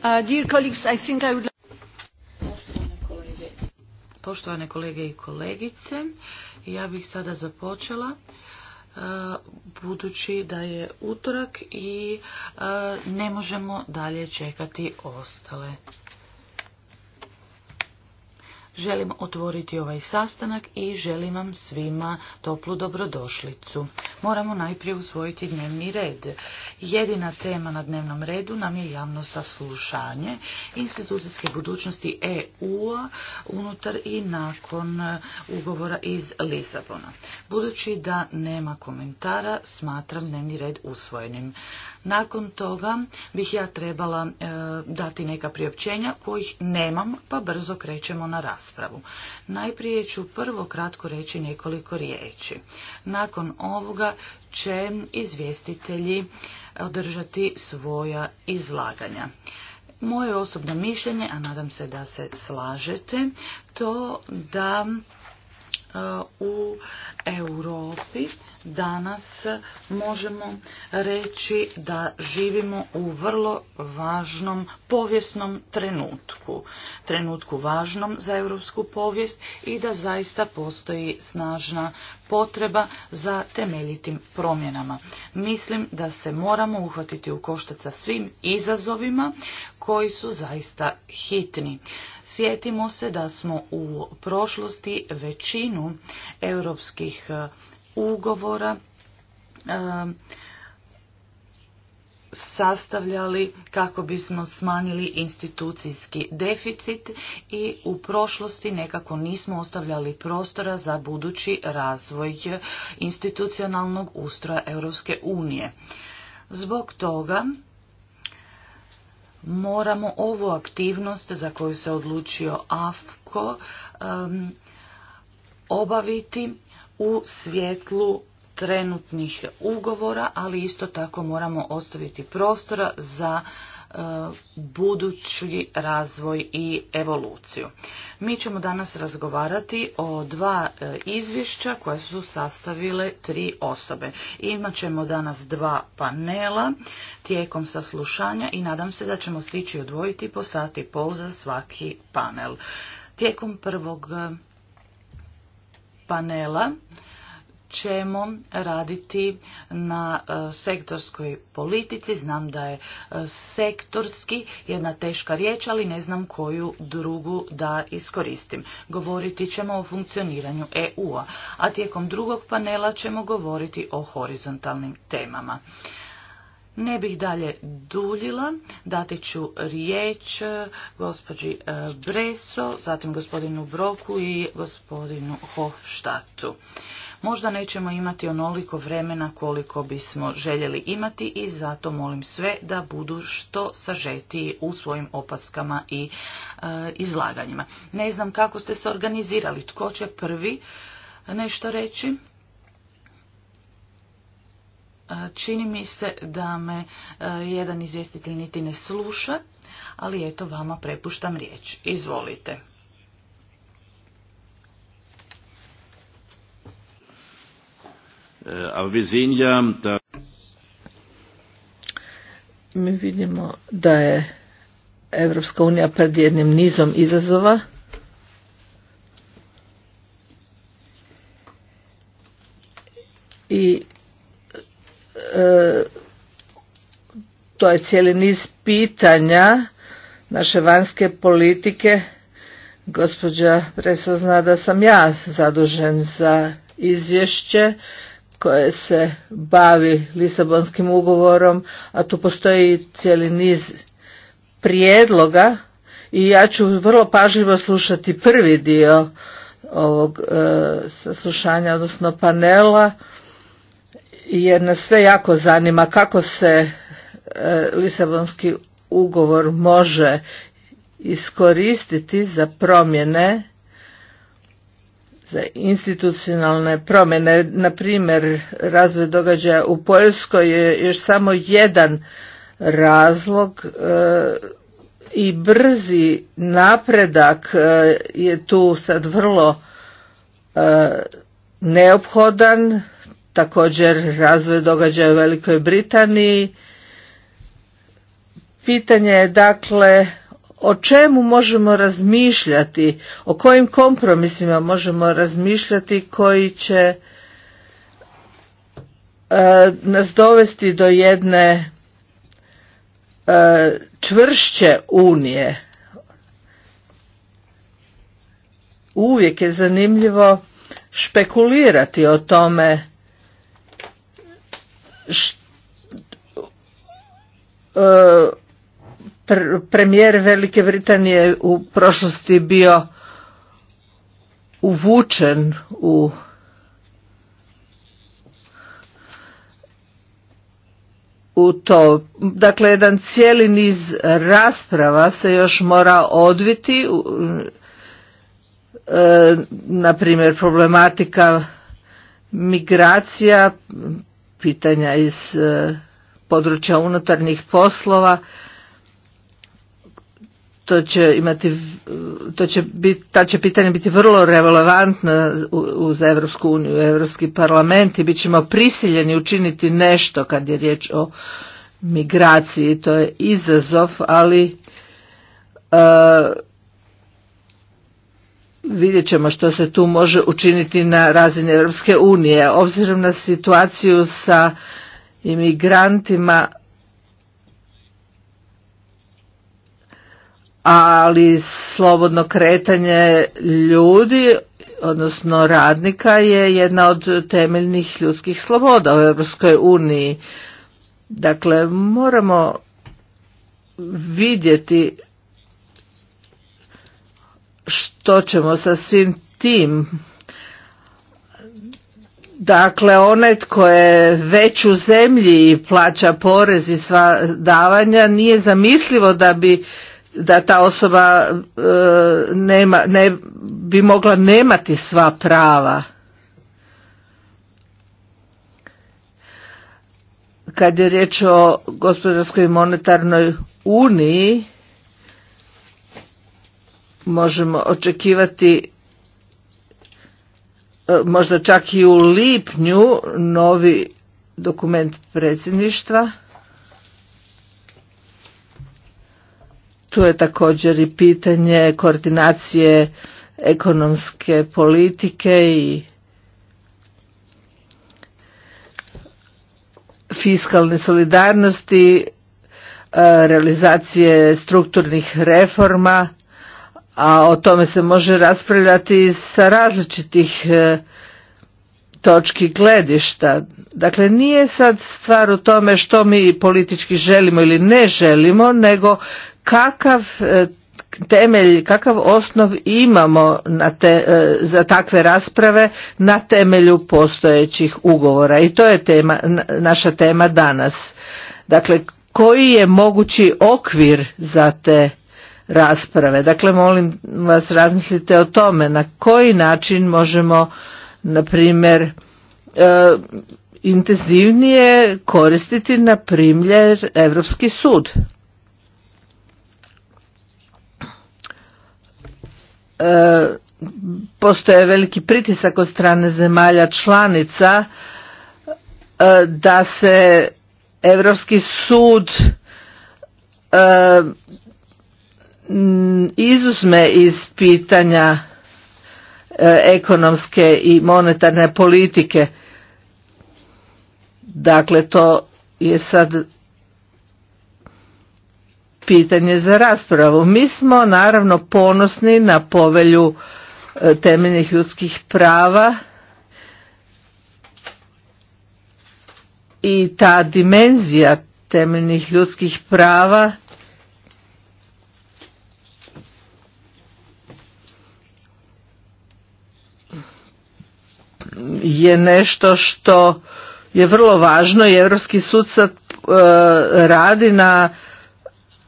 kolege. Uh, Poštovane kolege i kolegice, ja bih sada započela uh, budući da je utorak i uh, ne možemo dalje čekati ostale. Želim otvoriti ovaj sastanak i želim vam svima toplu dobrodošlicu moramo najprije usvojiti dnevni red. Jedina tema na dnevnom redu nam je javno saslušanje institucijske budućnosti EU-a unutar i nakon e, ugovora iz Lisabona. Budući da nema komentara, smatram dnevni red usvojenim. Nakon toga bih ja trebala e, dati neka priopćenja kojih nemam, pa brzo krećemo na raspravu. Najprije ću prvo kratko reći nekoliko riječi. Nakon ovoga će izvjestitelji održati svoja izlaganja. Moje osobno mišljenje, a nadam se da se slažete, to da e, u Europi danas možemo reći da živimo u vrlo važnom povijesnom trenutku. Trenutku važnom za europsku povijest i da zaista postoji snažna potreba za temeljitim promjenama. Mislim da se moramo uhvatiti u koštac svim izazovima koji su zaista hitni. Sjetimo se da smo u prošlosti većinu europskih ugovora e, sastavljali kako bismo smanjili institucijski deficit i u prošlosti nekako nismo ostavljali prostora za budući razvoj institucionalnog ustroja Europske unije. Zbog toga moramo ovu aktivnost za koju se odlučio AFKO obaviti u svjetlu trenutnih ugovora, ali isto tako moramo ostaviti prostora za e, budući razvoj i evoluciju. Mi ćemo danas razgovarati o dva e, izvješća koja su sastavile tri osobe. Imaćemo danas dva panela tijekom saslušanja i nadam se da ćemo stići odvojiti po sati pol za svaki panel. Tijekom prvog panela ćemo raditi na e, sektorskoj politici. Znam da je e, sektorski jedna teška riječ, ali ne znam koju drugu da iskoristim. Govoriti ćemo o funkcioniranju EU-a, a tijekom drugog panela ćemo govoriti o horizontalnim temama. Ne bih dalje duljila, dati ću riječ e, gospođi e, Breso, zatim gospodinu Broku i gospodinu Hofštatu. Možda nećemo imati onoliko vremena koliko bismo željeli imati i zato molim sve da budu što sažetiji u svojim opaskama i e, izlaganjima. Ne znam kako ste se organizirali, tko će prvi nešto reći? Čini mi se da me e, jedan izvjestitelj niti ne sluša, ali eto vama prepuštam riječ. Izvolite. E, mi vidimo da je Evropska unija pred jednim nizom izazova. I E, to je cijeli niz pitanja naše vanjske politike. Gospođa Preso zna da sam ja zadužen za izvješće koje se bavi Lisabonskim ugovorom, a tu postoji cijeli niz prijedloga i ja ću vrlo pažljivo slušati prvi dio ovog e, saslušanja, odnosno panela jer nas sve jako zanima kako se e, Lisabonski ugovor može iskoristiti za promjene za institucionalne promjene, na primjer razvoj događaja u Poljskoj je još samo jedan razlog e, i brzi napredak e, je tu sad vrlo neophodan također razvoj događaja u Velikoj Britaniji. Pitanje je dakle o čemu možemo razmišljati, o kojim kompromisima možemo razmišljati koji će e, nas dovesti do jedne e, čvršće unije. Uvijek je zanimljivo špekulirati o tome E, premijer Velike Britanije u prošlosti bio uvučen u u to. Dakle, jedan cijeli niz rasprava se još mora odviti, e, na primjer problematika migracija, pitanja iz e, područja unutarnjih poslova to će imati to će ta će pitanje biti vrlo relevantna uz Europsku uniju, Europski parlament i bit ćemo prisiljeni učiniti nešto kad je riječ o migraciji, to je izazov, ali e, vidjet ćemo što se tu može učiniti na razini Europske unije. Obzirom na situaciju sa imigrantima, ali slobodno kretanje ljudi, odnosno radnika, je jedna od temeljnih ljudskih sloboda u Europskoj uniji. Dakle, moramo vidjeti što ćemo sa svim tim. Dakle, onaj tko je već u zemlji i plaća porez i sva davanja, nije zamislivo da bi da ta osoba e, nema, ne bi mogla nemati sva prava. Kad je riječ o gospodarskoj i monetarnoj uniji, možemo očekivati e, možda čak i u lipnju novi dokument predsjedništva. Tu je također i pitanje koordinacije ekonomske politike i fiskalne solidarnosti, e, realizacije strukturnih reforma a o tome se može raspravljati sa različitih e, točki gledišta. Dakle, nije sad stvar u tome što mi politički želimo ili ne želimo, nego kakav e, temelj, kakav osnov imamo na te, e, za takve rasprave na temelju postojećih ugovora. I to je tema, naša tema danas. Dakle, koji je mogući okvir za te rasprave. Dakle, molim vas razmislite o tome na koji način možemo, na primjer, e, intenzivnije koristiti, na primjer, Europski sud. E, postoje veliki pritisak od strane zemalja članica e, da se Europski sud e, izuzme iz pitanja e, ekonomske i monetarne politike. Dakle, to je sad pitanje za raspravu. Mi smo naravno ponosni na povelju e, temeljnih ljudskih prava i ta dimenzija temeljnih ljudskih prava je nešto što je vrlo važno i Europski sud sad e, radi na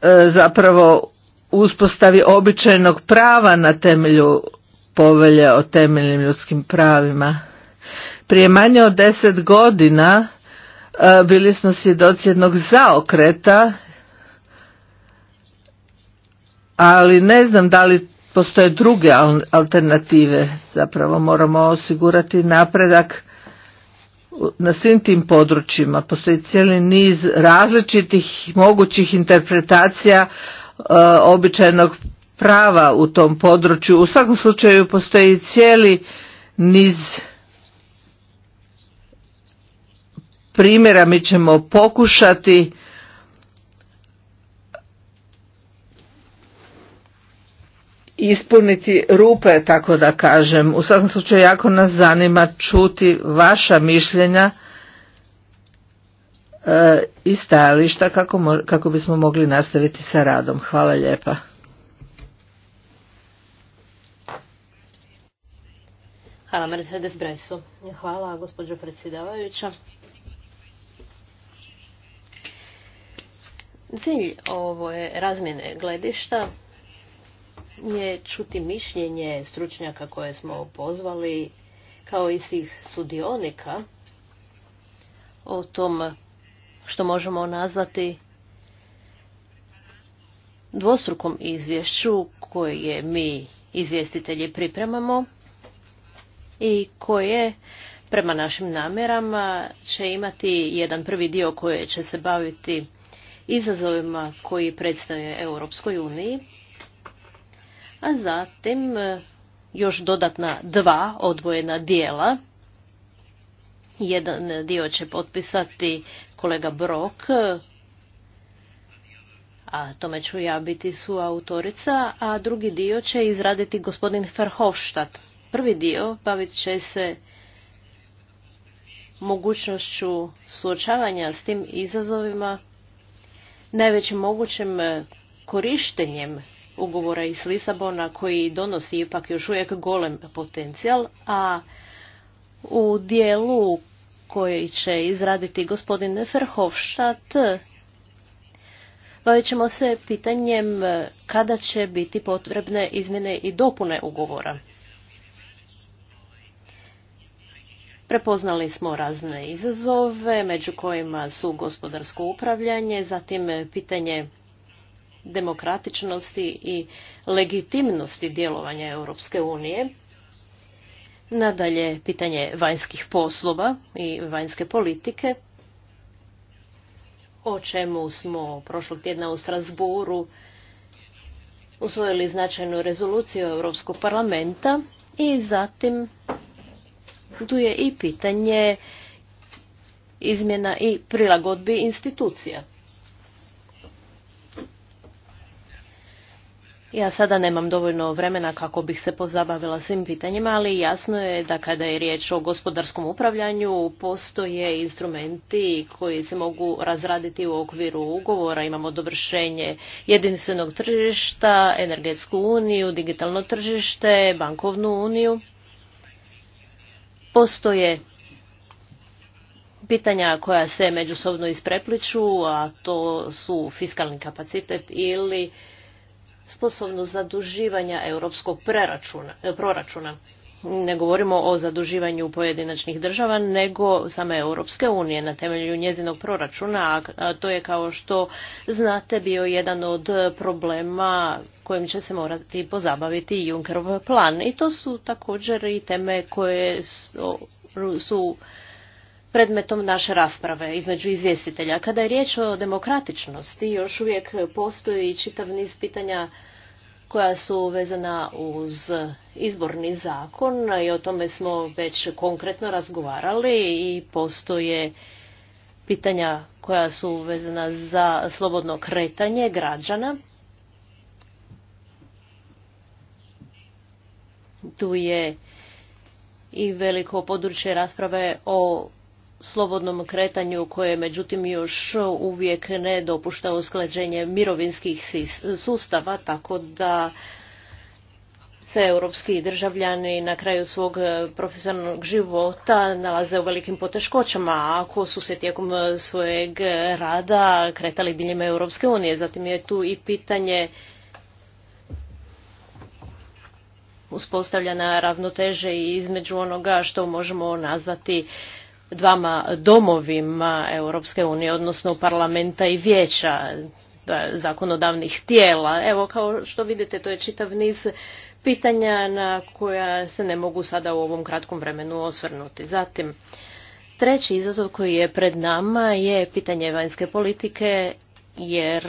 e, zapravo uspostavi običajnog prava na temelju povelje o temeljnim ljudskim pravima. Prije manje od deset godina e, bili smo svjedoci jednog zaokreta, ali ne znam da li postoje druge alternative. Zapravo moramo osigurati napredak na svim tim područjima. Postoji cijeli niz različitih mogućih interpretacija e, običajnog prava u tom području. U svakom slučaju postoji cijeli niz primjera mi ćemo pokušati ispuniti rupe, tako da kažem. U svakom slučaju jako nas zanima čuti vaša mišljenja e, i stajališta kako, kako bismo mogli nastaviti sa radom. Hvala lijepa. Hvala Mercedes Bresu. Hvala gospođo predsjedavajuća. Cilj ovo je razmjene gledišta je čuti mišljenje stručnjaka koje smo pozvali, kao i svih sudionika o tom što možemo nazvati dvostrukom izvješću koje mi izvjestitelji pripremamo i koje prema našim namjerama će imati jedan prvi dio koji će se baviti izazovima koji predstavljaju Europskoj uniji, a zatim e, još dodatna dva odvojena dijela. Jedan dio će potpisati kolega Brok, e, a tome ću ja biti autorica, a drugi dio će izraditi gospodin Verhofstadt. Prvi dio bavit će se mogućnošću suočavanja s tim izazovima, najvećim mogućim e, korištenjem ugovora iz Lisabona koji donosi ipak još uvijek golem potencijal, a u dijelu koji će izraditi gospodin Verhofstadt bavit ćemo se pitanjem kada će biti potrebne izmjene i dopune ugovora. Prepoznali smo razne izazove, među kojima su gospodarsko upravljanje, zatim pitanje demokratičnosti i legitimnosti djelovanja Europske unije. Nadalje, pitanje vanjskih poslova i vanjske politike, o čemu smo prošlog tjedna u Strasburu usvojili značajnu rezoluciju Europskog parlamenta i zatim tu je i pitanje izmjena i prilagodbi institucija. Ja sada nemam dovoljno vremena kako bih se pozabavila svim pitanjima, ali jasno je da kada je riječ o gospodarskom upravljanju postoje instrumenti koji se mogu razraditi u okviru ugovora. Imamo dovršenje jedinstvenog tržišta, energetsku uniju, digitalno tržište, bankovnu uniju. Postoje pitanja koja se međusobno isprepliču, a to su fiskalni kapacitet ili sposobnost zaduživanja europskog e, proračuna. Ne govorimo o zaduživanju pojedinačnih država, nego same Europske unije na temelju njezinog proračuna, a to je kao što znate bio jedan od problema kojim će se morati pozabaviti Junckerov plan. I to su također i teme koje su predmetom naše rasprave između izvjestitelja. Kada je riječ o demokratičnosti, još uvijek postoji čitav niz pitanja koja su vezana uz izborni zakon i o tome smo već konkretno razgovarali i postoje pitanja koja su vezana za slobodno kretanje građana. Tu je i veliko područje rasprave o slobodnom kretanju koje međutim još uvijek ne dopušta usklađenje mirovinskih sustava tako da se europski državljani na kraju svog profesionalnog života nalaze u velikim poteškoćama ako su se tijekom svojeg rada kretali diljem Europske unije. Zatim je tu i pitanje uspostavljena ravnoteže između onoga što možemo nazvati dvama domovima Europske unije, odnosno parlamenta i vijeća zakonodavnih tijela. Evo, kao što vidite, to je čitav niz pitanja na koja se ne mogu sada u ovom kratkom vremenu osvrnuti. Zatim, treći izazov koji je pred nama je pitanje vanjske politike jer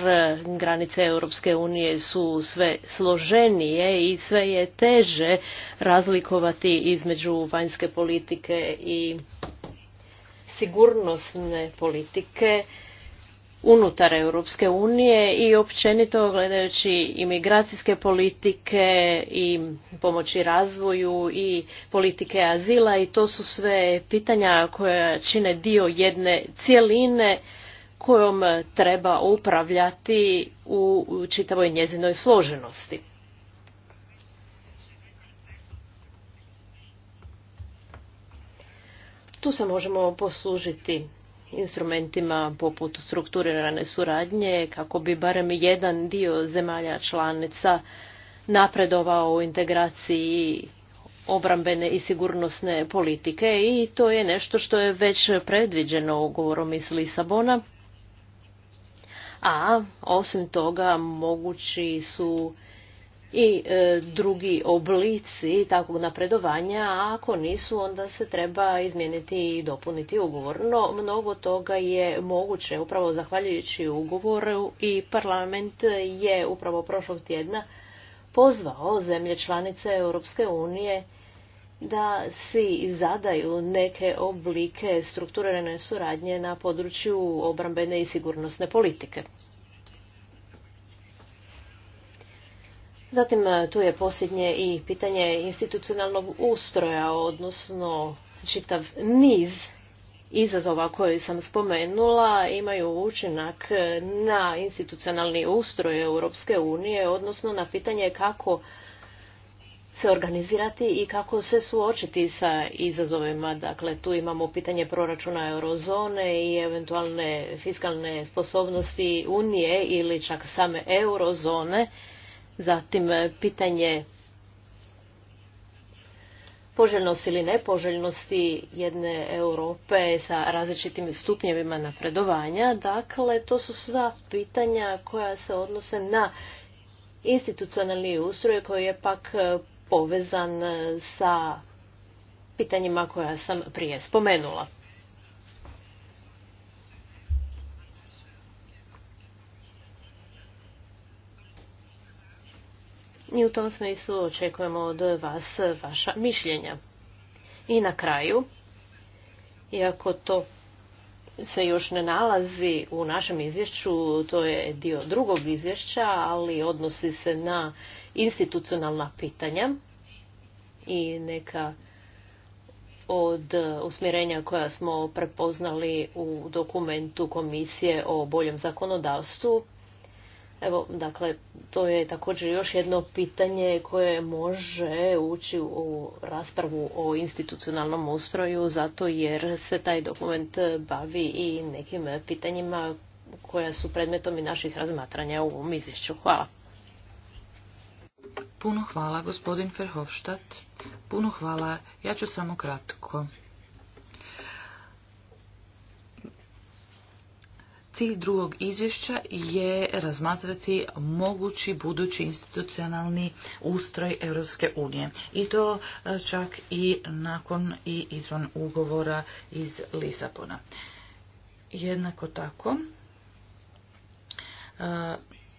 granice Europske unije su sve složenije i sve je teže razlikovati između vanjske politike i sigurnosne politike unutar Europske unije i općenito gledajući imigracijske politike i pomoći razvoju i politike azila i to su sve pitanja koja čine dio jedne cjeline kojom treba upravljati u čitavoj njezinoj složenosti. Tu se možemo poslužiti instrumentima poput strukturirane suradnje kako bi barem jedan dio zemalja članica napredovao u integraciji obrambene i sigurnosne politike i to je nešto što je već predviđeno ugovorom iz Lisabona. A osim toga mogući su i e, drugi oblici takvog napredovanja, a ako nisu onda se treba izmijeniti i dopuniti ugovor. No, mnogo toga je moguće upravo zahvaljujući ugovoru i parlament je upravo prošlog tjedna pozvao zemlje članice Europske unije da si zadaju neke oblike strukturirane suradnje na području obrambene i sigurnosne politike. Zatim e, tu je posljednje i pitanje institucionalnog ustroja, odnosno čitav niz izazova koje sam spomenula imaju učinak na institucionalni ustroj Europske unije, odnosno na pitanje kako se organizirati i kako se suočiti sa izazovima. Dakle, tu imamo pitanje proračuna eurozone i eventualne fiskalne sposobnosti Unije ili čak same eurozone Zatim e, pitanje poželjnosti ili nepoželjnosti jedne Europe sa različitim stupnjevima napredovanja. Dakle, to su sva pitanja koja se odnose na institucionalni ustroj koji je pak e, povezan e, sa pitanjima koja sam prije spomenula. i u tom smislu očekujemo od vas vaša mišljenja. I na kraju, iako to se još ne nalazi u našem izvješću, to je dio drugog izvješća, ali odnosi se na institucionalna pitanja i neka od usmjerenja koja smo prepoznali u dokumentu Komisije o boljem zakonodavstvu Evo, dakle, to je također još jedno pitanje koje može ući u raspravu o institucionalnom ustroju, zato jer se taj dokument bavi i nekim pitanjima koja su predmetom i naših razmatranja u ovom izvješću. Hvala. Puno hvala, gospodin Ferhofstadt Puno hvala, ja ću samo kratko. Cilj drugog izvješća je razmatrati mogući budući institucionalni ustroj Europske unije i to e, čak i nakon i izvan ugovora iz Lisabona. Jednako tako e,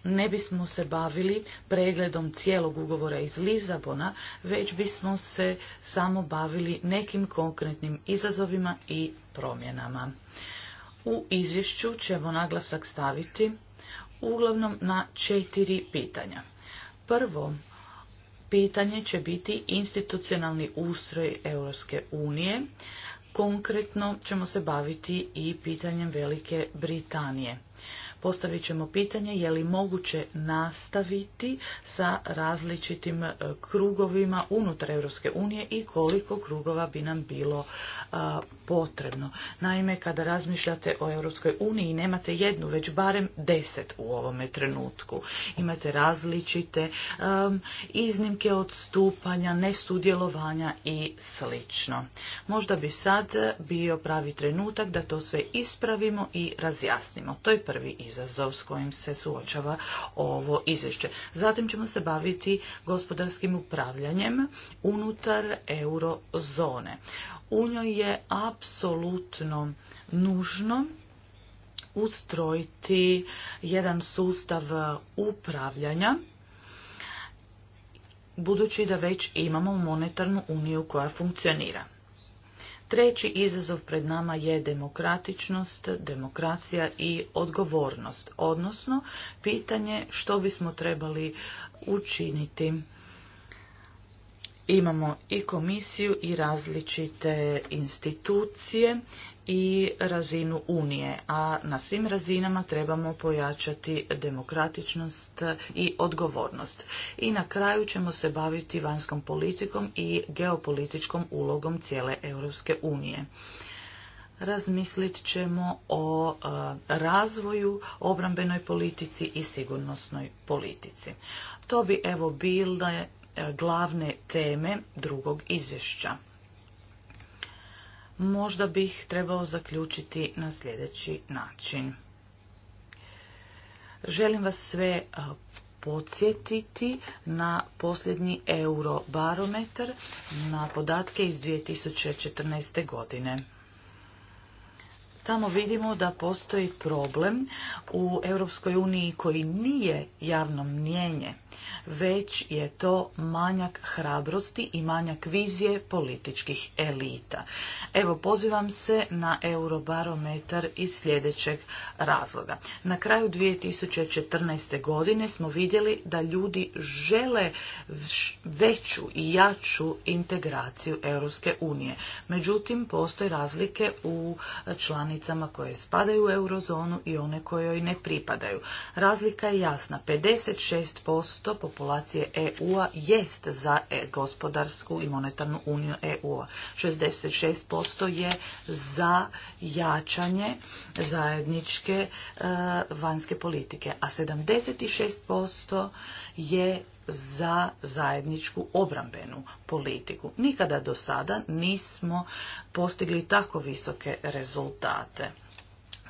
ne bismo se bavili pregledom cijelog ugovora iz Lizabona, već bismo se samo bavili nekim konkretnim izazovima i promjenama. U izvješću ćemo naglasak staviti uglavnom na četiri pitanja. Prvo, pitanje će biti institucionalni ustroj Europske unije. Konkretno ćemo se baviti i pitanjem Velike Britanije. Postavit ćemo pitanje je li moguće nastaviti sa različitim e, krugovima unutar Europske unije i koliko krugova bi nam bilo e, potrebno. Naime, kada razmišljate o Europskoj uniji nemate jednu, već barem deset u ovome trenutku. Imate različite iznimke od stupanja, nesudjelovanja i slično. Možda bi sad bio pravi trenutak da to sve ispravimo i razjasnimo. To je prvi izraz izazov s kojim se suočava ovo izvješće. Zatim ćemo se baviti gospodarskim upravljanjem unutar eurozone. U njoj je apsolutno nužno ustrojiti jedan sustav upravljanja budući da već imamo monetarnu uniju koja funkcionira. Treći izazov pred nama je demokratičnost, demokracija i odgovornost, odnosno pitanje što bismo trebali učiniti. Imamo i komisiju i različite institucije i razinu Unije, a na svim razinama trebamo pojačati demokratičnost i odgovornost. I na kraju ćemo se baviti vanjskom politikom i geopolitičkom ulogom cijele Europske unije. Razmislit ćemo o e, razvoju, obrambenoj politici i sigurnosnoj politici. To bi evo bile e, glavne teme drugog izvješća možda bih trebao zaključiti na sljedeći način. Želim vas sve e, podsjetiti na posljednji eurobarometar na podatke iz 2014. godine. Tamo vidimo da postoji problem u Europskoj uniji koji nije javno mnjenje, već je to manjak hrabrosti i manjak vizije političkih elita. Evo, pozivam se na eurobarometar iz sljedećeg razloga. Na kraju 2014. godine smo vidjeli da ljudi žele veću i jaču integraciju Europske unije. Međutim, postoje razlike u članicama članicama koje spadaju u eurozonu i one koje joj ne pripadaju. Razlika je jasna. 56% populacije EU-a jest za gospodarsku i monetarnu uniju EU-a. 66% je za jačanje zajedničke e, vanjske politike, a 76% je za zajedničku obrambenu politiku. Nikada do sada nismo postigli tako visoke rezultate.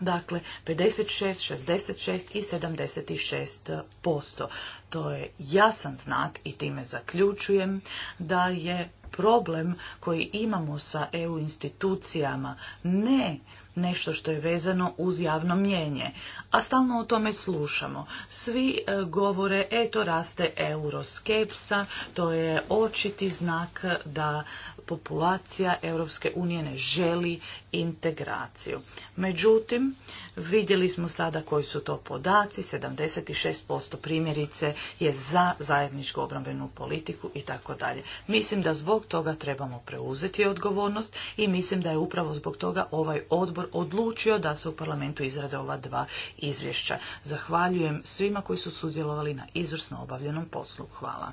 Dakle, 56, 66 i 76 posto. To je jasan znak i time zaključujem da je problem koji imamo sa EU institucijama ne nešto što je vezano uz javno mjenje, a stalno o tome slušamo. Svi e, govore, e to raste euroskepsa, to je očiti znak da populacija Europske unije ne želi integraciju. Međutim, vidjeli smo sada koji su to podaci, 76% primjerice je za zajedničku obrambenu politiku i tako dalje. Mislim da zbog toga trebamo preuzeti odgovornost i mislim da je upravo zbog toga ovaj odbor odlučio da se u parlamentu izrade ova dva izvješća. Zahvaljujem svima koji su sudjelovali na izvrsno obavljenom poslu. Hvala.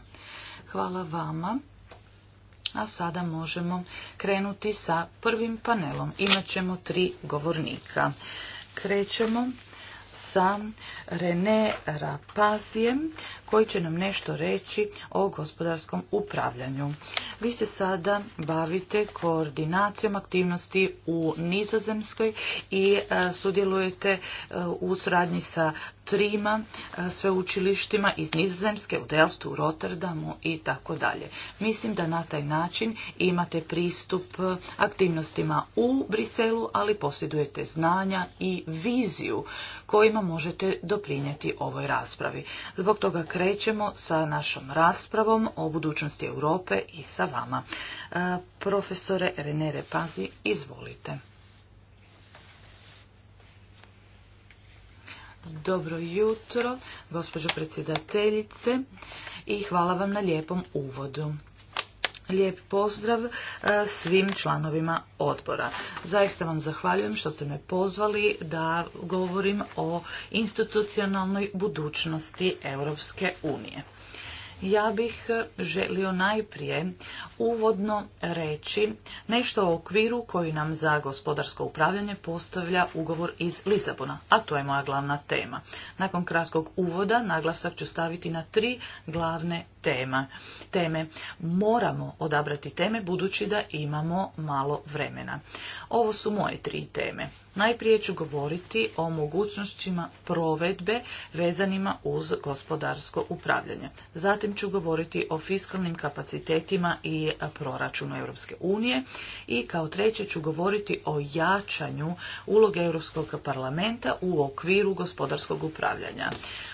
Hvala vama a sada možemo krenuti sa prvim panelom. Imaćemo tri govornika. Krećemo sa René Rapazijem koji će nam nešto reći o gospodarskom upravljanju. Vi se sada bavite koordinacijom aktivnosti u Nizozemskoj i e, sudjelujete e, u suradnji sa trima e, sveučilištima iz Nizozemske, u Delftu, u Rotterdamu i tako dalje. Mislim da na taj način imate pristup e, aktivnostima u Briselu, ali posjedujete znanja i viziju kojima možete doprinijeti ovoj raspravi. Zbog toga krećemo sa našom raspravom o budućnosti Europe i sa vama. E, profesore Renere Pazi, izvolite. Dobro jutro, gospođo predsjedateljice i hvala vam na lijepom uvodu. Lijep pozdrav e, svim članovima odbora. Zaista vam zahvaljujem što ste me pozvali da govorim o institucionalnoj budućnosti Europske unije. Ja bih e, želio najprije uvodno reći nešto o okviru koji nam za gospodarsko upravljanje postavlja ugovor iz Lisabona, a to je moja glavna tema. Nakon kratkog uvoda naglasak ću staviti na tri glavne tema, teme. Moramo odabrati teme budući da imamo malo vremena. Ovo su moje tri teme. Najprije ću govoriti o mogućnostima provedbe vezanima uz gospodarsko upravljanje. Zatim ću govoriti o fiskalnim kapacitetima i proračunu Europske unije i kao treće ću govoriti o jačanju uloge Europskog parlamenta u okviru gospodarskog upravljanja.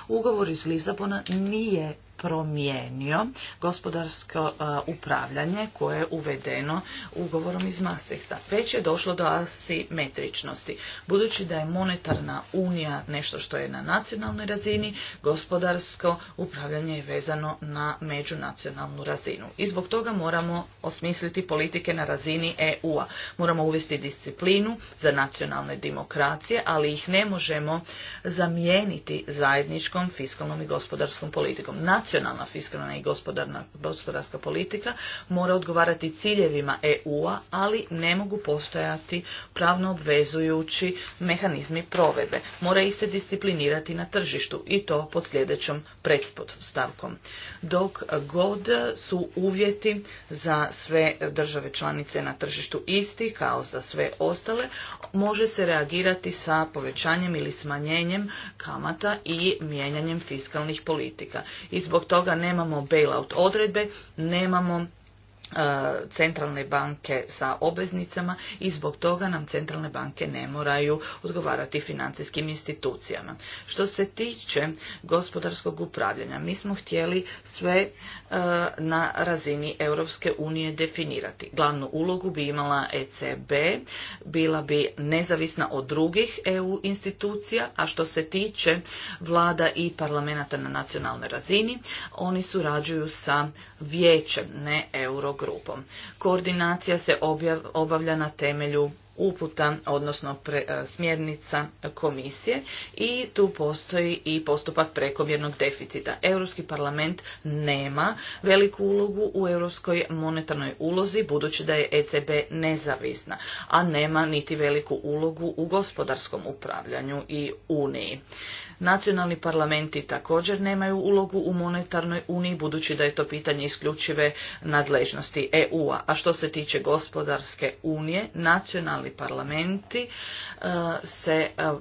Ugovor iz Lisabona nije promijenio gospodarsko e, upravljanje koje je uvedeno ugovorom iz Maastrichta. Već je došlo do asimetričnosti. Budući da je monetarna unija nešto što je na nacionalnoj razini, gospodarsko upravljanje je vezano na međunacionalnu razinu. I zbog toga moramo osmisliti politike na razini EU-a. Moramo uvesti disciplinu za nacionalne demokracije, ali ih ne možemo zamijeniti zajedničko fiskalnom i gospodarskom politikom. Nacionalna fiskalna i gospodarska politika mora odgovarati ciljevima EU-a, ali ne mogu postojati pravno obvezujući mehanizmi provedbe. Mora ih se disciplinirati na tržištu i to pod sljedećom pretpostavkom. Dok god su uvjeti za sve države članice na tržištu isti kao za sve ostale, može se reagirati sa povećanjem ili smanjenjem kamata i mijenjanjem mijenjanjem fiskalnih politika. I zbog toga nemamo bailout odredbe, nemamo E, centralne banke sa obveznicama i zbog toga nam centralne banke ne moraju odgovarati financijskim institucijama. Što se tiče gospodarskog upravljanja, mi smo htjeli sve e, na razini Europske unije definirati. Glavnu ulogu bi imala ECB, bila bi nezavisna od drugih EU institucija, a što se tiče vlada i parlamenta na nacionalnoj razini, oni surađuju sa vijećem, ne euro grupom. Koordinacija se obavlja na temelju uputa, odnosno e, smjernica komisije i tu postoji i postupak prekomjernog deficita. Europski parlament nema veliku ulogu u europskoj monetarnoj ulozi budući da je ECB nezavisna, a nema niti veliku ulogu u gospodarskom upravljanju i uniji. Nacionalni parlamenti također nemaju ulogu u monetarnoj uniji budući da je to pitanje isključive nadležnosti EU-a. A što se tiče gospodarske unije, nacionalni parlamenti e, se e, e,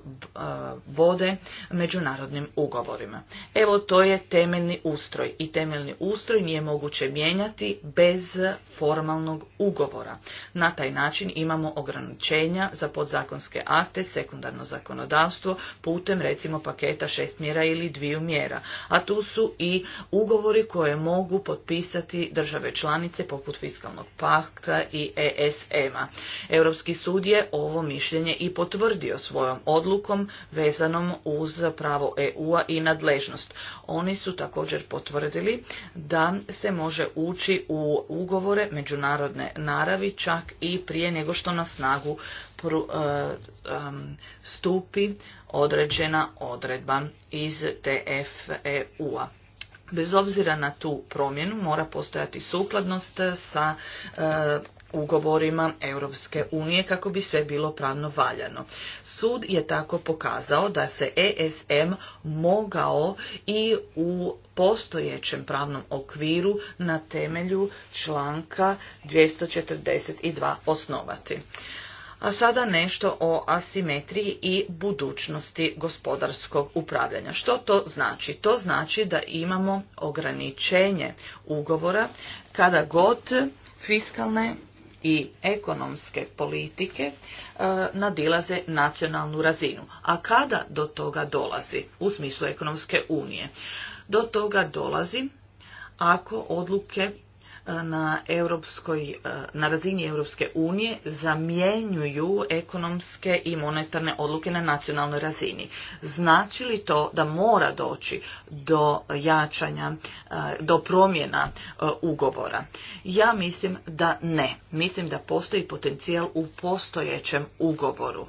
vode međunarodnim ugovorima. Evo to je temeljni ustroj i temeljni ustroj nije moguće mijenjati bez formalnog ugovora. Na taj način imamo ograničenja za podzakonske akte, sekundarno zakonodavstvo putem recimo paketa paketa šest mjera ili dviju mjera. A tu su i ugovori koje mogu potpisati države članice poput Fiskalnog pakta i ESM-a. Europski sud je ovo mišljenje i potvrdio svojom odlukom vezanom uz pravo EU-a i nadležnost. Oni su također potvrdili da se može ući u ugovore međunarodne naravi čak i prije nego što na snagu e, stupi određena odredba iz TFEU-a. Bez obzira na tu promjenu mora postojati sukladnost sa e, ugovorima Europske unije kako bi sve bilo pravno valjano. Sud je tako pokazao da se ESM mogao i u postojećem pravnom okviru na temelju članka 242 osnovati. A sada nešto o asimetriji i budućnosti gospodarskog upravljanja. Što to znači? To znači da imamo ograničenje ugovora kada god fiskalne i ekonomske politike e, nadilaze nacionalnu razinu. A kada do toga dolazi u smislu ekonomske unije? Do toga dolazi ako odluke na, europskoj, e, na razini Europske unije zamjenjuju ekonomske i monetarne odluke na nacionalnoj razini. Znači li to da mora doći do jačanja, e, do promjena e, ugovora? Ja mislim da ne. Mislim da postoji potencijal u postojećem ugovoru.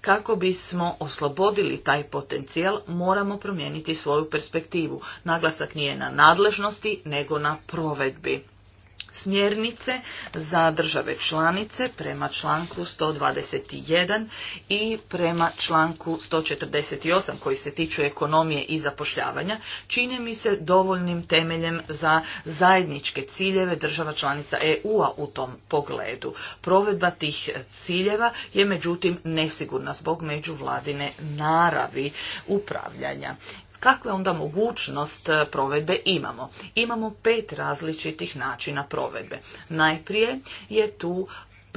Kako bismo oslobodili taj potencijal, moramo promijeniti svoju perspektivu. Naglasak nije na nadležnosti, nego na provedbi smjernice za države članice prema članku 121 i prema članku 148 koji se tiču ekonomije i zapošljavanja čine mi se dovoljnim temeljem za zajedničke ciljeve država članica EU-a u tom pogledu. Provedba tih ciljeva je međutim nesigurna zbog međuvladine naravi upravljanja Kakve onda mogućnost e, provedbe imamo? Imamo pet različitih načina provedbe. Najprije je tu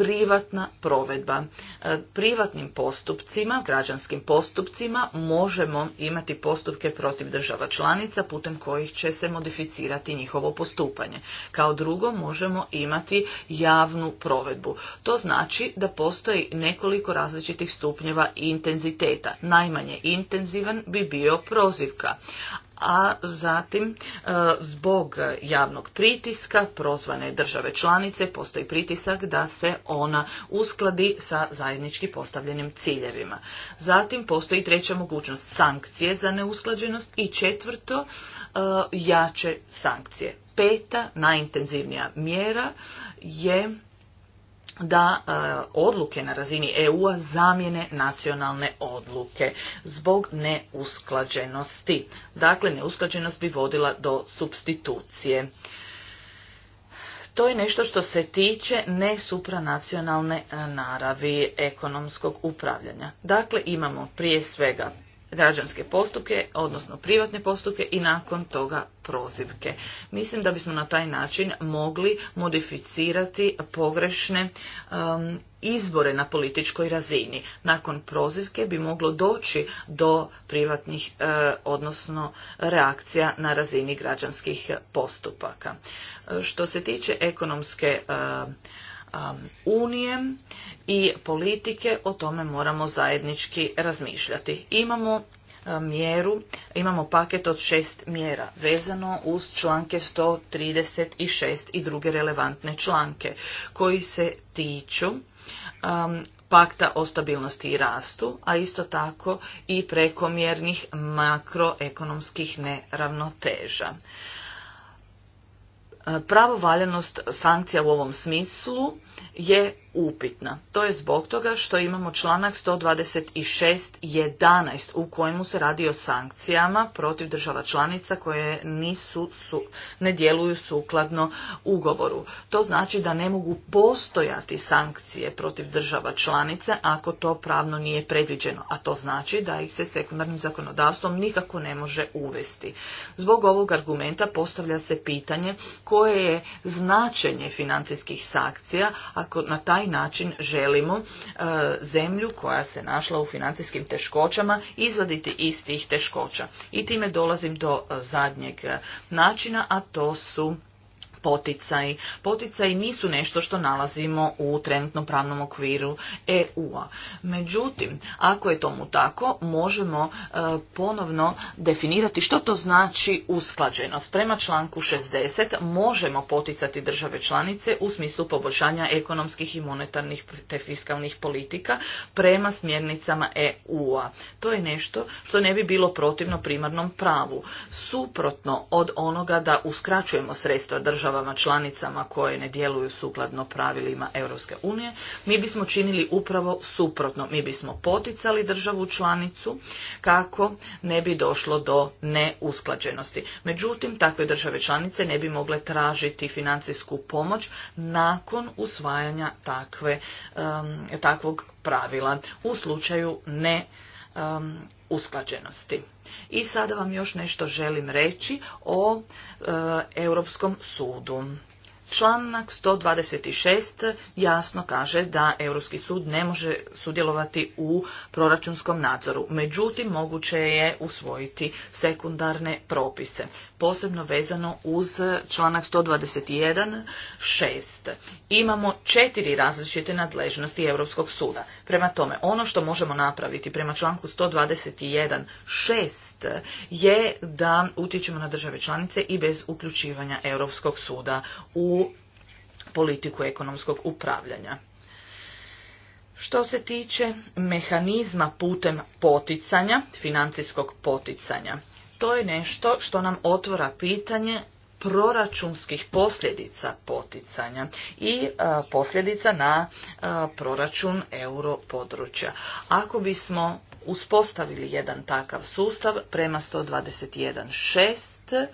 privatna provedba. E, privatnim postupcima, građanskim postupcima možemo imati postupke protiv država članica putem kojih će se modificirati njihovo postupanje. Kao drugo možemo imati javnu provedbu. To znači da postoji nekoliko različitih stupnjeva intenziteta. Najmanje intenzivan bi bio prozivka, a zatim e, zbog javnog pritiska prozvane države članice postoji pritisak da se ona uskladi sa zajednički postavljenim ciljevima. Zatim postoji treća mogućnost sankcije za neusklađenost i četvrto e, jače sankcije. Peta najintenzivnija mjera je da e, odluke na razini EU-a zamjene nacionalne odluke zbog neusklađenosti. Dakle, neusklađenost bi vodila do substitucije. To je nešto što se tiče nesupranacionalne e, naravi ekonomskog upravljanja. Dakle, imamo prije svega građanske postupke, odnosno privatne postupke i nakon toga prozivke. Mislim da bismo na taj način mogli modificirati pogrešne um, izbore na političkoj razini. Nakon prozivke bi moglo doći do privatnih, uh, odnosno reakcija na razini građanskih postupaka. Uh, što se tiče ekonomske uh, unije i politike o tome moramo zajednički razmišljati. Imamo e, mjeru, imamo paket od šest mjera vezano uz članke 136 i druge relevantne članke koji se tiču pakta o stabilnosti i rastu, a isto tako i prekomjernih makroekonomskih neravnoteža pravovaljanost sankcija u ovom smislu je upitna. To je zbog toga što imamo članak 126.11 u kojemu se radi o sankcijama protiv država članica koje nisu, su, ne djeluju sukladno ugovoru. To znači da ne mogu postojati sankcije protiv država članice ako to pravno nije predviđeno, a to znači da ih se sekundarnim zakonodavstvom nikako ne može uvesti. Zbog ovog argumenta postavlja se pitanje koje je značenje financijskih sankcija ako na taj taj način želimo e, zemlju koja se našla u financijskim teškoćama izvaditi iz tih teškoća. I time dolazim do e, zadnjeg e, načina, a to su poticaji. Poticaji nisu nešto što nalazimo u trenutnom pravnom okviru EU-a. Međutim, ako je tomu tako, možemo e, ponovno definirati što to znači usklađenost. Prema članku 60 možemo poticati države članice u smislu poboljšanja ekonomskih i monetarnih te fiskalnih politika prema smjernicama EU-a. To je nešto što ne bi bilo protivno primarnom pravu. Suprotno od onoga da uskraćujemo sredstva država državama članicama koje ne djeluju sukladno pravilima Europske unije, mi bismo činili upravo suprotno. Mi bismo poticali državu članicu kako ne bi došlo do neusklađenosti. Međutim, takve države članice ne bi mogle tražiti financijsku pomoć nakon usvajanja takve, takvog pravila u slučaju ne um, usklađenosti. I sada vam još nešto želim reći o uh, Europskom sudu. Članak 126 jasno kaže da Europski sud ne može sudjelovati u proračunskom nadzoru. Međutim, moguće je usvojiti sekundarne propise, posebno vezano uz članak 121.6. Imamo četiri različite nadležnosti Europskog suda. Prema tome, ono što možemo napraviti prema članku 121.6 je da utječemo na države članice i bez uključivanja Europskog suda u politiku ekonomskog upravljanja. Što se tiče mehanizma putem poticanja, financijskog poticanja, to je nešto što nam otvora pitanje proračunskih posljedica poticanja i e, posljedica na e, proračun euro područja. Ako bismo uspostavili jedan takav sustav prema 121.6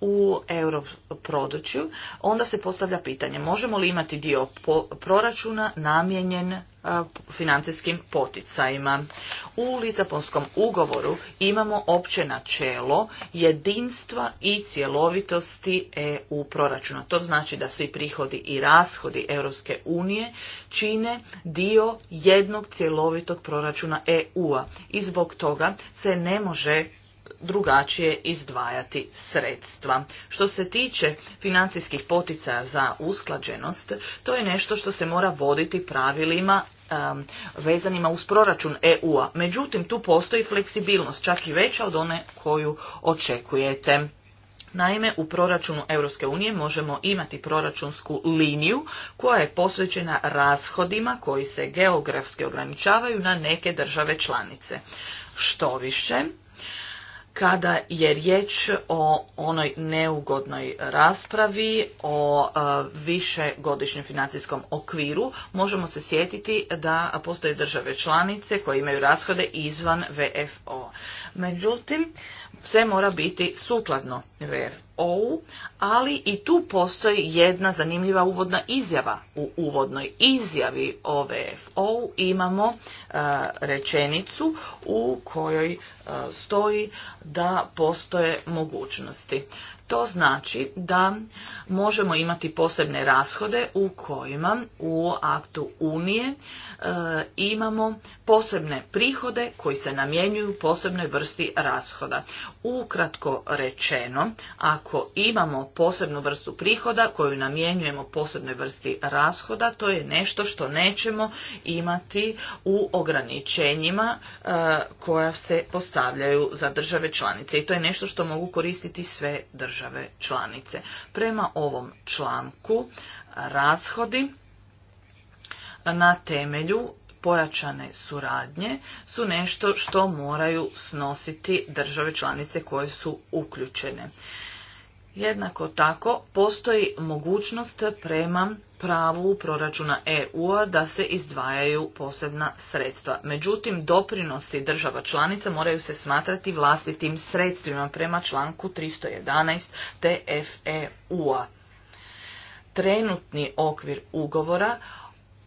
u europrodučju, onda se postavlja pitanje možemo li imati dio proračuna namijenjen financijskim poticajima. U Lizaponskom ugovoru imamo opće načelo jedinstva i cjelovitosti EU proračuna. To znači da svi prihodi i rashodi Europske unije čine dio jednog cjelovitog proračuna EU-a i zbog toga se ne može drugačije izdvajati sredstva. Što se tiče financijskih poticaja za usklađenost, to je nešto što se mora voditi pravilima vezanima uz proračun EU-a. Međutim, tu postoji fleksibilnost, čak i veća od one koju očekujete. Naime, u proračunu Europske unije možemo imati proračunsku liniju koja je posvećena rashodima koji se geografski ograničavaju na neke države članice. Što više, kada je riječ o onoj neugodnoj raspravi o e, višegodišnjem financijskom okviru, možemo se sjetiti da postoje države članice koje imaju rashode izvan VFO. Međutim, sve mora biti sukladno vfo ali i tu postoji jedna zanimljiva uvodna izjava. U uvodnoj izjavi o VFO-u imamo e, rečenicu u kojoj e, stoji da postoje mogućnosti. To znači da možemo imati posebne rashode u kojima u aktu Unije E, imamo posebne prihode koji se namjenjuju posebnoj vrsti rashoda. Ukratko rečeno, ako imamo posebnu vrstu prihoda koju namjenjujemo posebnoj vrsti rashoda, to je nešto što nećemo imati u ograničenjima e, koja se postavljaju za države članice i to je nešto što mogu koristiti sve države članice. Prema ovom članku rashodi na temelju pojačane suradnje su nešto što moraju snositi države članice koje su uključene. Jednako tako postoji mogućnost prema pravu proračuna EU-a da se izdvajaju posebna sredstva. Međutim, doprinosi država članica moraju se smatrati vlastitim sredstvima prema članku 311 TFEU-a. Trenutni okvir ugovora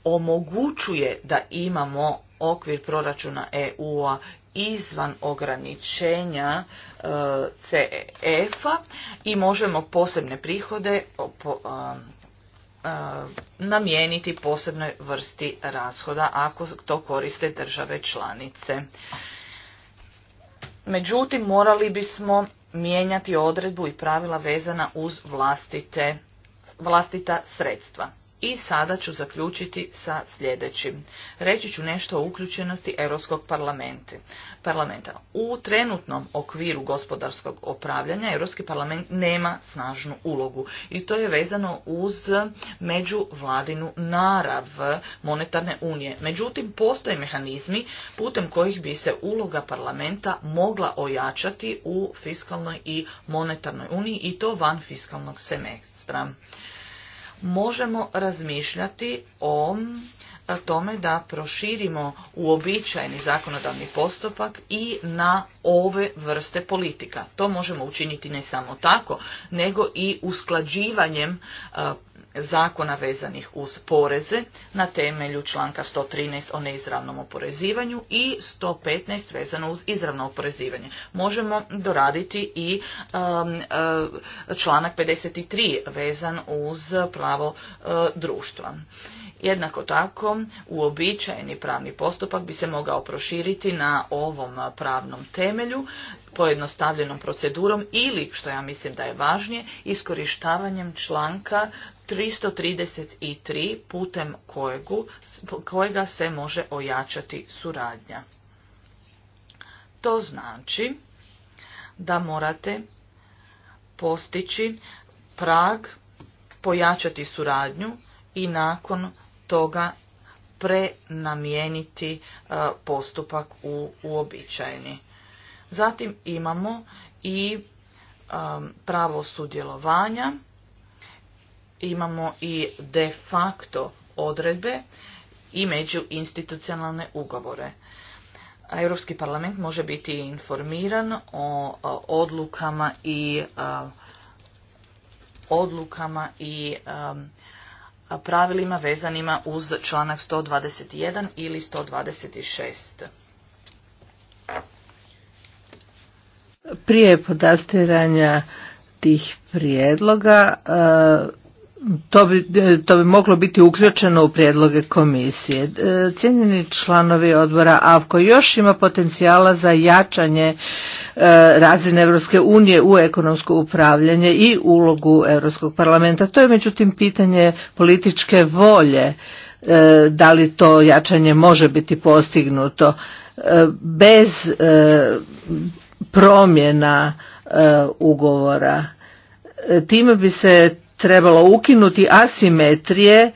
omogućuje da imamo okvir proračuna EU-a izvan ograničenja e, CEF-a i možemo posebne prihode namijeniti posebnoj vrsti rashoda ako to koriste države članice. Međutim, morali bismo mijenjati odredbu i pravila vezana uz vlastite, vlastita sredstva. I sada ću zaključiti sa sljedećim. Reći ću nešto o uključenosti Europskog parlamenta. U trenutnom okviru gospodarskog upravljanja Europski parlament nema snažnu ulogu i to je vezano uz međuvladinu narav monetarne unije. Međutim, postoje mehanizmi putem kojih bi se uloga parlamenta mogla ojačati u fiskalnoj i monetarnoj uniji i to van fiskalnog semestra možemo razmišljati o tome da proširimo uobičajeni zakonodavni postupak i na ove vrste politika. To možemo učiniti ne samo tako, nego i usklađivanjem zakona vezanih uz poreze na temelju članka 113 o neizravnom oporezivanju i 115 vezano uz izravno oporezivanje. Možemo doraditi i um, uh, članak 53 vezan uz pravo uh, društva. Jednako tako, uobičajeni pravni postupak bi se mogao proširiti na ovom pravnom temelju pojednostavljenom procedurom ili, što ja mislim da je važnije, iskorištavanjem članka 333 putem kojegu, kojega se može ojačati suradnja. To znači da morate postići prag, pojačati suradnju i nakon toga prenamijeniti e, postupak u uobičajeni. Zatim imamo i um, pravo sudjelovanja, imamo i de facto odredbe i međuinstitucionalne ugovore. Europski parlament može biti informiran o odlukama i uh, odlukama i um, pravilima vezanima uz članak 121 ili 126 prije podastiranja tih prijedloga e, to bi, e, to bi moglo biti uključeno u prijedloge komisije. E, cijenjeni članovi odbora AVKO još ima potencijala za jačanje razine Europske unije u ekonomsko upravljanje i ulogu Europskog parlamenta. To je međutim pitanje političke volje da li to jačanje može biti postignuto bez promjena e, ugovora. E, time bi se trebalo ukinuti asimetrije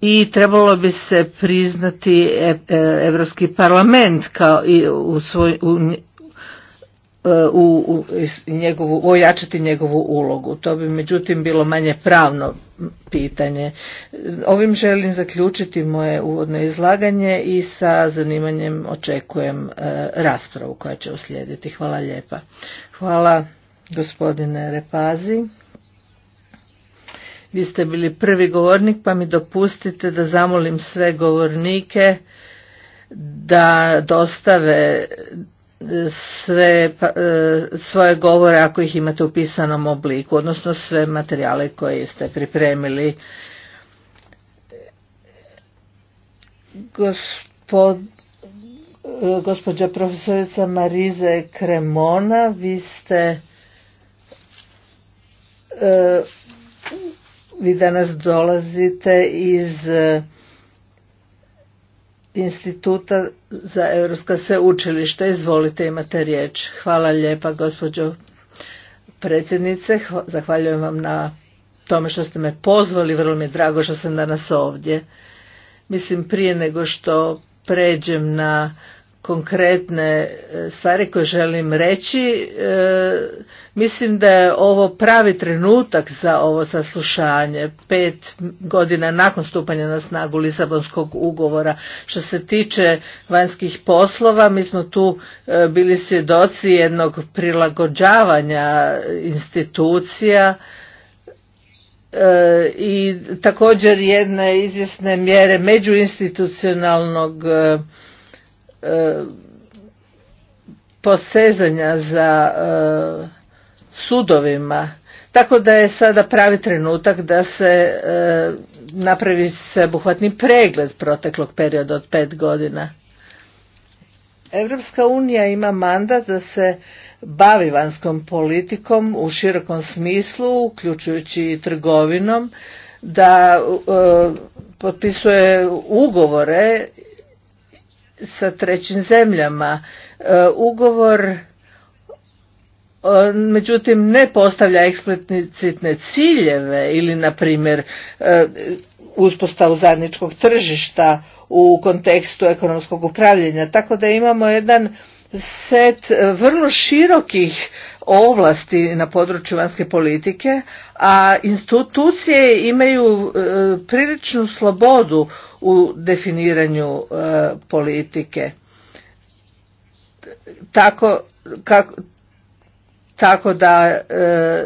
i trebalo bi se priznati Europski e, parlament kao i u svoj, u, E, u, u njegovu, ojačati njegovu ulogu. To bi međutim bilo manje pravno pitanje. Ovim želim zaključiti moje uvodno izlaganje i sa zanimanjem očekujem e, raspravu koja će uslijediti. Hvala lijepa. Hvala gospodine Repazi. Vi ste bili prvi govornik pa mi dopustite da zamolim sve govornike da dostave sve pa, e, svoje govore ako ih imate u pisanom obliku, odnosno sve materijale koje ste pripremili. Gospod, e, gospođa profesorica Marize Kremona, vi ste e, vi danas dolazite iz instituta za europska sveučilišta. Izvolite, imate riječ. Hvala lijepa, gospođo predsjednice. Zahvaljujem vam na tome što ste me pozvali. Vrlo mi je drago što sam danas ovdje. Mislim, prije nego što pređem na konkretne e, stvari koje želim reći. E, mislim da je ovo pravi trenutak za ovo saslušanje, pet godina nakon stupanja na snagu Lisabonskog ugovora. Što se tiče vanjskih poslova, mi smo tu e, bili svjedoci jednog prilagođavanja institucija, i također jedne izvjesne mjere međuinstitucionalnog E, posezanja za e, sudovima tako da je sada pravi trenutak da se e, napravi sveobuhvatni pregled proteklog perioda od pet godina. Europska unija ima mandat da se bavi vanjskom politikom u širokom smislu, uključujući i trgovinom, da potpisuje ugovore sa trećim zemljama. E, ugovor e, međutim ne postavlja eksplicitne ciljeve ili na primjer e, uspostavu zajedničkog tržišta u kontekstu ekonomskog upravljanja tako da imamo jedan set vrlo širokih ovlasti na području vanjske politike, a institucije imaju e, priličnu slobodu u definiranju e, politike. Tako, kako, tako da e,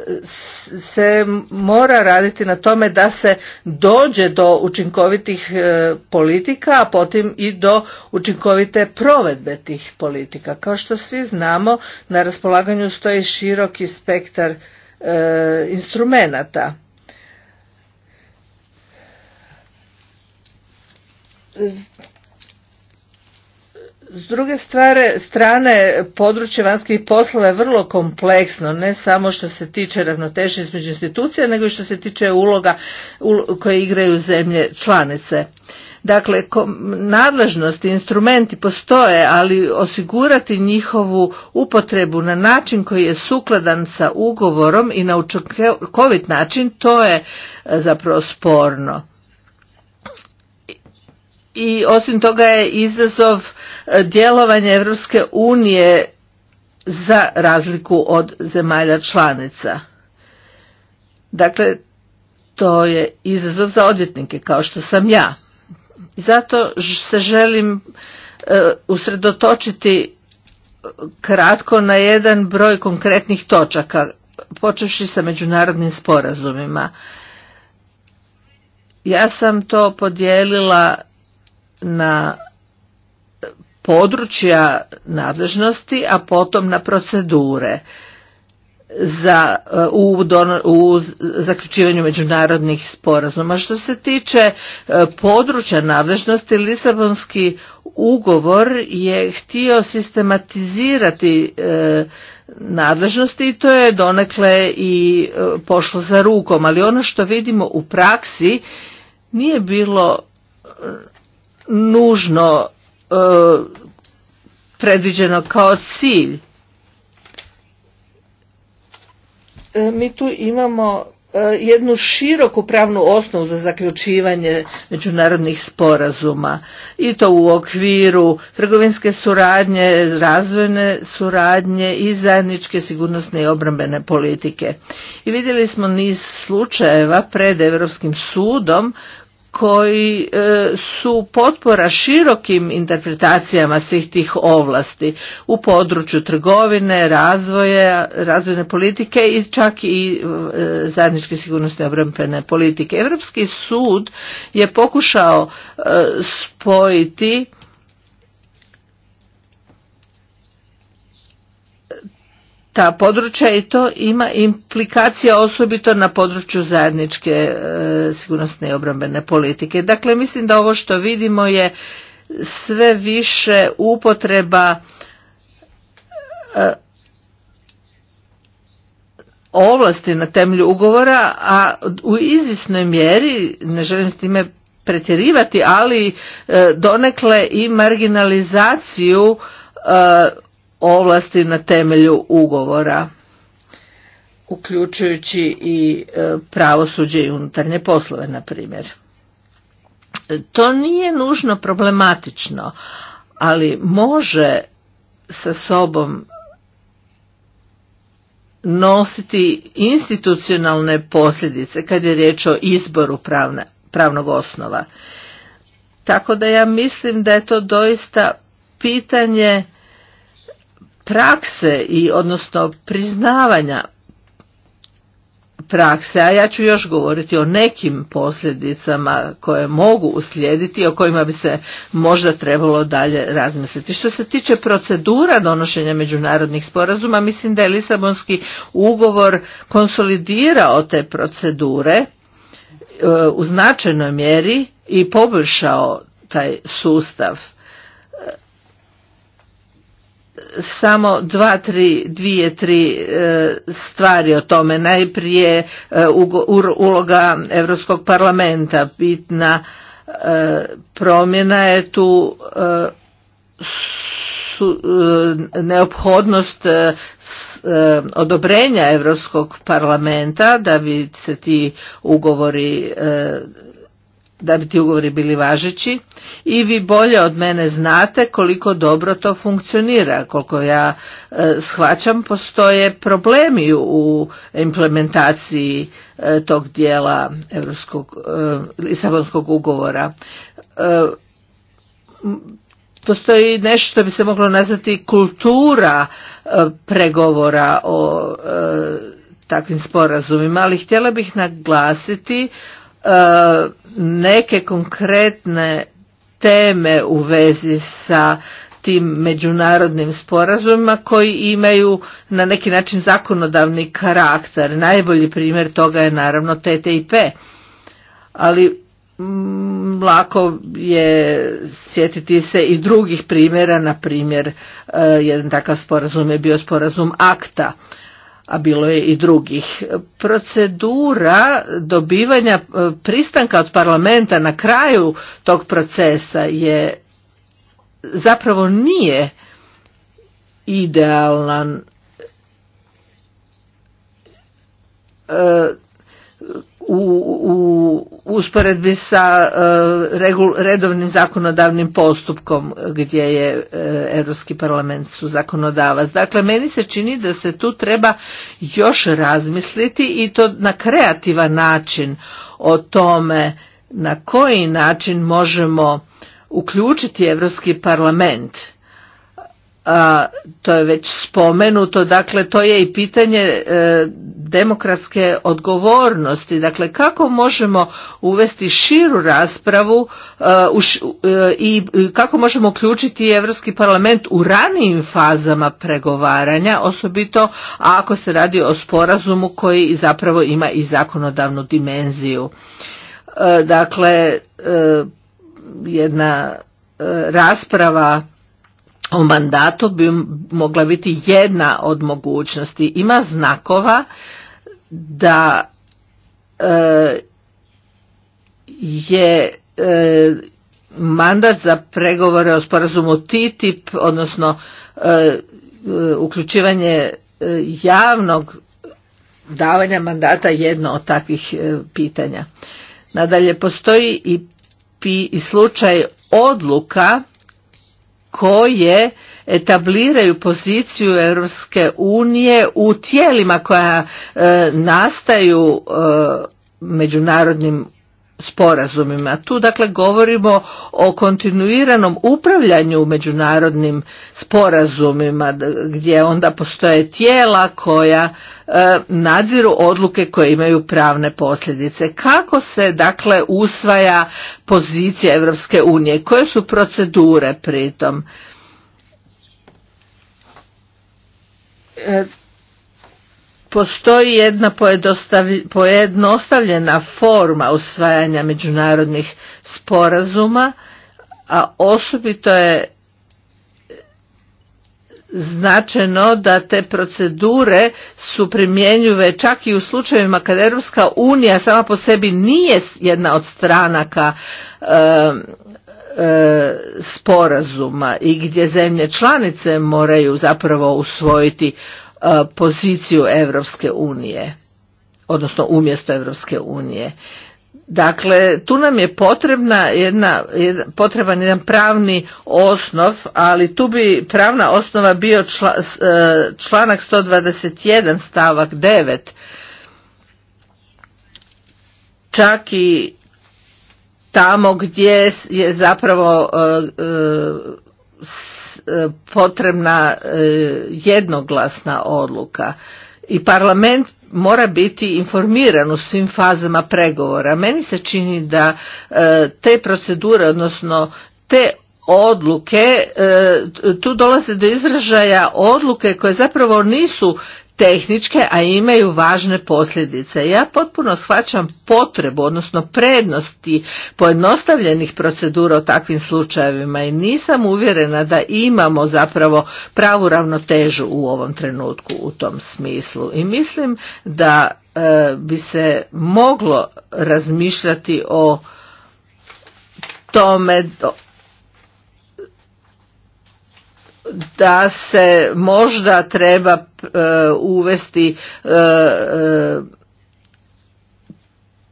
se mora raditi na tome da se dođe do učinkovitih e, politika, a potim i do učinkovite provedbe tih politika. Kao što svi znamo, na raspolaganju stoji široki spektar e, instrumenata. S druge stvari, strane, područje vanjskih poslova je vrlo kompleksno, ne samo što se tiče ravnoteže između institucija, nego i što se tiče uloga koje igraju zemlje članice. Dakle, nadležnosti, instrumenti postoje, ali osigurati njihovu upotrebu na način koji je sukladan sa ugovorom i na učinkovit način, to je e, zapravo sporno. I osim toga je izazov djelovanje Europske unije za razliku od zemalja članica. Dakle, to je izazov za odvjetnike, kao što sam ja. Zato se želim e, usredotočiti kratko na jedan broj konkretnih točaka, počevši sa međunarodnim sporazumima. Ja sam to podijelila na područja nadležnosti, a potom na procedure za, u, zaključivanju međunarodnih sporazuma. Što se tiče e, područja nadležnosti, Lisabonski ugovor je htio sistematizirati e, nadležnosti i to je donekle i e, pošlo za rukom, ali ono što vidimo u praksi nije bilo nužno E, predviđeno kao cilj. E, mi tu imamo e, jednu široku pravnu osnovu za zaključivanje međunarodnih sporazuma i to u okviru trgovinske suradnje, razvojne suradnje i zajedničke sigurnosne i obrambene politike. I vidjeli smo niz slučajeva pred Europskim sudom koji e, su potpora širokim interpretacijama svih tih ovlasti u području trgovine, razvoja, razvojne politike i čak i e, zajedničke sigurnosne obrambene politike. Europski sud je pokušao e, spojiti ta područja i to ima implikacija osobito na području zajedničke e, sigurnosne i obrambene politike. Dakle, mislim da ovo što vidimo je sve više upotreba e, ovlasti na temelju ugovora, a u izvisnoj mjeri, ne želim s time pretjerivati, ali e, donekle i marginalizaciju ovlasti na temelju ugovora uključujući i e, pravosuđe i unutarnje poslove na primjer to nije nužno problematično ali može sa sobom nositi institucionalne posljedice kad je riječ o izboru pravnog osnova tako da ja mislim da je to doista pitanje prakse i odnosno priznavanja prakse, a ja ću još govoriti o nekim posljedicama koje mogu uslijediti, o kojima bi se možda trebalo dalje razmisliti. Što se tiče procedura donošenja međunarodnih sporazuma, mislim da je Lisabonski ugovor konsolidirao te procedure e, u značajnoj mjeri i poboljšao taj sustav samo dva, tri, dvije, tri e, stvari o tome. Najprije e, uloga Europskog parlamenta, bitna e, promjena je tu neophodnost odobrenja Europskog parlamenta da bi se ti ugovori da bi ti ugovori bili važeći i vi bolje od mene znate koliko dobro to funkcionira. Koliko ja e, shvaćam postoje problemi u implementaciji e, tog dijela e, Lisabonskog ugovora. E, postoji nešto što bi se moglo nazvati kultura pregovora o takvim sporazumima, ali htjela bih naglasiti E, neke konkretne teme u vezi sa tim međunarodnim sporazumima koji imaju na neki način zakonodavni karakter. Najbolji primjer toga je naravno TTIP. Ali mm, lako je sjetiti se i drugih primjera, na primjer e, jedan takav sporazum je bio sporazum akta a bilo je i drugih. Procedura dobivanja e, pristanka od parlamenta na kraju tog procesa je zapravo nije idealan e, u, u usporedbi sa e, redovnim zakonodavnim postupkom e, gdje je e, Europski parlament su zakonodavac. Dakle, meni se čini da se tu treba još razmisliti i to na kreativan način o tome na koji način možemo uključiti Europski parlament a to je već spomenuto, dakle to je i pitanje e, demokratske odgovornosti, dakle kako možemo uvesti širu raspravu e, e, i kako možemo uključiti Europski parlament u ranijim fazama pregovaranja, osobito ako se radi o sporazumu koji zapravo ima i zakonodavnu dimenziju. Dakle, jedna rasprava o mandatu bi mogla biti jedna od mogućnosti. Ima znakova da e, je e, mandat za pregovore o sporazumu TTIP, odnosno e, uključivanje javnog davanja mandata jedno od takvih pitanja. Nadalje, postoji i, i slučaj odluka koje etabliraju poziciju Europske unije u tijelima koja e, nastaju e, međunarodnim sporazumima. Tu dakle govorimo o kontinuiranom upravljanju u međunarodnim sporazumima gdje onda postoje tijela koja e, nadziru odluke koje imaju pravne posljedice. Kako se dakle usvaja pozicija Europske unije? Koje su procedure pritom? E, postoji jedna pojednostavljena forma usvajanja međunarodnih sporazuma, a osobito je značeno da te procedure su primjenjive čak i u slučajevima kada Europska unija sama po sebi nije jedna od stranaka e, sporazuma i gdje zemlje članice moraju zapravo usvojiti E, poziciju Europske unije, odnosno umjesto Europske unije. Dakle, tu nam je potrebna jedna, potreban jedan pravni osnov, ali tu bi pravna osnova bio čla, e, članak 121 stavak 9. Čak i tamo gdje je zapravo e, E, potrebna e, jednoglasna odluka i parlament mora biti informiran u svim fazama pregovora. Meni se čini da e, te procedure, odnosno te odluke, tu dolaze do izražaja odluke koje zapravo nisu tehničke, a imaju važne posljedice. Ja potpuno shvaćam potrebu, odnosno prednosti pojednostavljenih procedura o takvim slučajevima i nisam uvjerena da imamo zapravo pravu ravnotežu u ovom trenutku u tom smislu. I mislim da e, bi se moglo razmišljati o tome da se možda treba e, uvesti e, e,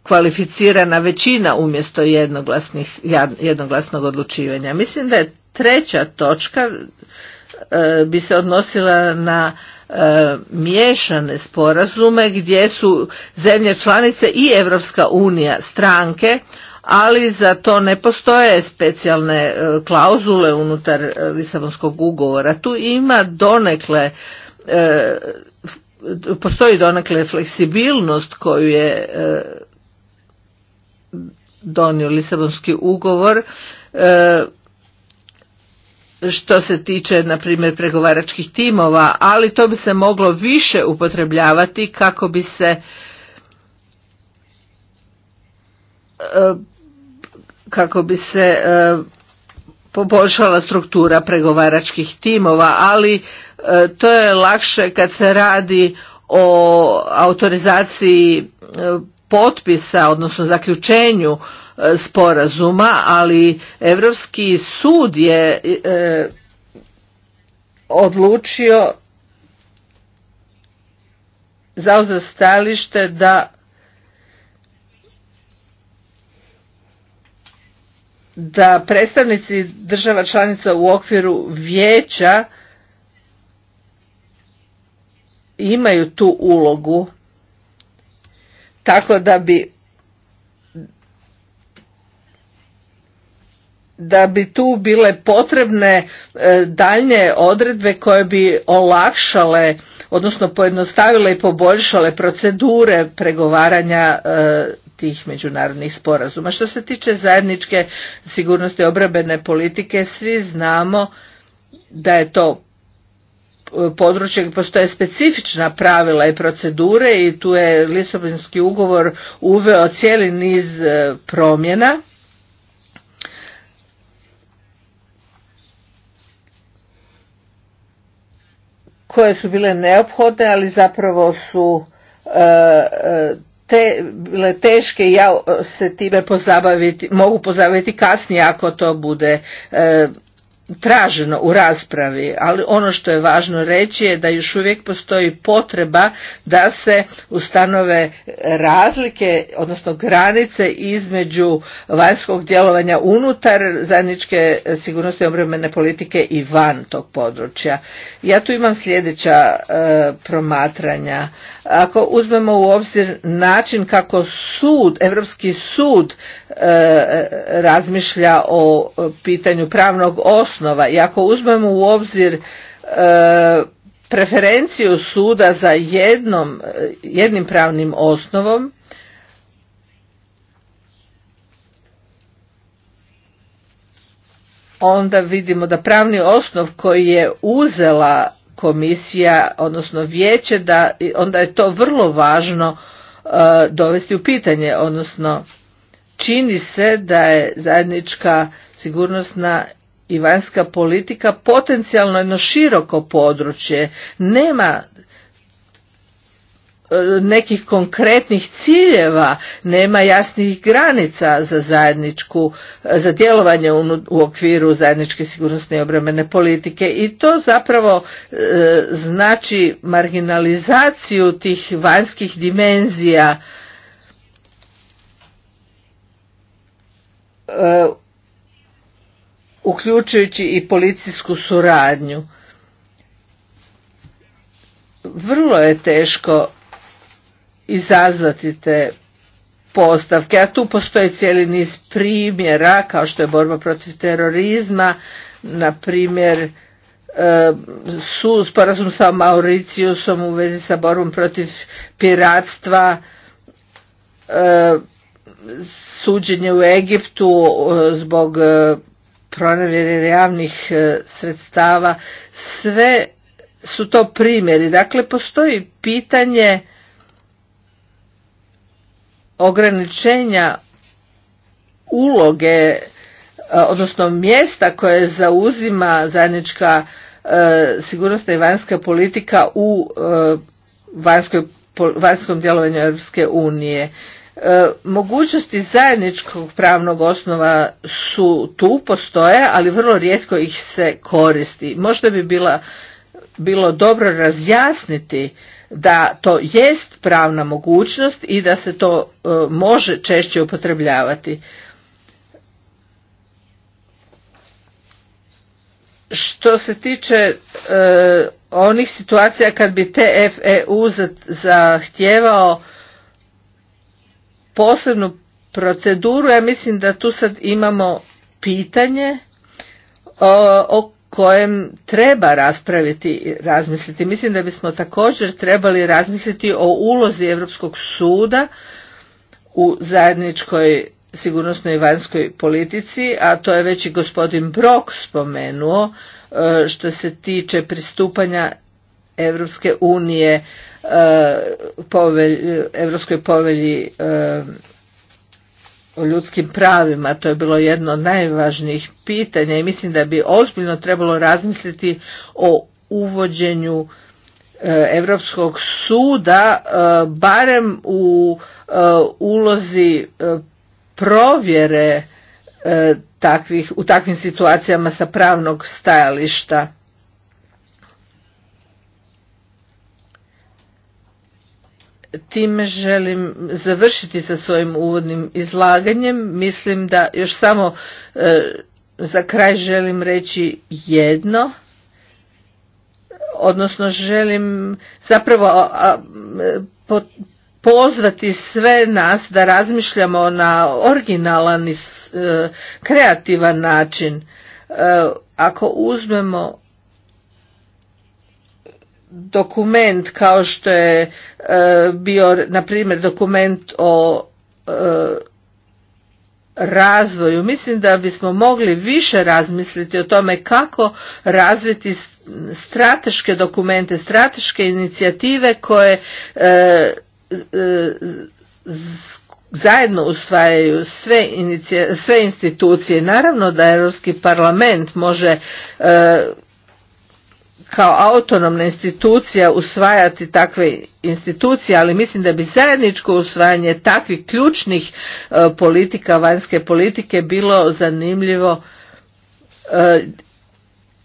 kvalificirana većina umjesto jednoglasnog odlučivanja. Mislim da je treća točka bi se odnosila na miješane sporazume gdje su zemlje članice i Europska unija stranke, ali za to ne postoje specijalne e, klauzule unutar e, Lisabonskog ugovora. Tu ima donekle e, postoji donekle fleksibilnost koju je donio Lisabonski ugovor što se tiče na primjer pregovaračkih timova, ali to bi se moglo više upotrebljavati kako bi se kako bi se e, poboljšala struktura pregovaračkih timova, ali e, to je lakše kad se radi o autorizaciji e, potpisa, odnosno zaključenju sporazuma, ali Europski sud je e, odlučio zauzeo stajalište da da predstavnici država članica u okviru vijeća imaju tu ulogu tako da bi da bi tu bile potrebne e, daljnje odredbe koje bi olakšale odnosno pojednostavile i poboljšale procedure pregovaranja e, tih međunarodnih sporazuma. Što se tiče zajedničke sigurnosti obrambene politike, svi znamo da je to e, područje gdje postoje specifična pravila i procedure i tu je Lisobinski ugovor uveo cijeli niz e, promjena. koje su bile neophodne, ali zapravo su e, te, bile teške ja e, se time pozabaviti, mogu pozabaviti kasnije ako to bude e, traženo u raspravi, ali ono što je važno reći je da još uvijek postoji potreba da se ustanove razlike, odnosno granice između vanjskog djelovanja unutar zajedničke sigurnosti i obrambene politike i van tog područja. Ja tu imam sljedeća e, promatranja. Ako uzmemo u obzir način kako sud, Europski sud e, razmišlja o pitanju pravnog osnova, osnova i ako uzmemo u obzir e, preferenciju suda za jednom, e, jednim pravnim osnovom, onda vidimo da pravni osnov koji je uzela komisija, odnosno vijeće, da onda je to vrlo važno e, dovesti u pitanje, odnosno čini se da je zajednička sigurnosna i vanjska politika potencijalno jedno široko područje. Nema e, nekih konkretnih ciljeva, nema jasnih granica za zajedničku, za djelovanje u okviru zajedničke sigurnosne i obrambene politike i to zapravo e, znači marginalizaciju tih vanjskih dimenzija e, uključujući i policijsku suradnju. Vrlo je teško izazvati te postavke, a tu postoji cijeli niz primjera kao što je borba protiv terorizma, na primjer e, su sporazum sa Mauricijusom u vezi sa borbom protiv piratstva, e, suđenje u Egiptu e, zbog pronevjere javnih e, sredstava, sve su to primjeri. Dakle, postoji pitanje ograničenja uloge, e, odnosno mjesta koje zauzima zajednička e, sigurnosna i vanjska politika u vanjskom djelovanju Europske unije. E, mogućnosti zajedničkog pravnog osnova su tu, postoje, ali vrlo rijetko ih se koristi. Možda bi bila, bilo dobro razjasniti da to jest pravna mogućnost i da se to e, može češće upotrebljavati. Što se tiče e, onih situacija kad bi TFEU zahtijevao posebnu proceduru. Ja mislim da tu sad imamo pitanje o kojem treba raspraviti i razmisliti. Mislim da bismo također trebali razmisliti o ulozi Europskog suda u zajedničkoj sigurnosnoj i vanjskoj politici, a to je već i gospodin Brok spomenuo e, što se tiče pristupanja Europske unije Europskoj Evropskoj povelji e, o ljudskim pravima. To je bilo jedno od najvažnijih pitanja i mislim da bi ozbiljno trebalo razmisliti o uvođenju Europskog suda e, barem u e, ulozi provjere u takvim situacijama sa pravnog stajališta. time želim završiti sa svojim uvodnim izlaganjem. Mislim da još samo e, za kraj želim reći jedno odnosno želim zapravo pozvati sve nas da razmišljamo na originalan i e, kreativan način. E, ako uzmemo dokument kao što je e, bio na primjer dokument o e, razvoju mislim da bismo mogli više razmisliti o tome kako razviti strateške dokumente strateške inicijative koje e, zajedno usvajaju sve, sve institucije naravno da europski parlament može kao autonomna institucija usvajati takve institucije, ali mislim da bi zajedničko usvajanje takvih ključnih e, politika, vanjske politike bilo zanimljivo e,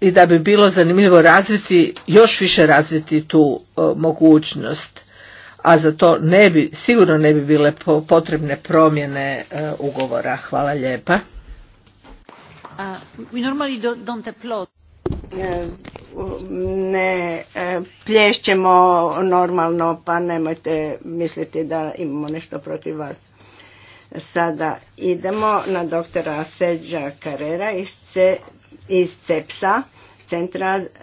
i da bi bilo zanimljivo razviti, još više razviti tu e, mogućnost. A za to ne bi, sigurno ne bi bile potrebne promjene ugovora. Hvala lijepa. Uh, we normally don't, don't E, ne e, plješćemo normalno pa nemojte misliti da imamo nešto protiv vas. Sada idemo na doktora Seđa Karera iz CEPSA,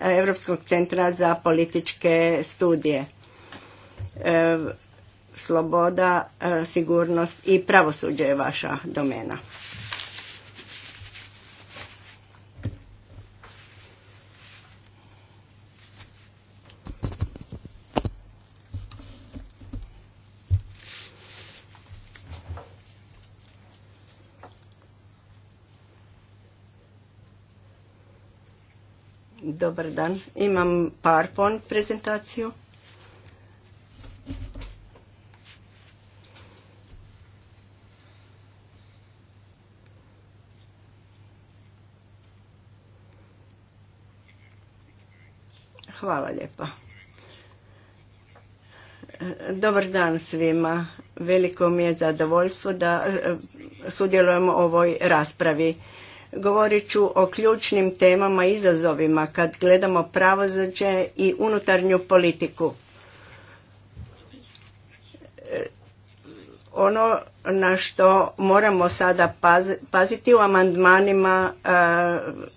Europskog centra za političke studije. E, sloboda, sigurnost i pravosuđe je vaša domena. dobar dan. Imam PowerPoint prezentaciju. Hvala lijepa. Dobar dan svima. Veliko mi je zadovoljstvo da e, sudjelujemo u ovoj raspravi. Govorit ću o ključnim temama i izazovima kad gledamo pravosuđe i unutarnju politiku. E, ono na što moramo sada paziti u amandmanima e,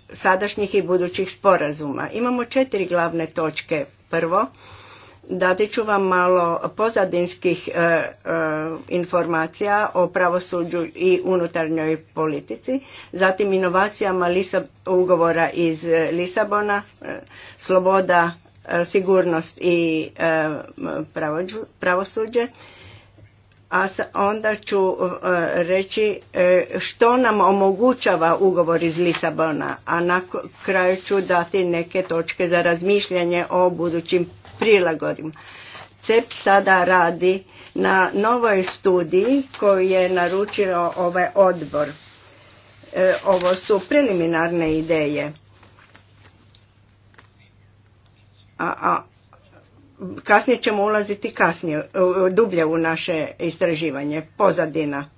sadašnjih i budućih sporazuma. Imamo četiri glavne točke. Prvo, Dati ću vam malo pozadinskih e, e, informacija o pravosuđu i unutarnjoj politici, zatim inovacijama ugovora iz e, Lisabona, sloboda, sigurnost i pravođu, pravosuđe, a sa, onda ću reći što nam omogućava ugovor iz Lisabona, a na kraju ću dati neke točke za razmišljanje o budućim prilagodimo. CEP sada radi na novoj studiji koju je naručio ovaj odbor. E, ovo su preliminarne ideje. A, a kasnije ćemo ulaziti kasnije, dublje u naše istraživanje, pozadina.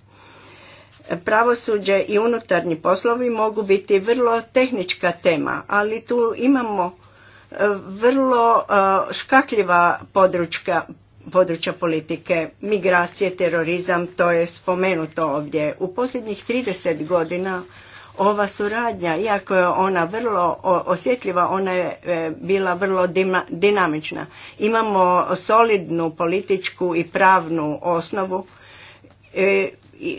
Pravosuđe i unutarnji poslovi mogu biti vrlo tehnička tema, ali tu imamo vrlo e, škakljiva područja, područja politike, migracije, terorizam, to je spomenuto ovdje. U posljednjih 30 godina ova suradnja, iako je ona vrlo osjetljiva, ona je e, bila vrlo dinamična. Imamo solidnu političku i pravnu osnovu e,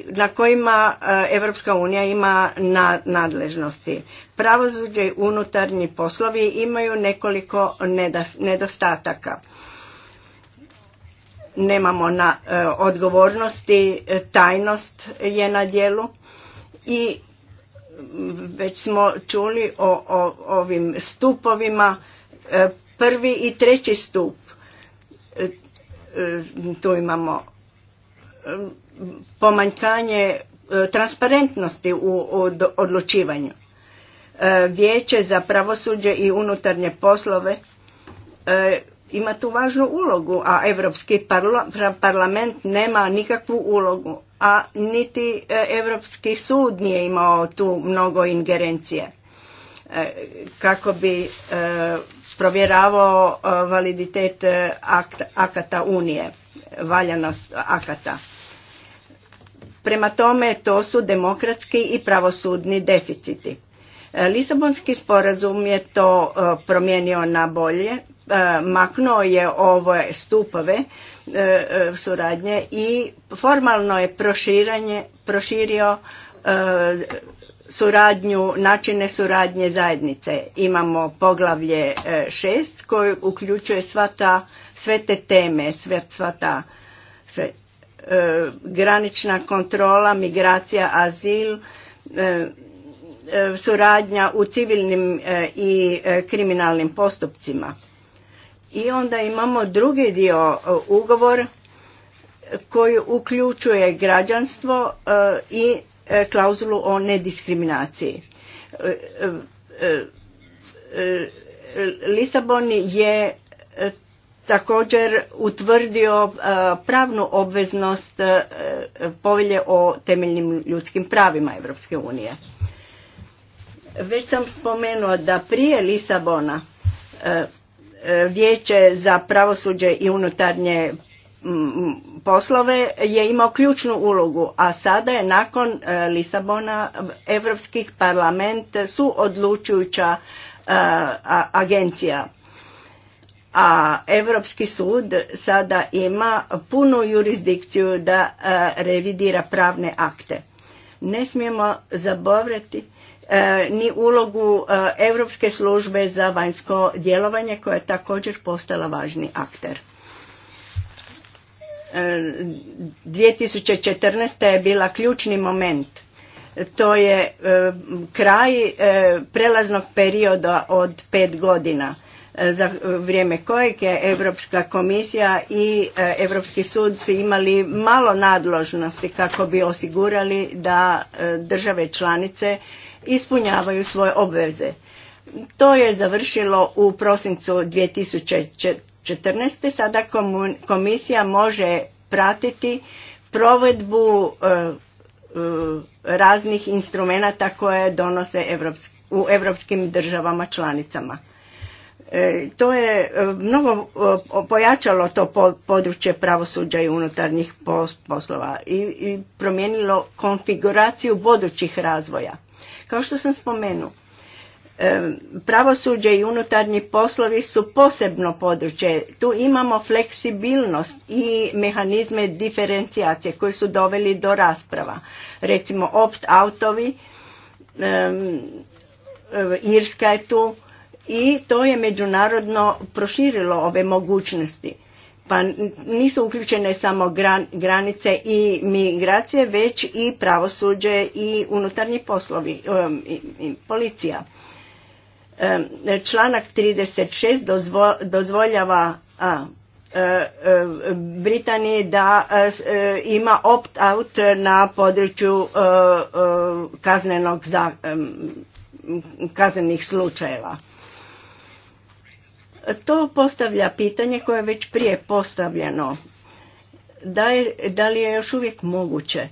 na kojima Europska unija ima nadležnosti. Pravosuđe i unutarnji poslovi imaju nekoliko nedostataka. Nemamo na e, odgovornosti, e, tajnost je na dijelu i već smo čuli o, o ovim stupovima e, prvi i treći stup tu imamo pomanjkanje e, transparentnosti u odlučivanju. E, Vijeće za pravosuđe i unutarnje poslove e, ima tu važnu ulogu, a Europski parlament nema nikakvu ulogu, a niti Europski sud nije imao tu mnogo ingerencije kako bi provjeravao validitet akata Unije, valjanost akata. Prema tome, to su demokratski i pravosudni deficiti. E, Lisabonski sporazum je to e, promijenio na bolje, e, maknuo je ove stupove suradnje i formalno je proširio suradnju, načine suradnje zajednice. Imamo poglavlje šest koje uključuje sve te teme, sve, sva ta sve, E, granična kontrola, migracija, azil, e, e, suradnja u civilnim i kriminalnim postupcima. I onda imamo drugi dio ugovor koji uključuje građanstvo i klauzulu o nediskriminaciji. Lisabon je također utvrdio e, pravnu obveznost e, povelje o temeljnim ljudskim pravima Europske unije. Već sam spomenula da prije Lisabona e, Vijeće za pravosuđe i unutarnje poslove je imao ključnu ulogu, a sada je nakon Lisabona Europski parlament su odlučujuća agencija a Europski sud sada ima punu jurisdikciju da e, revidira pravne akte. Ne smijemo zaboraviti e, ni ulogu Europske službe za vanjsko djelovanje koja je također postala važni akter. 2014. E, je bila ključni moment. To je kraj prelaznog perioda od pet godina E, za vrijeme kojeg je Europska komisija i e, Europski sud su imali malo nadložnosti kako bi osigurali da e, države članice ispunjavaju svoje obveze. To je završilo u prosincu 2014. Sada komisija može pratiti provedbu raznih instrumenata koje donose u europskim državama članicama. E, to je e, mnogo e, pojačalo to područje pravosuđa i unutarnjih poslova i promijenilo konfiguraciju budućih razvoja. Kao što sam spomenuo, pravosuđe i unutarnji poslovi su posebno područje. Tu imamo fleksibilnost i mehanizme diferencijacije koji su doveli do rasprava. Recimo opt-outovi, Irska je tu, i to je međunarodno proširilo ove mogućnosti. Pa nisu uključene samo granice i migracije, već i pravosuđe i unutarnji poslovi, um, i policija. Um, članak 36 dozvo, dozvoljava a, e, e, Britaniji da e, ima opt-out na području kaznenog za, kaznenih slučajeva. To postavlja pitanje koje je već prije postavljeno. Da, je, da li je još uvijek moguće?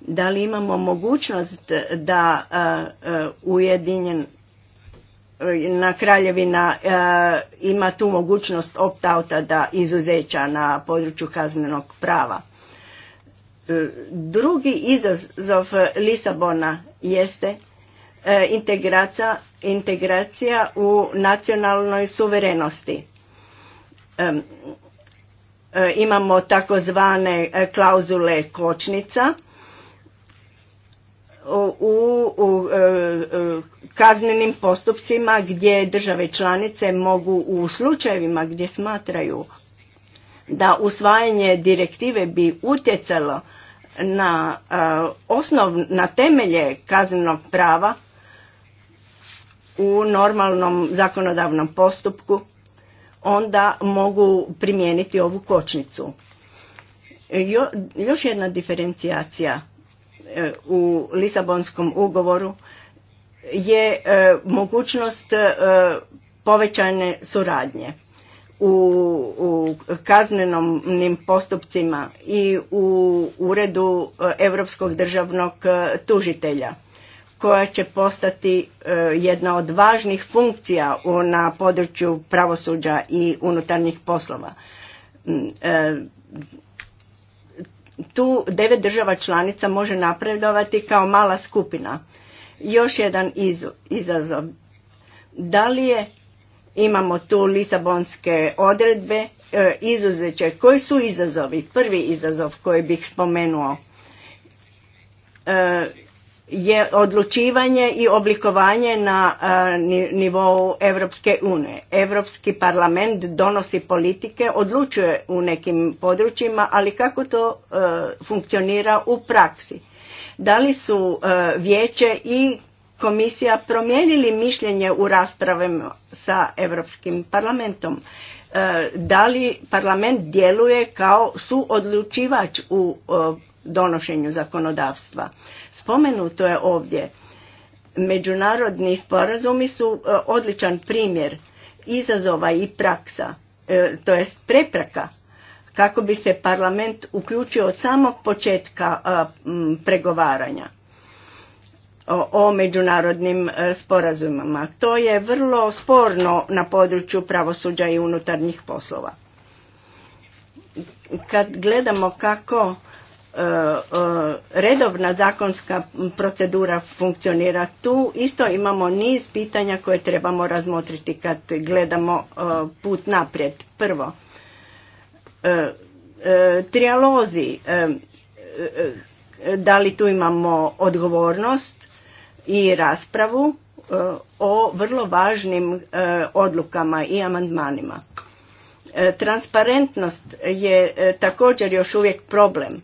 Da li imamo mogućnost da ujedinjen na kraljevina ima tu mogućnost opt-outa da izuzeća na području kaznenog prava. E, drugi izazov Lisabona jeste E, integracija, integracija u nacionalnoj suverenosti. E, e, imamo takozvane klauzule kočnica u, u, kaznenim postupcima gdje države članice mogu u slučajevima gdje smatraju da usvajanje direktive bi utjecalo na osnov na temelje kaznenog prava u normalnom zakonodavnom postupku, onda mogu primijeniti ovu kočnicu. Jo, još jedna diferencijacija e, u Lisabonskom ugovoru je e, mogućnost e, povećane suradnje u, u kaznenim postupcima i u uredu Europskog državnog tužitelja koja će postati e, jedna od važnih funkcija na području pravosuđa i unutarnjih poslova. Mm, e, tu devet država članica može napredovati kao mala skupina. Još jedan izazov. Da li je imamo tu Lisabonske odredbe, e, izuzeće. Koji su izazovi? Prvi izazov koji bih spomenuo je odlučivanje i oblikovanje na e, nivou Europske unije. Europski parlament donosi politike, odlučuje u nekim područjima, ali kako to e, funkcionira u praksi? Da li su e, vijeće i komisija promijenili mišljenje u raspravama sa Europskim parlamentom? Da li parlament djeluje kao suodlučivač u donošenju zakonodavstva. Spomenuto je ovdje, međunarodni sporazumi su e, odličan primjer izazova i praksa, e, to jest prepraka kako bi se parlament uključio od samog početka pregovaranja o međunarodnim e, sporazumima. To je vrlo sporno na području pravosuđa i unutarnjih poslova. Kad gledamo kako E, e, redovna zakonska procedura funkcionira tu. Isto imamo niz pitanja koje trebamo razmotriti kad gledamo e, put naprijed. Prvo, trijalozi, da li tu imamo odgovornost i raspravu o vrlo važnim odlukama i amandmanima. Transparentnost je također još uvijek problem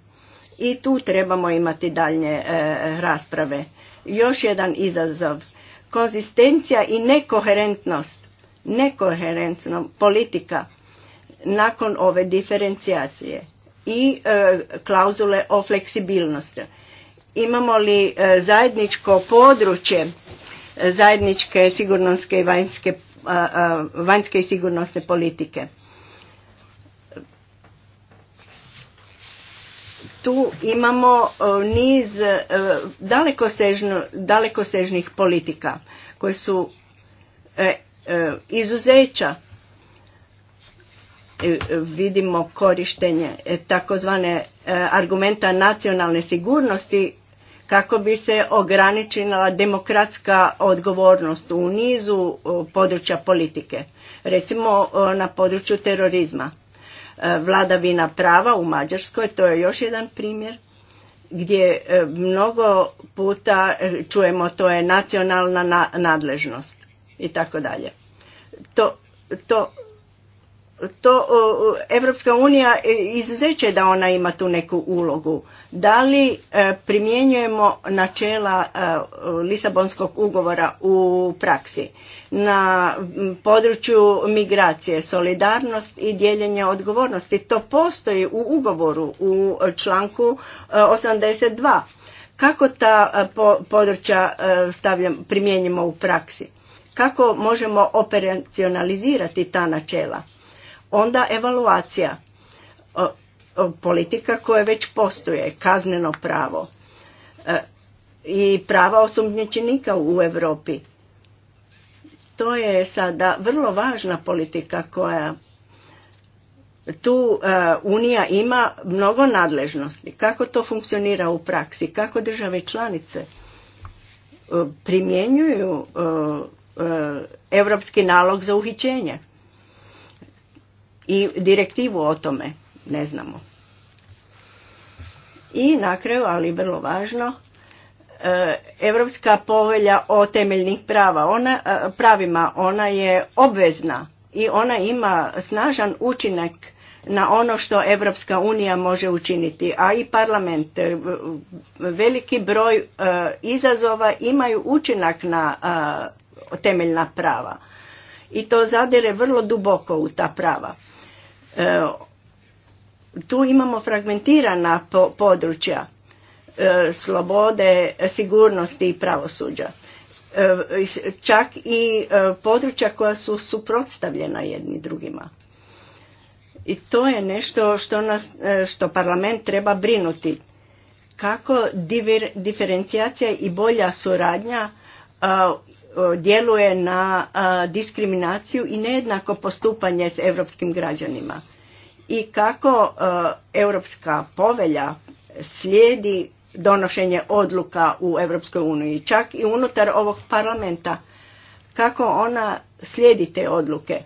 i tu trebamo imati daljnje e, rasprave. Još jedan izazov. Konzistencija i nekoherentnost. Nekoherentno politika nakon ove diferencijacije i e, klauzule o fleksibilnosti. Imamo li e, zajedničko područje zajedničke sigurnoske i vanjske, vanjske i sigurnosne politike? tu imamo e, niz e, dalekosežnih politika koje su e, izuzeća vidimo korištenje takozvane argumenta nacionalne sigurnosti kako bi se ograničila demokratska odgovornost u nizu područja politike recimo na području terorizma E, vladavina prava u Mađarskoj, to je još jedan primjer gdje e, mnogo puta e, čujemo to je nacionalna nadležnost i tako dalje. To, to, to Evropska unija izuzeće da ona ima tu neku ulogu da li e, primjenjujemo načela e, Lisabonskog ugovora u praksi na području migracije, solidarnost i dijeljenje odgovornosti? To postoji u ugovoru u članku 82. E, Kako ta područja stavljam, primjenjimo u praksi? Kako možemo operacionalizirati ta načela? Onda evaluacija politika koja već postoje, kazneno pravo e, i prava osumnjičenika u Europi. To je sada vrlo važna politika koja tu e, Unija ima mnogo nadležnosti. Kako to funkcionira u praksi? Kako države članice e, primjenjuju europski nalog za uhićenje i direktivu o tome? ne znamo. I na kraju, ali vrlo važno, Europska povelja o temeljnih prava, ona, e, pravima, ona je obvezna i ona ima snažan učinak na ono što Europska unija može učiniti, a i parlament. E, veliki broj e, izazova imaju učinak na temeljna prava i to zadire vrlo duboko u ta prava tu imamo fragmentirana područja e, slobode, sigurnosti i pravosuđa. E, čak i e, područja koja su suprotstavljena jedni drugima. I to je nešto što, nas, što parlament treba brinuti. Kako diferencijacija i bolja suradnja djeluje na diskriminaciju i nejednako postupanje s europskim građanima i kako e, Europska povelja slijedi donošenje odluka u Europskoj uniji, čak i unutar ovog parlamenta, kako ona slijedi te odluke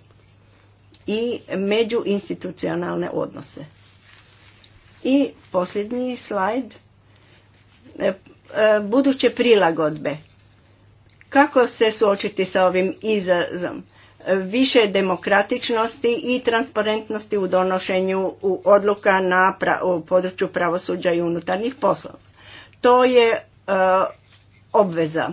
i međuinstitucionalne odnose. I posljednji slajd, e, e, buduće prilagodbe. Kako se suočiti sa ovim izazom? više demokratičnosti i transparentnosti u donošenju odluka na u području pravosuđa i unutarnjih poslova. To je e, obveza.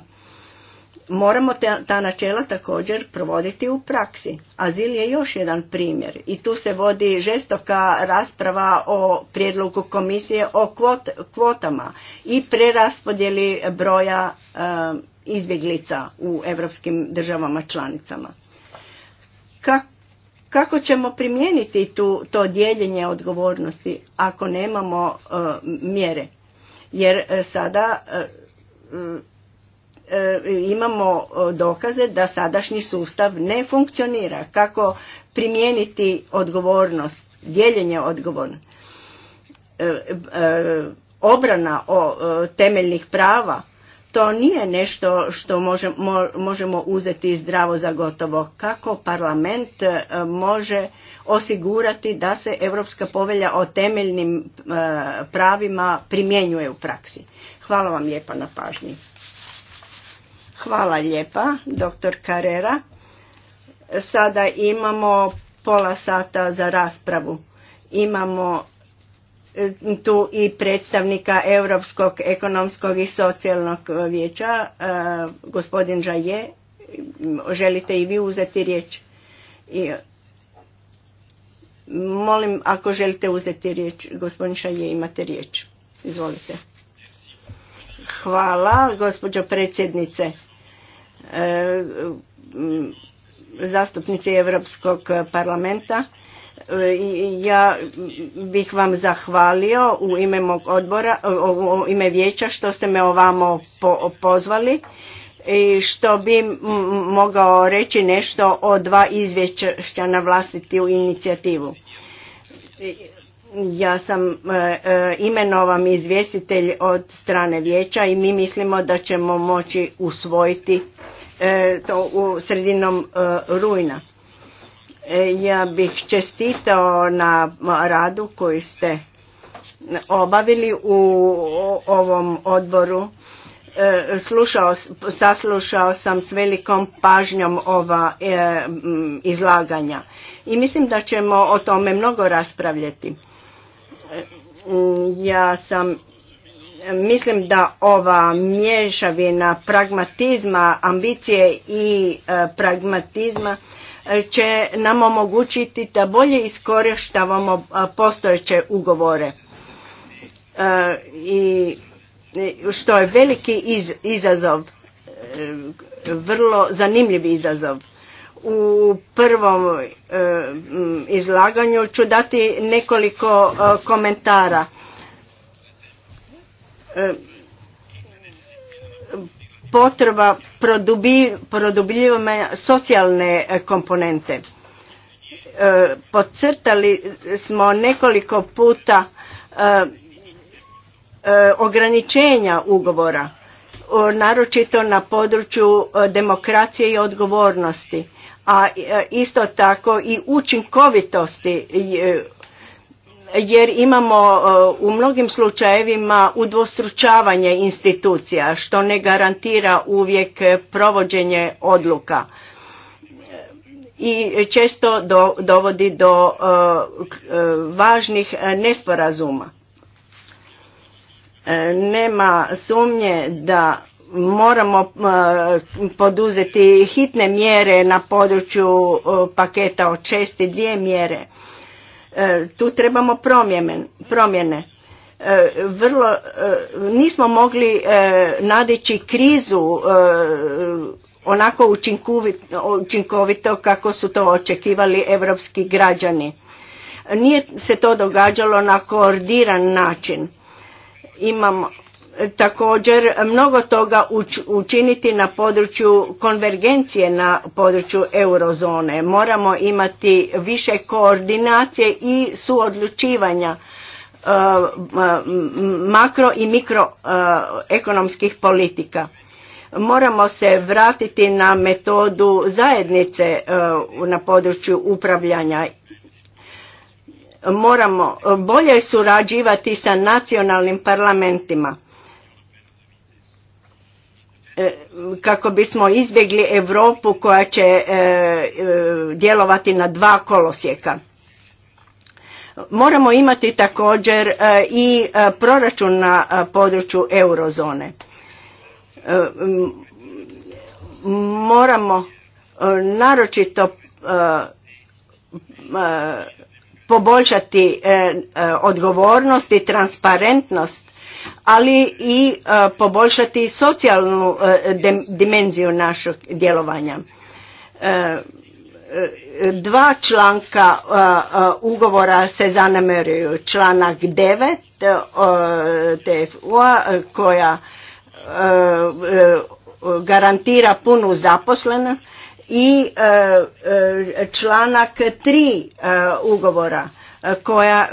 Moramo ta, načela također provoditi u praksi. Azil je još jedan primjer i tu se vodi žestoka rasprava o prijedlogu komisije o kvotama i preraspodjeli broja e, izbjeglica u europskim državama članicama kako ćemo primijeniti tu, to dijeljenje odgovornosti ako nemamo e, mjere? Jer e, sada e, imamo dokaze da sadašnji sustav ne funkcionira. Kako primijeniti odgovornost, dijeljenje odgovornosti? Obrana o, temeljnih prava to nije nešto što možemo, možemo uzeti zdravo za gotovo. Kako parlament e, može osigurati da se Europska povelja o temeljnim e, pravima primjenjuje u praksi? Hvala vam lijepa na pažnji. Hvala lijepa, doktor Karera. Sada imamo pola sata za raspravu. Imamo tu i predstavnika Europskog ekonomskog i socijalnog e, vijeća, e, gospodin Žaje, želite i vi uzeti riječ? I, molim, ako želite uzeti riječ, gospodin Žaje, imate riječ. Izvolite. Hvala, gospođo predsjednice. E, zastupnici Europskog parlamenta. Ja bih vam zahvalio u ime mog odbora, u ime vijeća što ste me ovamo po pozvali i što bi mogao reći nešto o dva izvješća na u inicijativu. Ja sam e, e, imenovan izvjestitelj od strane vijeća i mi mislimo da ćemo moći usvojiti e, to u sredinom e, rujna. E, ja bih čestitao na radu koji ste obavili u ovom odboru. E, slušao, saslušao sam s velikom pažnjom ova e, izlaganja i mislim da ćemo o tome mnogo raspravljati. Ja sam mislim da ova mješavina pragmatizma, ambicije i pragmatizma će nam omogućiti da bolje iskorištavamo postojeće ugovore e, i što je veliki izazov, e, vrlo zanimljiv izazov. U prvom e, izlaganju ću dati nekoliko komentara potreba produbljivanja socijalne e, komponente. E, podcrtali smo nekoliko puta e, ograničenja ugovora, naročito na području demokracije i odgovornosti, a isto tako i učinkovitosti jer imamo eh, u mnogim slučajevima udvostručavanje institucija što ne garantira uvijek eh, provođenje odluka i često dovodi do eh, važnih nesporazuma. Nema sumnje da moramo poduzeti hitne mjere na području paketa od česti, dvije mjere E, tu trebamo promjene. promjene. E, vrlo, e, nismo mogli nadeći krizu onako učinkovito kako su to očekivali evropski građani. Nije se to događalo na koordiran način. Imamo također mnogo toga učiniti na području konvergencije na području eurozone. Moramo imati više koordinacije i suodlučivanja e, makro i mikroekonomskih e, politika. Moramo se vratiti na metodu zajednice e, na području upravljanja moramo bolje surađivati sa nacionalnim parlamentima E, kako bismo izbjegli Europu koja će e, e, djelovati na dva kolosijeka. Moramo imati također i proračun na području eurozone. Moramo naročito poboljšati odgovornost i transparentnost ali i e, poboljšati socijalnu e, dimenziju našeg djelovanja. E, dva članka ugovora se zanameruju Članak 9 TFU-a koja garantira punu zaposlenost i članak 3 ugovora koja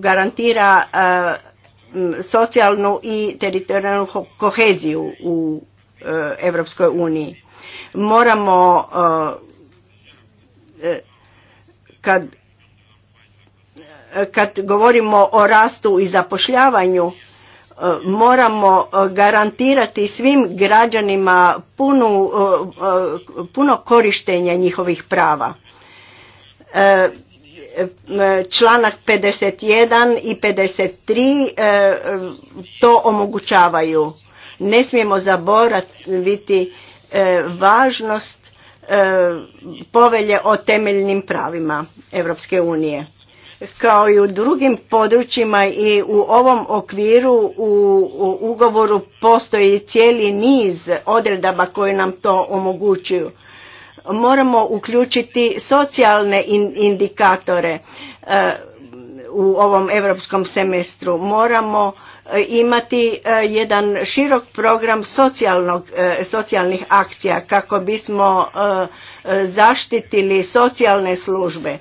garantira socijalnu i teritorijalnu koheziju u e, Evropskoj uniji. Moramo e, e, kad kad govorimo o rastu i zapošljavanju moramo garantirati svim građanima punu, puno korištenja njihovih prava članak 51 i 53 e, to omogućavaju. Ne smijemo zaboraviti e, važnost e, povelje o temeljnim pravima Europske unije. Kao i u drugim područjima i u ovom okviru u, u ugovoru postoji cijeli niz odredaba koje nam to omogućuju Moramo uključiti socijalne indikatore e, u ovom europskom semestru. Moramo e, imati e, jedan širok program socijalnih akcija kako bismo zaštitili socijalne službe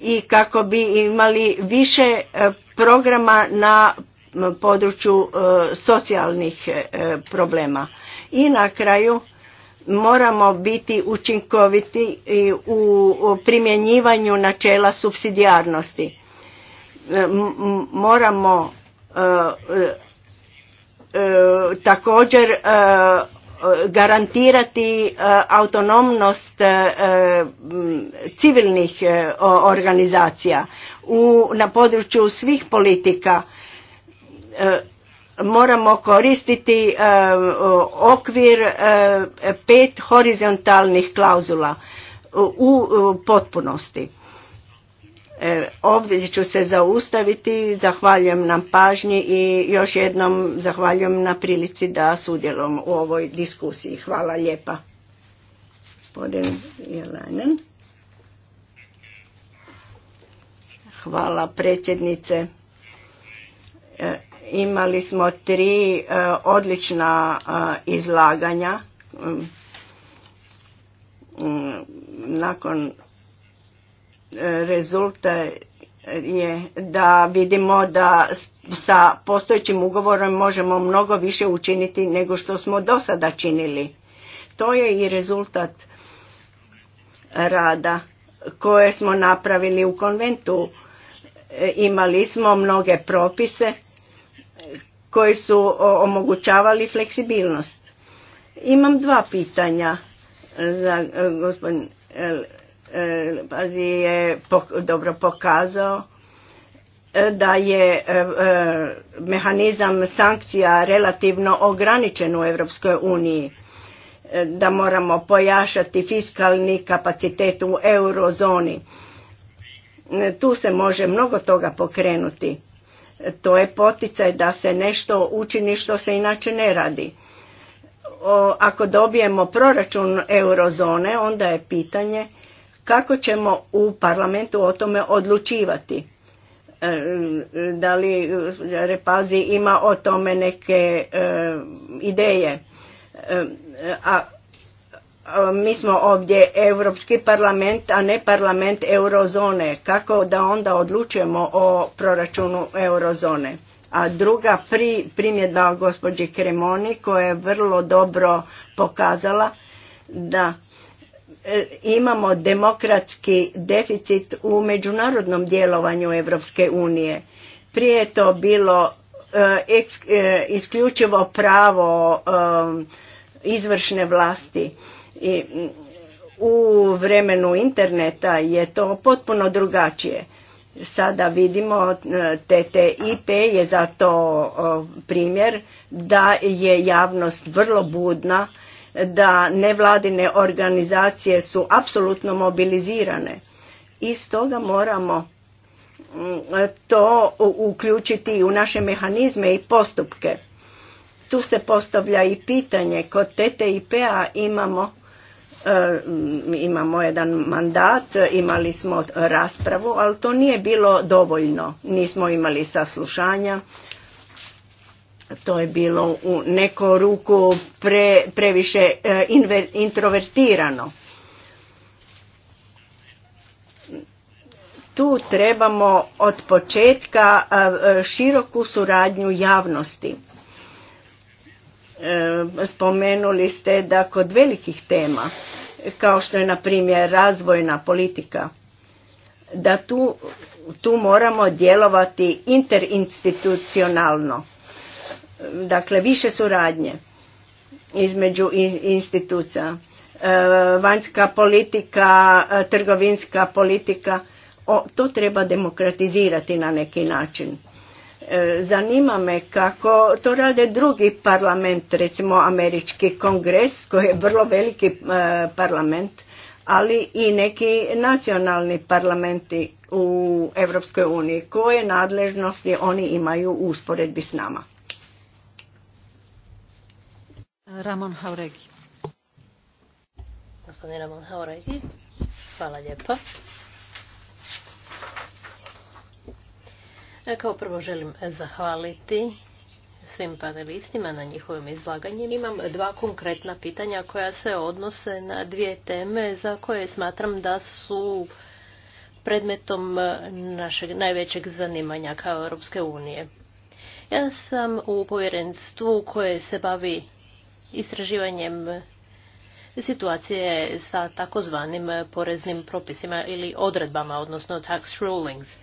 i kako bi imali više programa na području socijalnih problema. I na kraju moramo biti učinkoviti u primjenjivanju načela subsidijarnosti. Moramo također garantirati autonomnost civilnih organizacija na području svih politika e, moramo koristiti eh, okvir eh, pet horizontalnih klauzula u potpunosti. Eh, ovdje ću se zaustaviti, zahvaljujem nam pažnji i još jednom zahvaljujem na prilici da sudjelom u ovoj diskusiji. Hvala lijepa. Gospodin Jelanen. Hvala predsjednice. Imali smo tri e, odlična e, izlaganja mm. Mm, nakon e, rezulta je da vidimo da sa postojećim ugovorom možemo mnogo više učiniti nego što smo do sada činili. To je i rezultat rada koje smo napravili u konventu. Imali smo mnoge propise koji su omogućavali fleksibilnost. Imam dva pitanja e, za e, gospodin e, Pazi je dobro pokazao da je mehanizam sankcija relativno ograničen u Europskoj uniji da moramo pojašati fiskalni kapacitet u eurozoni. Tu se može mnogo toga pokrenuti to je poticaj da se nešto učini što se inače ne radi. ako dobijemo proračun eurozone, onda je pitanje kako ćemo u parlamentu o tome odlučivati. E, da li Repazi ima o tome neke e, ideje? E, a Ehm, mi smo ovdje Europski parlament, a ne parlament eurozone. Kako da onda odlučujemo o proračunu eurozone? A druga primjedba gospođi Kremoni koja je vrlo dobro pokazala da e, imamo demokratski deficit u međunarodnom djelovanju Europske unije. Prije je to bilo e, e, isključivo pravo izvršne vlasti u vremenu interneta je to potpuno drugačije. Sada vidimo e, TTIP je za to primjer da je javnost vrlo budna, da nevladine organizacije su apsolutno mobilizirane i stoga moramo mm, to uključiti u naše mehanizme i postupke. Tu se postavlja i pitanje, kod TTIP-a imamo E, imamo jedan mandat, imali smo raspravu, ali to nije bilo dovoljno. Nismo imali saslušanja, to je bilo u neko ruku pre, previše e, introvertirano. Tu trebamo od početka e, široku suradnju javnosti E, spomenuli ste da kod velikih tema kao što je na primjer razvojna politika da tu, tu moramo djelovati interinstitucionalno dakle više suradnje između institucija e, vanjska politika e, trgovinska politika o, to treba demokratizirati na neki način E, zanima me kako to rade drugi parlament, recimo američki kongres koji je vrlo veliki e, parlament, ali i neki nacionalni parlamenti u Europskoj uniji. Koje nadležnosti oni imaju u usporedbi s nama? Ramon Hauregi. Gospodin Ramon Hauregi, hvala lijepo. E, kao prvo želim zahvaliti svim panelistima na njihovim izlaganju. Imam dva konkretna pitanja koja se odnose na dvije teme za koje smatram da su predmetom e, našeg najvećeg zanimanja kao Europske unije. Ja sam u povjerenstvu koje se bavi istraživanjem situacije sa takozvanim poreznim propisima ili odredbama, odnosno tax rulings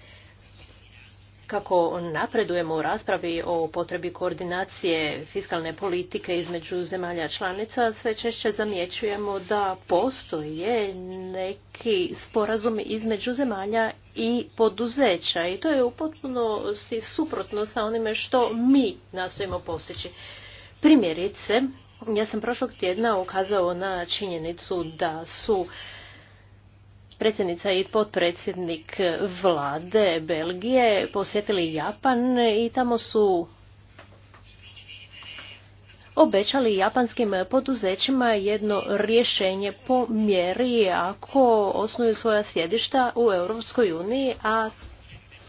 kako napredujemo u raspravi o potrebi koordinacije fiskalne politike između zemalja članica, sve češće zamjećujemo da postoje neki sporazum između zemalja i poduzeća i to je u potpunosti suprotno sa onime što mi nastojimo postići. Primjerice, ja sam prošlog tjedna ukazao na činjenicu da su predsjednica i potpredsjednik vlade Belgije posjetili Japan i tamo su obećali japanskim poduzećima jedno rješenje po mjeri ako osnuju svoja sjedišta u Europskoj uniji, a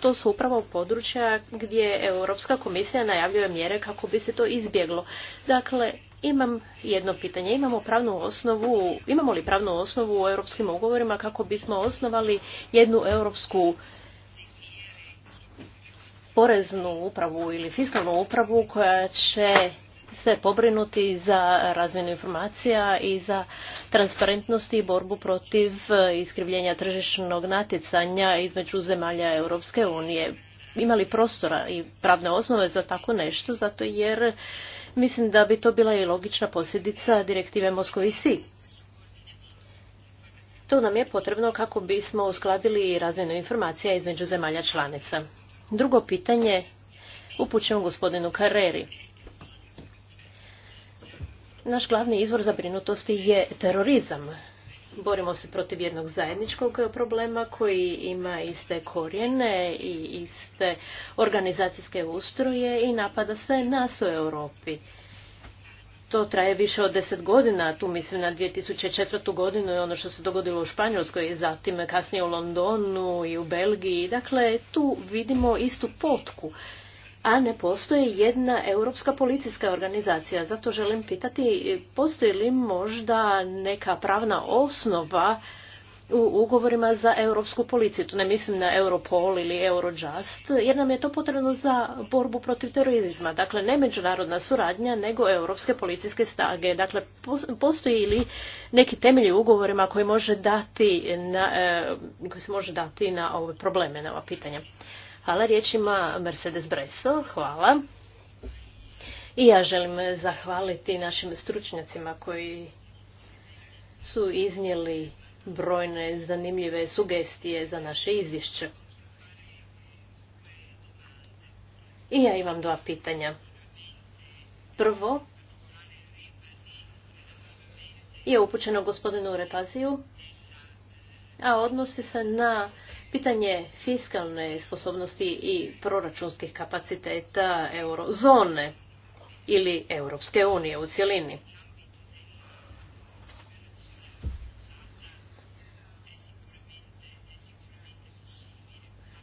to su upravo područja gdje Europska komisija najavljuje mjere kako bi se to izbjeglo. Dakle, imam jedno pitanje. Imamo pravnu osnovu, imamo li pravnu osnovu u europskim ugovorima kako bismo osnovali jednu europsku poreznu upravu ili fiskalnu upravu koja će se pobrinuti za razmjenu informacija i za transparentnost i borbu protiv iskrivljenja tržišnog natjecanja između zemalja Europske unije. Imali prostora i pravne osnove za tako nešto, zato jer Mislim da bi to bila i logična posljedica direktive Moskovi Si. To nam je potrebno kako bismo uskladili razmjenu informacija između zemalja članica. Drugo pitanje upućujem gospodinu Kareri. Naš glavni izvor zabrinutosti je terorizam borimo se protiv jednog zajedničkog problema koji ima iste korijene i iste organizacijske ustroje i napada sve nas u Europi. To traje više od deset godina, tu mislim na 2004. godinu i ono što se dogodilo u Španjolskoj i zatim kasnije u Londonu i u Belgiji. Dakle, tu vidimo istu potku a ne postoji jedna europska policijska organizacija. Zato želim pitati, postoji li možda neka pravna osnova u ugovorima za europsku policiju. Tu ne mislim na Europol ili Eurojust, jer nam je to potrebno za borbu protiv terorizma. Dakle, ne međunarodna suradnja, nego europske policijske stage. Dakle, postoji li neki temelj u ugovorima koji, može dati na, eh, koji se može dati na ove probleme, na ova pitanja. Hvala riječima Mercedes Breso, hvala. I ja želim zahvaliti našim stručnjacima koji su iznijeli brojne zanimljive sugestije za naše izvješće. I ja imam dva pitanja. Prvo je upućeno gospodinu Repaziju, a odnosi se na Pitanje fiskalne sposobnosti i proračunskih kapaciteta eurozone ili Europske unije u cjelini.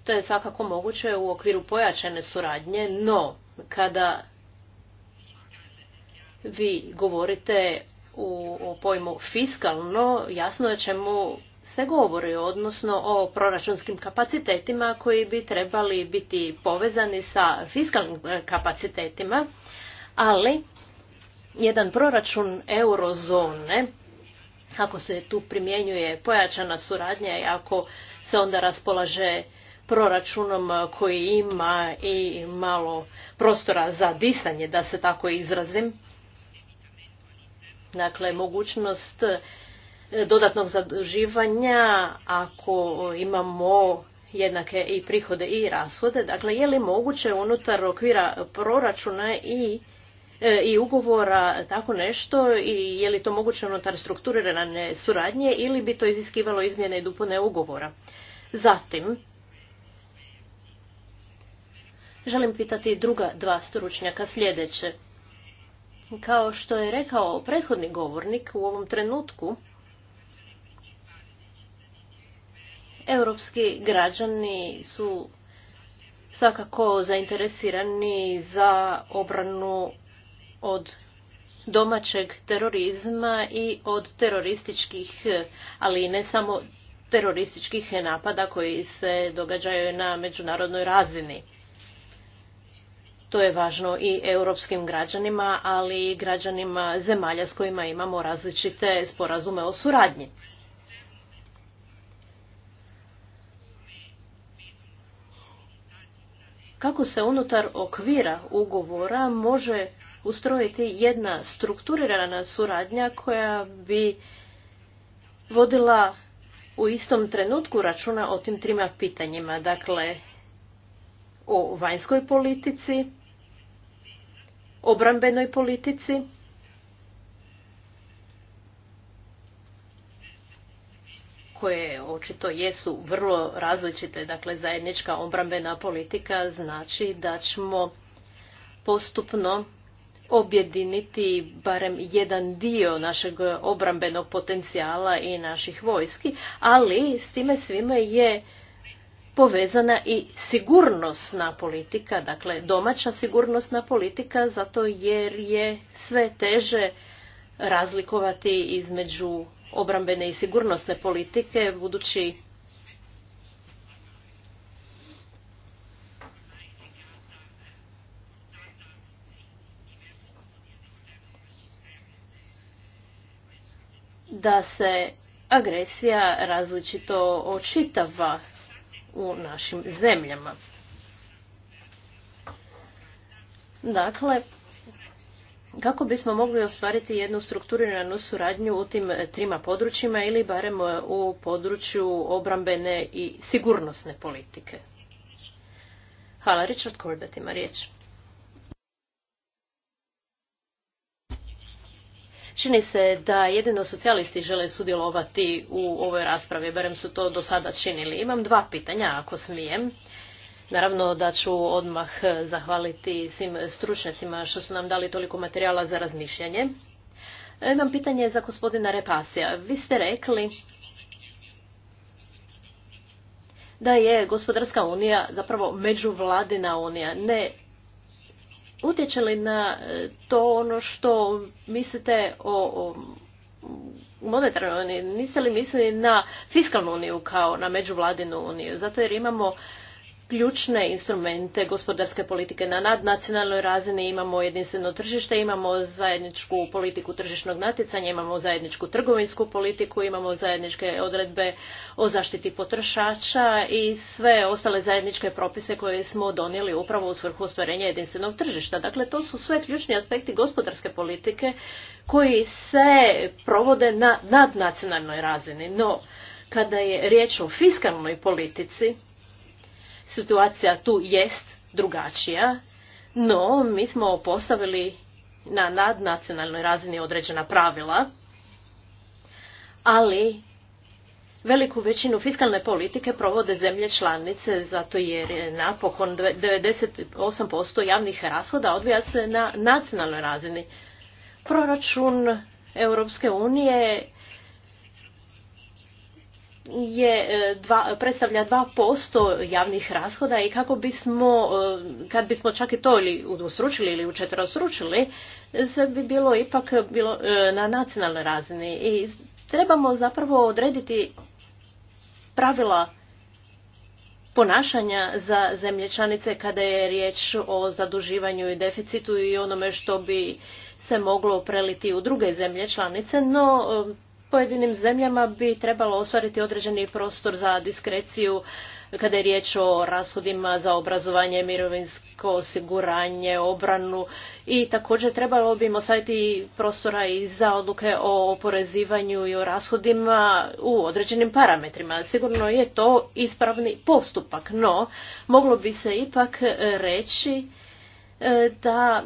To je svakako moguće u okviru pojačane suradnje, no kada vi govorite o pojmu fiskalno, jasno je čemu se govori, odnosno o proračunskim kapacitetima koji bi trebali biti povezani sa fiskalnim e, kapacitetima, ali jedan proračun eurozone, ako se tu primjenjuje pojačana suradnja i ako se onda raspolaže proračunom koji ima i malo prostora za disanje, da se tako izrazim, dakle mogućnost E, dodatnog zaduživanja ako imamo jednake i prihode i rashode. Dakle, je li moguće unutar okvira proračuna i e, i ugovora tako nešto i je li to moguće unutar strukturirane suradnje ili bi to iziskivalo izmjene i dupone ugovora. Zatim, želim pitati druga dva stručnjaka sljedeće. Kao što je rekao prethodni govornik, u ovom trenutku europski građani su svakako zainteresirani za obranu od domaćeg terorizma i od terorističkih, ali ne samo terorističkih napada koji se događaju na međunarodnoj razini. To je važno i europskim građanima, ali i građanima zemalja s kojima imamo različite sporazume o suradnji. kako se unutar okvira ugovora može ustrojiti jedna strukturirana suradnja koja bi vodila u istom trenutku računa o tim trima pitanjima, dakle o vanjskoj politici, obrambenoj politici koje očito jesu vrlo različite, dakle zajednička obrambena politika znači da ćemo postupno objediniti barem jedan dio našeg obrambenog potencijala i naših vojski, ali s time svime je povezana i sigurnosna politika, dakle domaća sigurnosna politika, zato jer je sve teže razlikovati između obrambene i sigurnosne politike, budući da se agresija različito očitava u našim zemljama. Dakle, kako bismo mogli ostvariti jednu strukturiranu suradnju u tim eh, trima područjima ili barem eh, u području obrambene i sigurnosne politike? Hvala, Richard Corbett ima riječ. Čini se da jedino socijalisti žele sudjelovati u ovoj raspravi, barem su to do sada činili. Imam dva pitanja, ako smijem. Naravno da ću odmah zahvaliti svim stručnjacima što su nam dali toliko materijala za razmišljanje. E, imam pitanje za gospodina Repasija. Vi ste rekli da je gospodarska unija zapravo međuvladina unija. Ne utječe li na e, to ono što mislite o, monetarnoj uniji? Niste li mislili na fiskalnu uniju kao na međuvladinu uniju? Zato jer imamo ključne instrumente gospodarske politike na nadnacionalnoj razini, imamo jedinstveno tržište, imamo zajedničku politiku tržišnog natjecanja, imamo zajedničku trgovinsku politiku, imamo zajedničke odredbe o zaštiti potrošača i sve ostale zajedničke propise koje smo donijeli upravo u svrhu ostvarenja jedinstvenog tržišta. Dakle, to su sve ključni aspekti gospodarske politike koji se provode na nadnacionalnoj razini. No, kada je riječ o fiskalnoj politici, situacija tu jest drugačija, no mi smo postavili na nadnacionalnoj razini određena pravila, ali veliku većinu fiskalne politike provode zemlje članice zato jer napokon 98% javnih rashoda odvija se na nacionalnoj razini. Proračun Europske unije je e, dva, predstavlja 2% javnih rashoda i kako bismo, e, kad bismo čak i to ili udvostručili ili učetverostručili, sve bi bilo ipak bilo e, na nacionalnoj razini. I trebamo zapravo odrediti pravila ponašanja za zemlje članice kada je riječ o zaduživanju i deficitu i onome što bi se moglo preliti u druge zemlje članice, no pojedinim zemljama bi trebalo ostvariti određeni prostor za diskreciju kada je riječ o rashodima za obrazovanje, mirovinsko osiguranje, obranu i također trebalo bi im ostaviti prostora i za odluke o oporezivanju i o rashodima u određenim parametrima. Sigurno je to ispravni postupak, no moglo bi se ipak reći e, da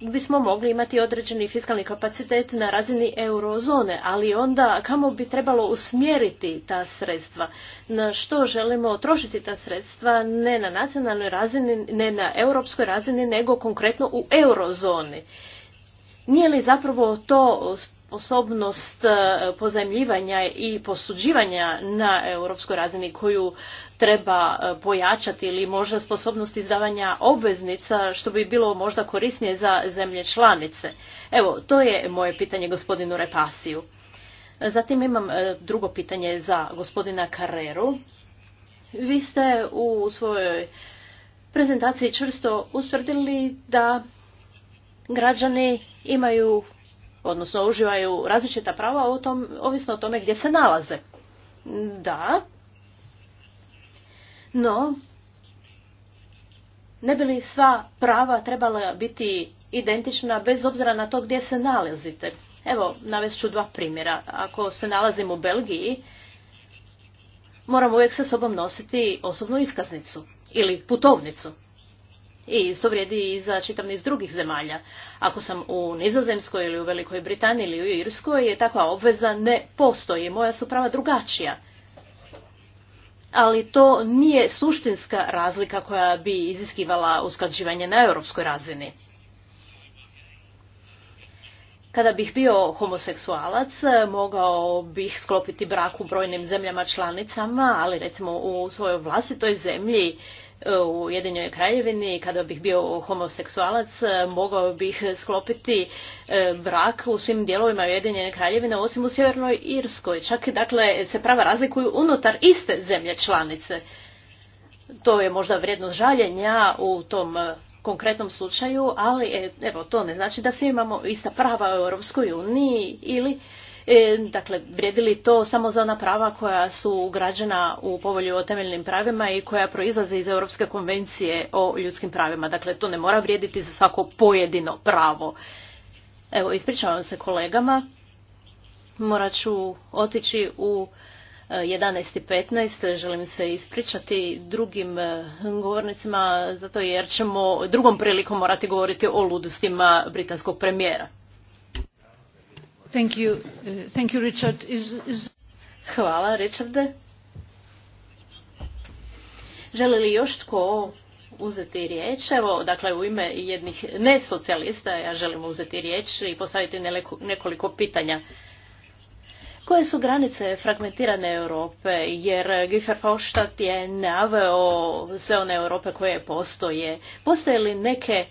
bismo mogli imati određeni fiskalni kapacitet na razini eurozone, ali onda kamo bi trebalo usmjeriti ta sredstva, na što želimo trošiti ta sredstva, ne na nacionalnoj razini, ne na europskoj razini, nego konkretno u eurozoni. Nije li zapravo to sposobnost eh, pozajmljivanja i posuđivanja na europskoj razini koju treba e, pojačati ili možda sposobnost izdavanja obveznica što bi bilo možda korisnije za zemlje članice? Evo, to je moje pitanje gospodinu Repasiju. Zatim imam e, drugo pitanje za gospodina Carreru. Vi ste u svojoj prezentaciji čvrsto ustvrdili da građani imaju, odnosno uživaju različita prava ovisno o tome gdje se nalaze. Da, no, ne bi li sva prava trebala biti identična bez obzira na to gdje se nalazite? Evo, navest ću dva primjera. Ako se nalazim u Belgiji, moram uvijek sa sobom nositi osobnu iskaznicu ili putovnicu. I isto vrijedi i za čitav niz drugih zemalja. Ako sam u Nizozemskoj ili u Velikoj Britaniji ili u Irskoj, je takva obveza ne postoji. Moja su prava drugačija ali to nije suštinska razlika koja bi iziskivala usklađivanje na europskoj razini. Kada bih bio homoseksualac, mogao bih sklopiti brak u brojnim zemljama članicama, ali recimo u svojoj vlastitoj zemlji u Ujedinjenoj kraljevini kada bih bio homoseksualac e, mogao bih sklopiti e, brak u svim dijelovima Ujedinjene kraljevine osim u Sjevernoj Irskoj. Čak dakle se prava razlikuju unutar iste zemlje članice. To je možda vrijednost žaljenja u tom e, konkretnom slučaju, ali evo to ne znači da svi imamo ista prava u Europskoj uniji ili E, dakle, vrijedi li to samo za ona prava koja su ugrađena u povolju o temeljnim pravima i koja proizlaze iz Europske konvencije o ljudskim pravima? Dakle, to ne mora vrijediti za svako pojedino pravo. Evo, ispričavam se kolegama. Morat ću otići u 11.15. E, želim se ispričati drugim e, govornicima, zato jer ćemo drugom prilikom morati govoriti o ludostima britanskog premijera. Uh, Hvala, Richarde. Želi li još tko uzeti riječ? Evo, dakle, u ime jednih nesocijalista ja želim uzeti riječ i postaviti nekoliko pitanja. Koje su granice fragmentirane Europe? Jer Giffer Faustat je naveo sve one Europe koje postoje. Postoje li neke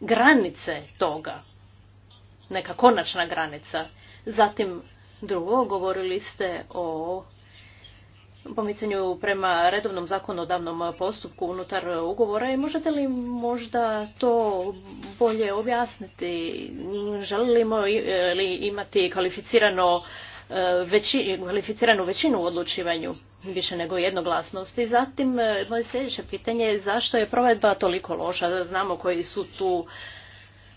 granice toga? neka konačna granica. Zatim drugo, govorili ste o pomicanju prema redovnom zakonodavnom postupku unutar ugovora i možete li možda to bolje objasniti? Želimo li imati kvalificirano e, veći, kvalificiranu većinu u odlučivanju više nego jednoglasnosti. Zatim, e, moje sljedeće pitanje je zašto je provedba toliko loša? Znamo koji su tu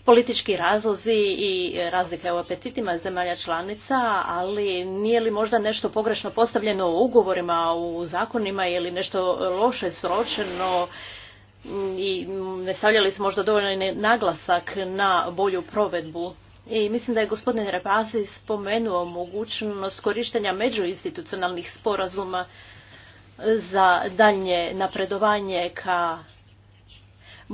politički razlozi i razlike u apetitima zemalja članica, ali nije li možda nešto pogrešno postavljeno u ugovorima, u zakonima ili nešto loše sročeno mm, i mm, ne stavljali smo možda dovoljno naglasak na bolju provedbu i mislim da je gospodin Repasi spomenuo mogućnost korištenja međuinstitucionalnih sporazuma za daljnje napredovanje ka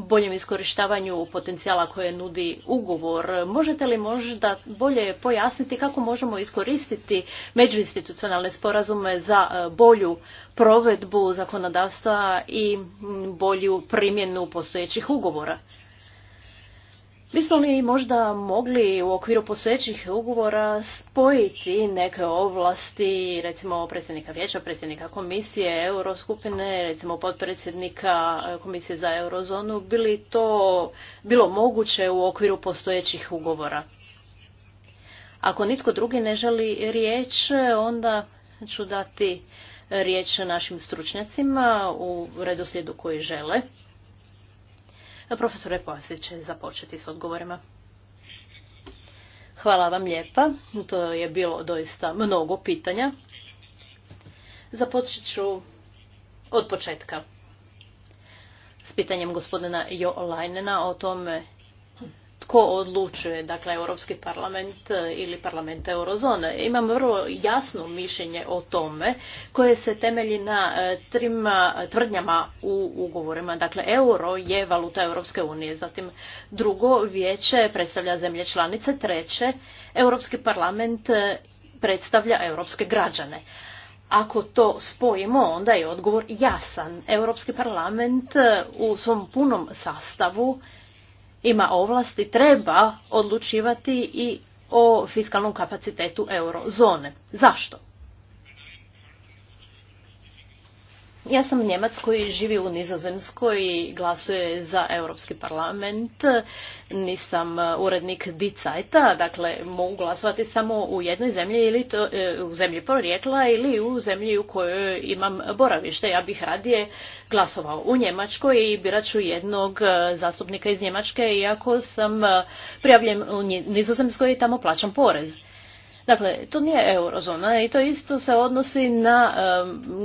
boljem iskorištavanju potencijala koje nudi ugovor. Možete li možda bolje pojasniti kako možemo iskoristiti međuinstitucionalne sporazume za e, bolju provedbu zakonodavstva i bolju primjenu postojećih ugovora? Bismo li možda mogli u okviru postojećih ugovora spojiti neke ovlasti, recimo predsjednika vijeća, predsjednika komisije, euroskupine, recimo potpredsjednika e, komisije za eurozonu, bili to bilo moguće u okviru postojećih ugovora? Ako nitko drugi ne želi riječ, onda ću dati riječ našim stručnjacima u redoslijedu koji žele. Profesor Pasić će započeti s odgovorima. Hvala vam lijepa. To je bilo doista mnogo pitanja. Započet ću od početka s pitanjem gospodina Jo Lajnena o tome tko odlučuje, dakle Europski parlament ili parlament eurozone. Imam vrlo jasno mišljenje o tome koje se temelji na e, trima tvrdnjama u ugovorima. Dakle, euro je valuta Europske unije. Zatim drugo, vijeće predstavlja zemlje članice. Treće, Europski parlament predstavlja europske građane. Ako to spojimo, onda je odgovor jasan. Europski parlament u svom punom sastavu ima ovlasti treba odlučivati i o fiskalnom kapacitetu eurozone. Zašto? Ja sam Njemac koji živi u Nizozemskoj i glasuje za Europski parlament. Nisam e, urednik Dicajta, dakle mogu glasovati samo u jednoj zemlji ili to, e, u zemlji porijekla ili u zemlji u kojoj imam boravište. Ja bih radije glasovao u Njemačkoj i birat ću jednog e, zastupnika iz Njemačke iako sam prijavljen u Nizozemskoj i tamo plaćam porez. Dakle, to nije eurozona i to isto se odnosi na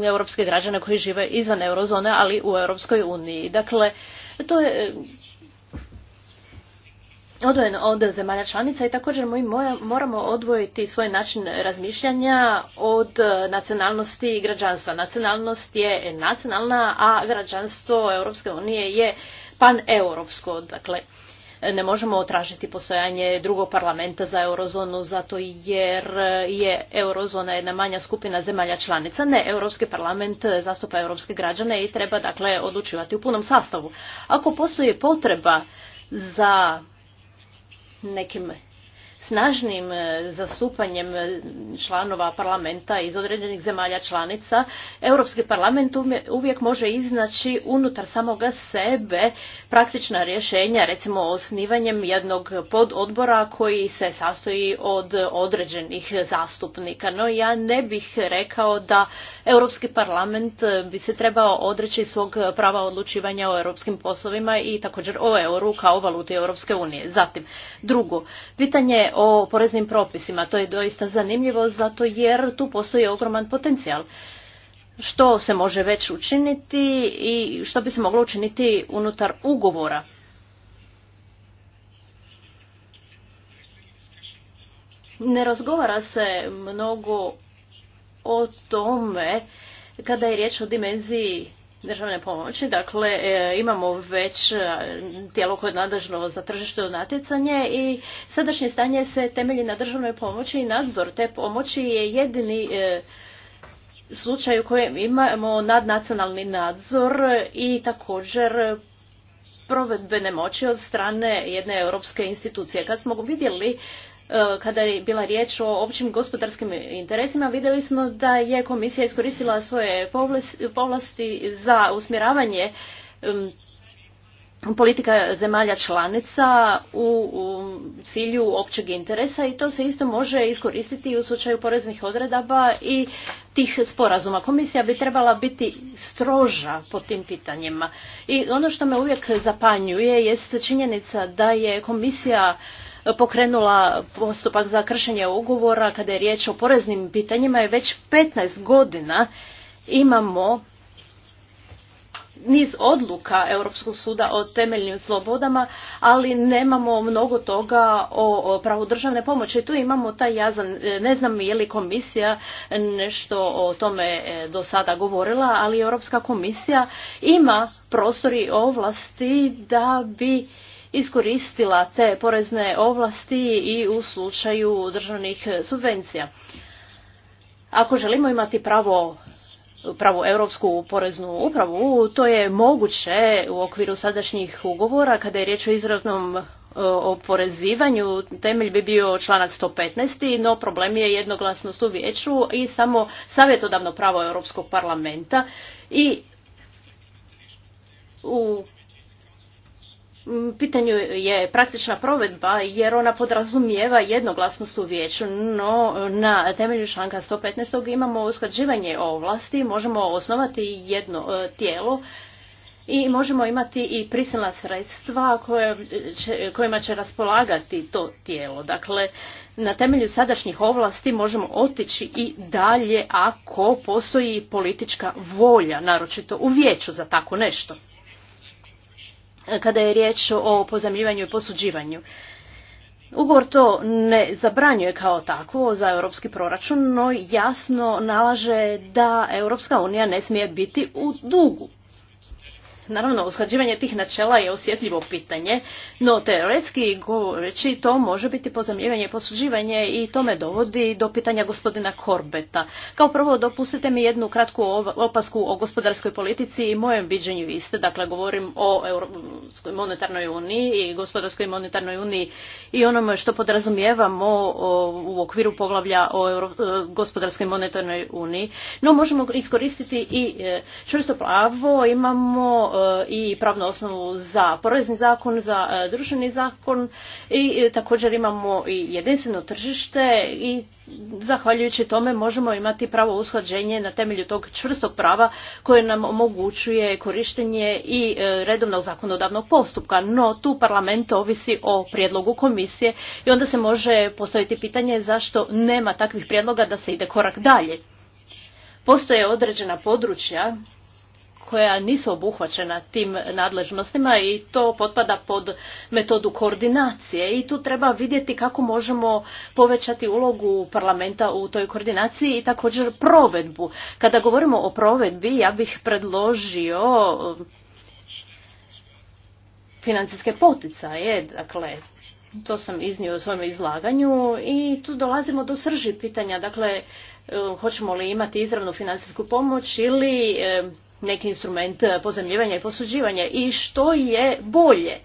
europske građane koji žive izvan eurozone, ali u Europskoj uniji. Dakle, to je odvojeno od zemalja članica i također mi moramo odvojiti svoj način razmišljanja od e, nacionalnosti i građanstva. Nacionalnost je nacionalna, a građanstvo Europske unije je paneuropsko. Dakle, ne možemo tražiti postojanje drugog parlamenta za eurozonu zato jer je eurozona jedna manja skupina zemalja članica. Ne, Europski parlament zastupa europske građane i treba dakle odlučivati u punom sastavu. Ako postoji potreba za nekim snažnim e, zastupanjem e, članova parlamenta iz određenih zemalja članica, Europski parlament uvijek može iznaći unutar samoga sebe praktična rješenja, recimo osnivanjem jednog pododbora koji se sastoji od određenih zastupnika. No ja ne bih rekao da Europski parlament eh, bi se trebao odreći svog prava odlučivanja o europskim poslovima i također o euru kao valuti Europske unije. Zatim, drugo, pitanje o poreznim propisima. To je doista zanimljivo zato jer tu postoji ogroman potencijal što se može već učiniti i što bi se moglo učiniti unutar ugovora. Ne razgovara se mnogo o tome kada je riječ o dimenziji državne pomoći. Dakle, e, imamo već e, tijelo koje je nadležno za tržište natjecanje i sadašnje stanje se temelji na državnoj pomoći i nadzor te pomoći je jedini e, slučaj u kojem imamo nadnacionalni nadzor i također provedbene moći od strane jedne europske institucije. Kad smo vidjeli E, kada je bila riječ o općim gospodarskim interesima, vidjeli smo da je komisija iskoristila svoje povlasti za usmjeravanje politika zemalja članica u, cilju općeg interesa i to se isto može iskoristiti u slučaju poreznih odredaba i tih sporazuma. Komisija bi trebala biti stroža po tim pitanjima. I ono što me uvijek zapanjuje je činjenica da je komisija pokrenula postupak za kršenje ugovora kada je riječ o poreznim pitanjima i već 15 godina imamo niz odluka Europskog suda o temeljnim slobodama, ali nemamo mnogo toga o pravu državne pomoći. Tu imamo taj jazan, ne znam je li komisija nešto o tome e, do sada govorila, ali Europska komisija ima prostori ovlasti da bi iskoristila te porezne ovlasti i u slučaju državnih subvencija. Ako želimo imati pravo pravu europsku poreznu upravu, to je moguće u okviru sadašnjih ugovora kada je riječ o izravnom e, oporezivanju. Temelj bi bio članak 115. no problem je jednoglasnost u vijeću i samo savjetodavno pravo Europskog parlamenta i u Mm, pitanju je praktična provedba jer ona podrazumijeva jednoglasnost u vijeću, no na temelju članka 115. imamo usklađivanje ovlasti, možemo osnovati jedno e, tijelo i možemo imati i prisilna sredstva kojima će raspolagati to tijelo. Dakle, na temelju sadašnjih ovlasti možemo otići i dalje ako postoji politička volja, naročito u vijeću za tako nešto kada je riječ o pozemljivanju i posuđivanju. Ugovor to ne zabranjuje kao takvo za europski proračun, no jasno nalaže da Europska unija ne smije biti u dugu. Naravno, usklađivanje tih načela je osjetljivo pitanje, no teoretski govoreći to može biti pozamljivanje i posluživanje i to me dovodi do pitanja gospodina Korbeta. Kao prvo, dopustite mi jednu kratku opasku o gospodarskoj politici i mojem viđenju iste. Dakle, govorim o Europskoj monetarnoj uniji i gospodarskoj monetarnoj uniji i onome što podrazumijevamo u okviru poglavlja o e, gospodarskoj monetarnoj uniji. No, možemo iskoristiti i e, čvrsto pravo, imamo E, i pravnu osnovu za porezni zakon, za e, društveni zakon i e, također imamo i jedinstveno tržište i zahvaljujući tome možemo imati pravo usklađenje na temelju tog čvrstog prava koje nam omogućuje korištenje i redovnog zakonodavnog postupka. No tu parlament ovisi o prijedlogu komisije i onda se može postaviti pitanje zašto nema takvih prijedloga da se ide korak dalje. Postoje određena područja koja nisu obuhvaćena tim nadležnostima i to potpada pod metodu koordinacije i tu treba vidjeti kako možemo povećati ulogu parlamenta u toj koordinaciji i također provedbu. Kada govorimo o provedbi, ja bih predložio um, financijske poticaje, dakle, to sam iznio u svojem izlaganju i tu dolazimo do srži pitanja, dakle, um, hoćemo li imati izravnu financijsku pomoć ili um, neki instrument e, pozemljivanja i posuđivanja i što je bolje.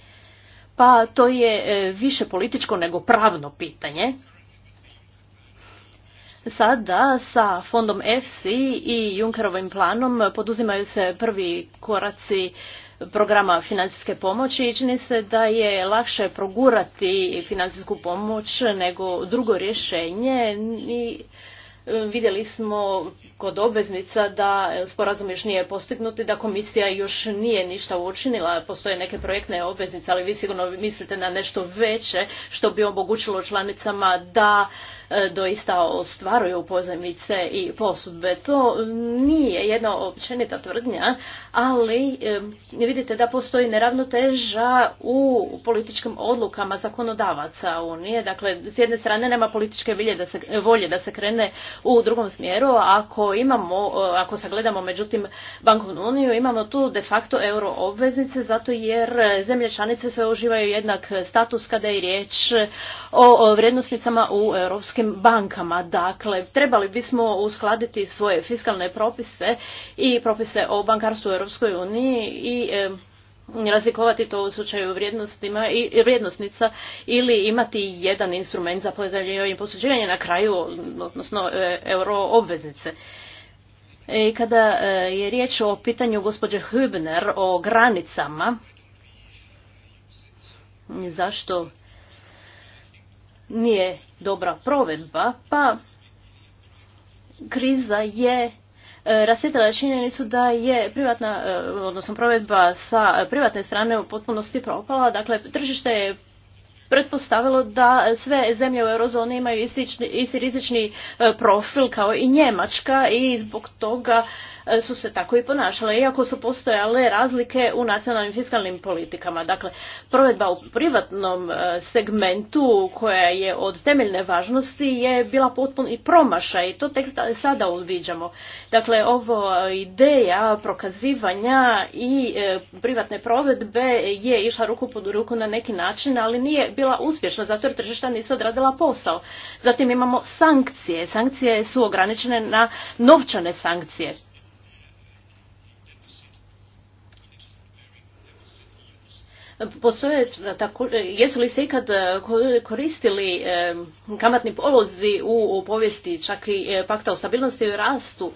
Pa to je e, više političko nego pravno pitanje. Sada sa fondom EFSI i Junkerovim planom poduzimaju se prvi koraci programa financijske pomoći i čini se da je lakše progurati financijsku pomoć nego drugo rješenje i Vidjeli smo kod obveznica da sporazum još nije postignut i da komisija još nije ništa učinila. Postoje neke projektne obveznice, ali vi sigurno mislite na nešto veće što bi omogućilo članicama da E, doista ostvaruju pozemice i posudbe. To nije jedna općenita tvrdnja, ali e, vidite da postoji neravnoteža u političkim odlukama zakonodavaca Unije. Dakle, s jedne strane nema političke da volje da se krene u drugom smjeru, a ako imamo, e, ako sagledamo međutim bankovnu uniju, imamo tu de facto euro obveznice, zato jer zemlje članice se uživaju jednak status kada je riječ o vrijednosnicama u europske bankama. Dakle, trebali bismo uskladiti svoje fiskalne propise i propise o bankarstvu u Europskoj uniji i e, razlikovati to u slučaju vrijednostima i vrijednosnica ili imati jedan instrument za pojedavljivanje i posuđivanje na kraju, odnosno e, euro obveznice. I e, kada e, je riječ o pitanju gospođe Hübner o granicama, zašto nije dobra provedba, pa kriza je e, rasvjetila činjenicu da je privatna, e, odnosno provedba sa privatne strane u potpunosti propala. Dakle, tržište je pretpostavilo da sve zemlje u eurozoni imaju isti rizični e, profil kao i Njemačka i zbog toga E, su se tako i ponašale, iako su postojale razlike u nacionalnim fiskalnim politikama. Dakle, provedba u privatnom e, segmentu koja je od temeljne važnosti je bila potpuno i promaša i to tek sada uviđamo. Dakle, ovo ideja prokazivanja i e, privatne provedbe je išla ruku pod ruku na neki način, ali nije bila uspješna zato jer tržišta nisu odradila posao. Zatim imamo sankcije. Sankcije su ograničene na novčane sankcije. Postoje, tako, jesu li se ikad e, koristili e, kamatni polozi u, povijesti čak i e, pakta o stabilnosti i rastu?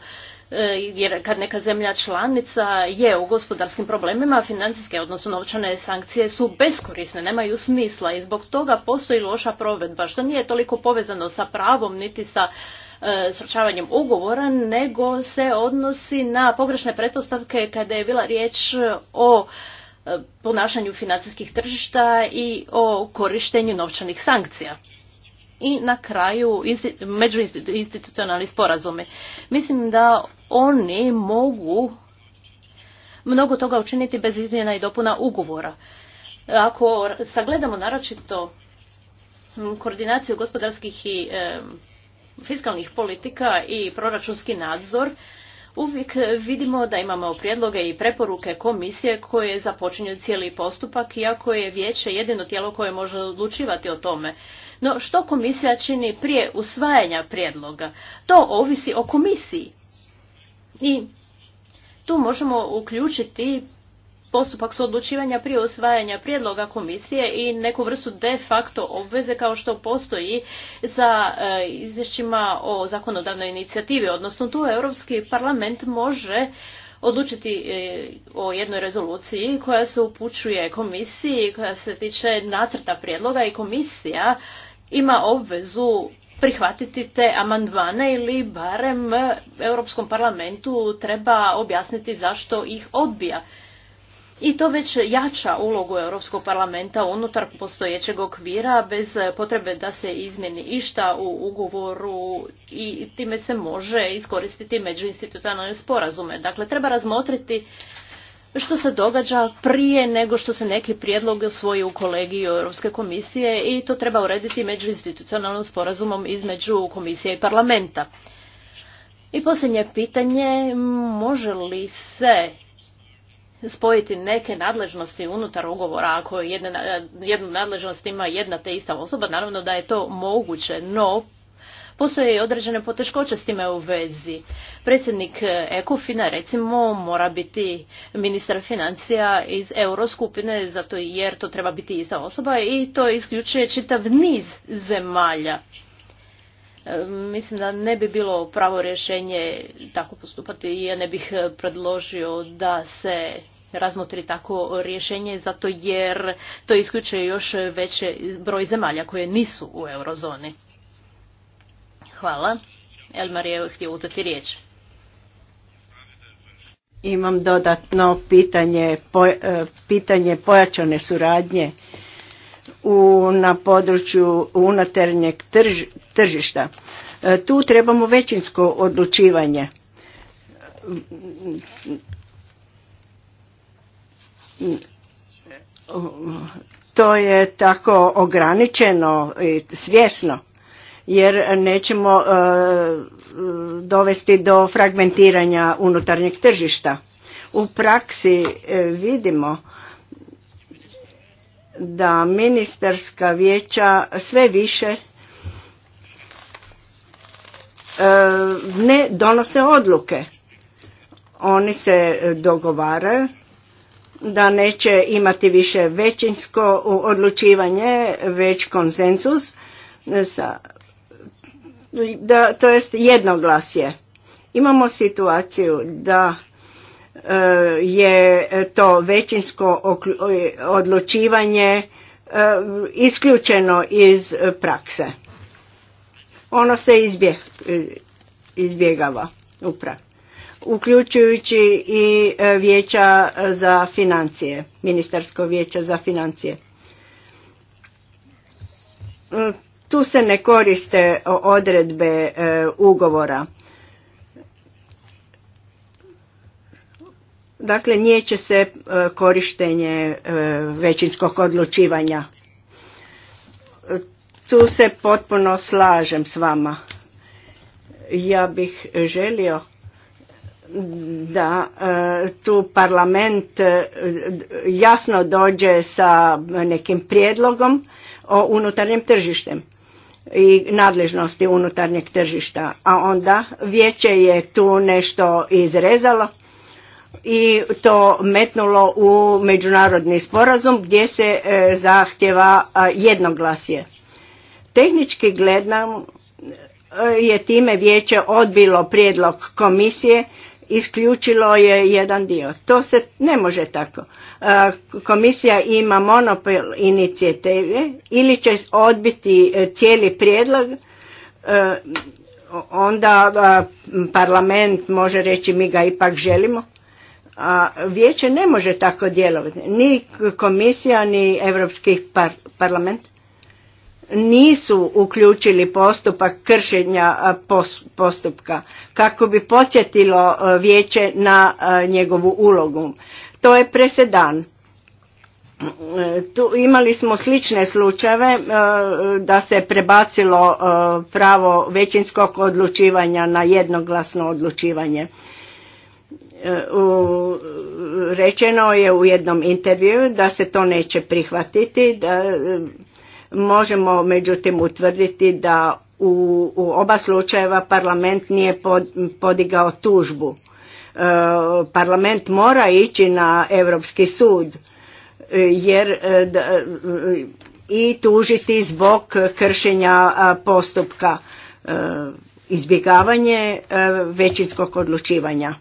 jer kad neka zemlja članica je u gospodarskim problemima, financijske, odnosno novčane sankcije su beskorisne, nemaju smisla i zbog toga postoji loša provedba, što nije toliko povezano sa pravom niti sa e, ugovora, nego se odnosi na pogrešne pretpostavke kada je bila riječ o ponašanju financijskih tržišta i o korištenju novčanih sankcija. I na kraju međuinstitucionalni sporazumi. Mislim da oni mogu mnogo toga učiniti bez izmjena i dopuna ugovora. Ako sagledamo naročito koordinaciju gospodarskih i fiskalnih politika i proračunski nadzor, Uvijek vidimo da imamo prijedloge i preporuke komisije koje započinju cijeli postupak, iako je vijeće jedino tijelo koje može odlučivati o tome. No što komisija čini prije usvajanja prijedloga? To ovisi o komisiji. I tu možemo uključiti postupak suodlučivanja prije usvajanja prijedloga komisije i neku vrstu de facto obveze kao što postoji za e, izvješćima o zakonodavnoj inicijativi, odnosno tu Europski parlament može odlučiti e, o jednoj rezoluciji koja se upućuje komisiji, koja se tiče nacrta prijedloga i komisija ima obvezu prihvatiti te amandmane ili barem Europskom parlamentu treba objasniti zašto ih odbija i to već jača ulogu Europskog parlamenta unutar postojećeg okvira bez potrebe da se izmjeni išta u ugovoru i time se može iskoristiti međuinstitucionalne sporazume. Dakle, treba razmotriti što se događa prije nego što se neki prijedlog osvoji u kolegiju Europske komisije i to treba urediti međuinstitucionalnim sporazumom između komisije i parlamenta. I posljednje pitanje, može li se spojiti neke nadležnosti unutar ugovora, ako eh, jednu nadležnost ima jedna te ista osoba, naravno da je to moguće, no postoje i određene poteškoće s time u vezi. Predsjednik eh, Ekofina recimo mora biti ministar financija iz Euroskupine zato jer to treba biti ista osoba i to isključuje čitav niz zemalja. Eh, mislim da ne bi bilo pravo rješenje tako postupati i ja ne bih predložio da se razmotri tako rješenje zato jer to isključuje još veće broj zemalja koje nisu u eurozoni. Hvala. Elmar je htio uzeti riječ. Imam dodatno pitanje, e, pitanje pojačane suradnje u, na području unaternjeg tržišta. E, tu trebamo većinsko odlučivanje to je tako ograničeno i svjesno jer nećemo e, dovesti do fragmentiranja unutarnjeg tržišta. U praksi e, vidimo da ministarska vijeća sve više e, ne donose odluke. Oni se dogovaraju da neće imati više većinsko odlučivanje, već konsenzus, e, sa, da, to jest jednoglasje. Imamo situaciju da e, je to većinsko odlučivanje e, isključeno iz prakse. Ono se izbje, izbjegava u praksi uključujući i e, vijeća za financije, ministarsko vijeća za financije. E, tu se ne koriste odredbe e, ugovora. Dakle, će se korištenje većinskog odlučivanja. Tu se potpuno slažem s vama. Ja bih želio da e, tu parlament e, jasno dođe sa nekim prijedlogom o unutarnjem tržištem i nadležnosti unutarnjeg tržišta. A onda vijeće je tu nešto izrezalo i to metnulo u međunarodni sporazum gdje se e, zahtjeva jednoglasje. Tehnički gledam je time vijeće odbilo prijedlog komisije isključilo je jedan dio. To se ne može tako. E, komisija ima monopol inicijative ili će odbiti e, cijeli prijedlog, e, onda parlament može reći mi ga ipak želimo. A vijeće ne može tako djelovati. Ni komisija, ni Europski parlament nisu uključili postupak kršenja postupka kako bi podsjetilo vijeće na njegovu ulogu. To je presedan. Tu imali smo slične slučajeve da se prebacilo pravo većinskog odlučivanja na jednoglasno odlučivanje. E, u, rečeno je u jednom intervju da se to neće prihvatiti, da Možemo međutim utvrditi da u, u oba slučajeva parlament nije podigao tužbu. E, parlament mora ići na Europski sud e, jer e, i tužiti zbog kršenja postupka izbjegavanje većinskog odlučivanja.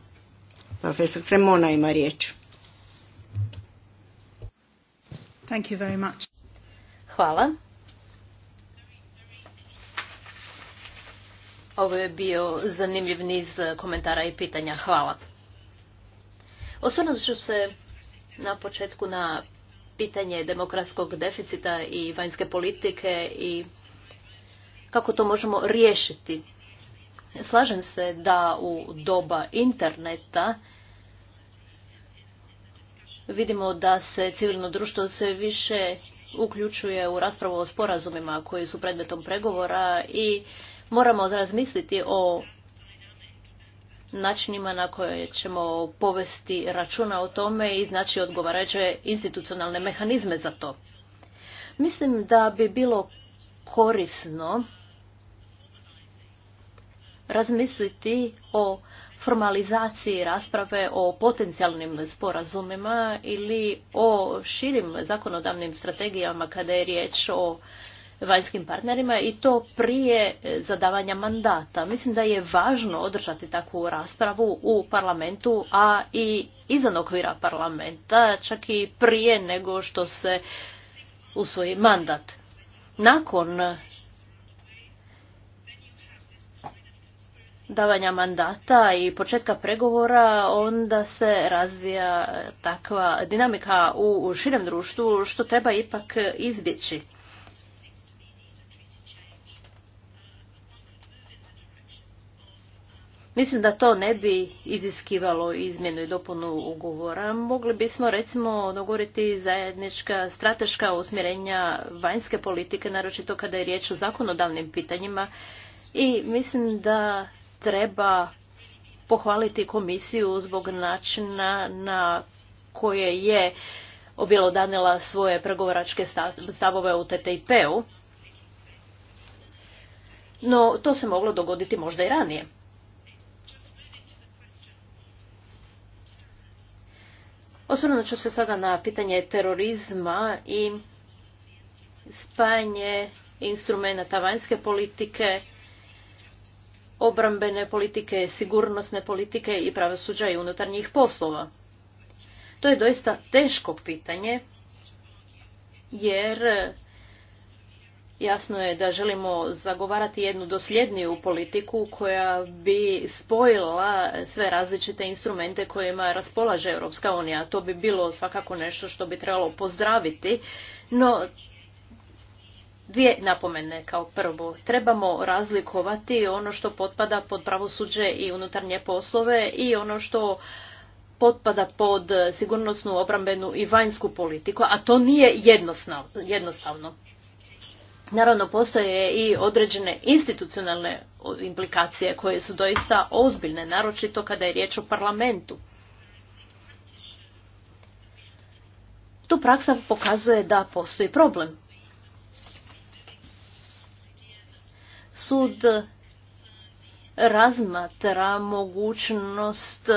Profesor Kremona ima riječ. Thank you very much. Hvala. Ovo je bio zanimljiv niz komentara i pitanja. Hvala. Osvrnut ću se na početku na pitanje demokratskog deficita i vanjske politike i kako to možemo riješiti. Slažem se da u doba interneta vidimo da se civilno društvo sve više uključuje u raspravu o sporazumima koji su predmetom pregovora i moramo razmisliti o načinima na koje ćemo povesti računa o tome i znači odgovarajuće institucionalne mehanizme za to. Mislim da bi bilo korisno razmisliti o formalizaciji rasprave o potencijalnim sporazumima ili o širim zakonodavnim strategijama kada je riječ o vanjskim partnerima i to prije zadavanja mandata. Mislim da je važno održati takvu raspravu u parlamentu, a i izvan okvira parlamenta, čak i prije nego što se usvoji mandat. Nakon davanja mandata i početka pregovora onda se razvija takva dinamika u širem društvu što treba ipak izbjeći. Mislim da to ne bi iziskivalo izmjenu i dopunu ugovora. Mogli bismo recimo dogovoriti zajednička strateška usmjerenja vanjske politike, naročito kada je riječ o zakonodavnim pitanjima. I mislim da treba pohvaliti komisiju zbog načina na koje je objelodanila svoje pregovaračke stavove u TTIP-u. No, to se moglo dogoditi možda i ranije. Osobno ću se sada na pitanje terorizma i spajanje instrumenta vanjske politike obrambene politike, sigurnosne politike i pravosuđa i unutarnjih poslova. To je doista teško pitanje jer jasno je da želimo zagovarati jednu dosljedniju politiku koja bi spojila sve različite instrumente kojima raspolaže Europska unija. To bi bilo svakako nešto što bi trebalo pozdraviti, no dvije napomene kao prvo. Trebamo razlikovati ono što potpada pod pravosuđe i unutarnje poslove i ono što potpada pod sigurnosnu, obrambenu i vanjsku politiku, a to nije jednostavno. Naravno, postoje i određene institucionalne implikacije koje su doista ozbiljne, naročito kada je riječ o parlamentu. Tu praksa pokazuje da postoji problem. sud razmatra mogućnost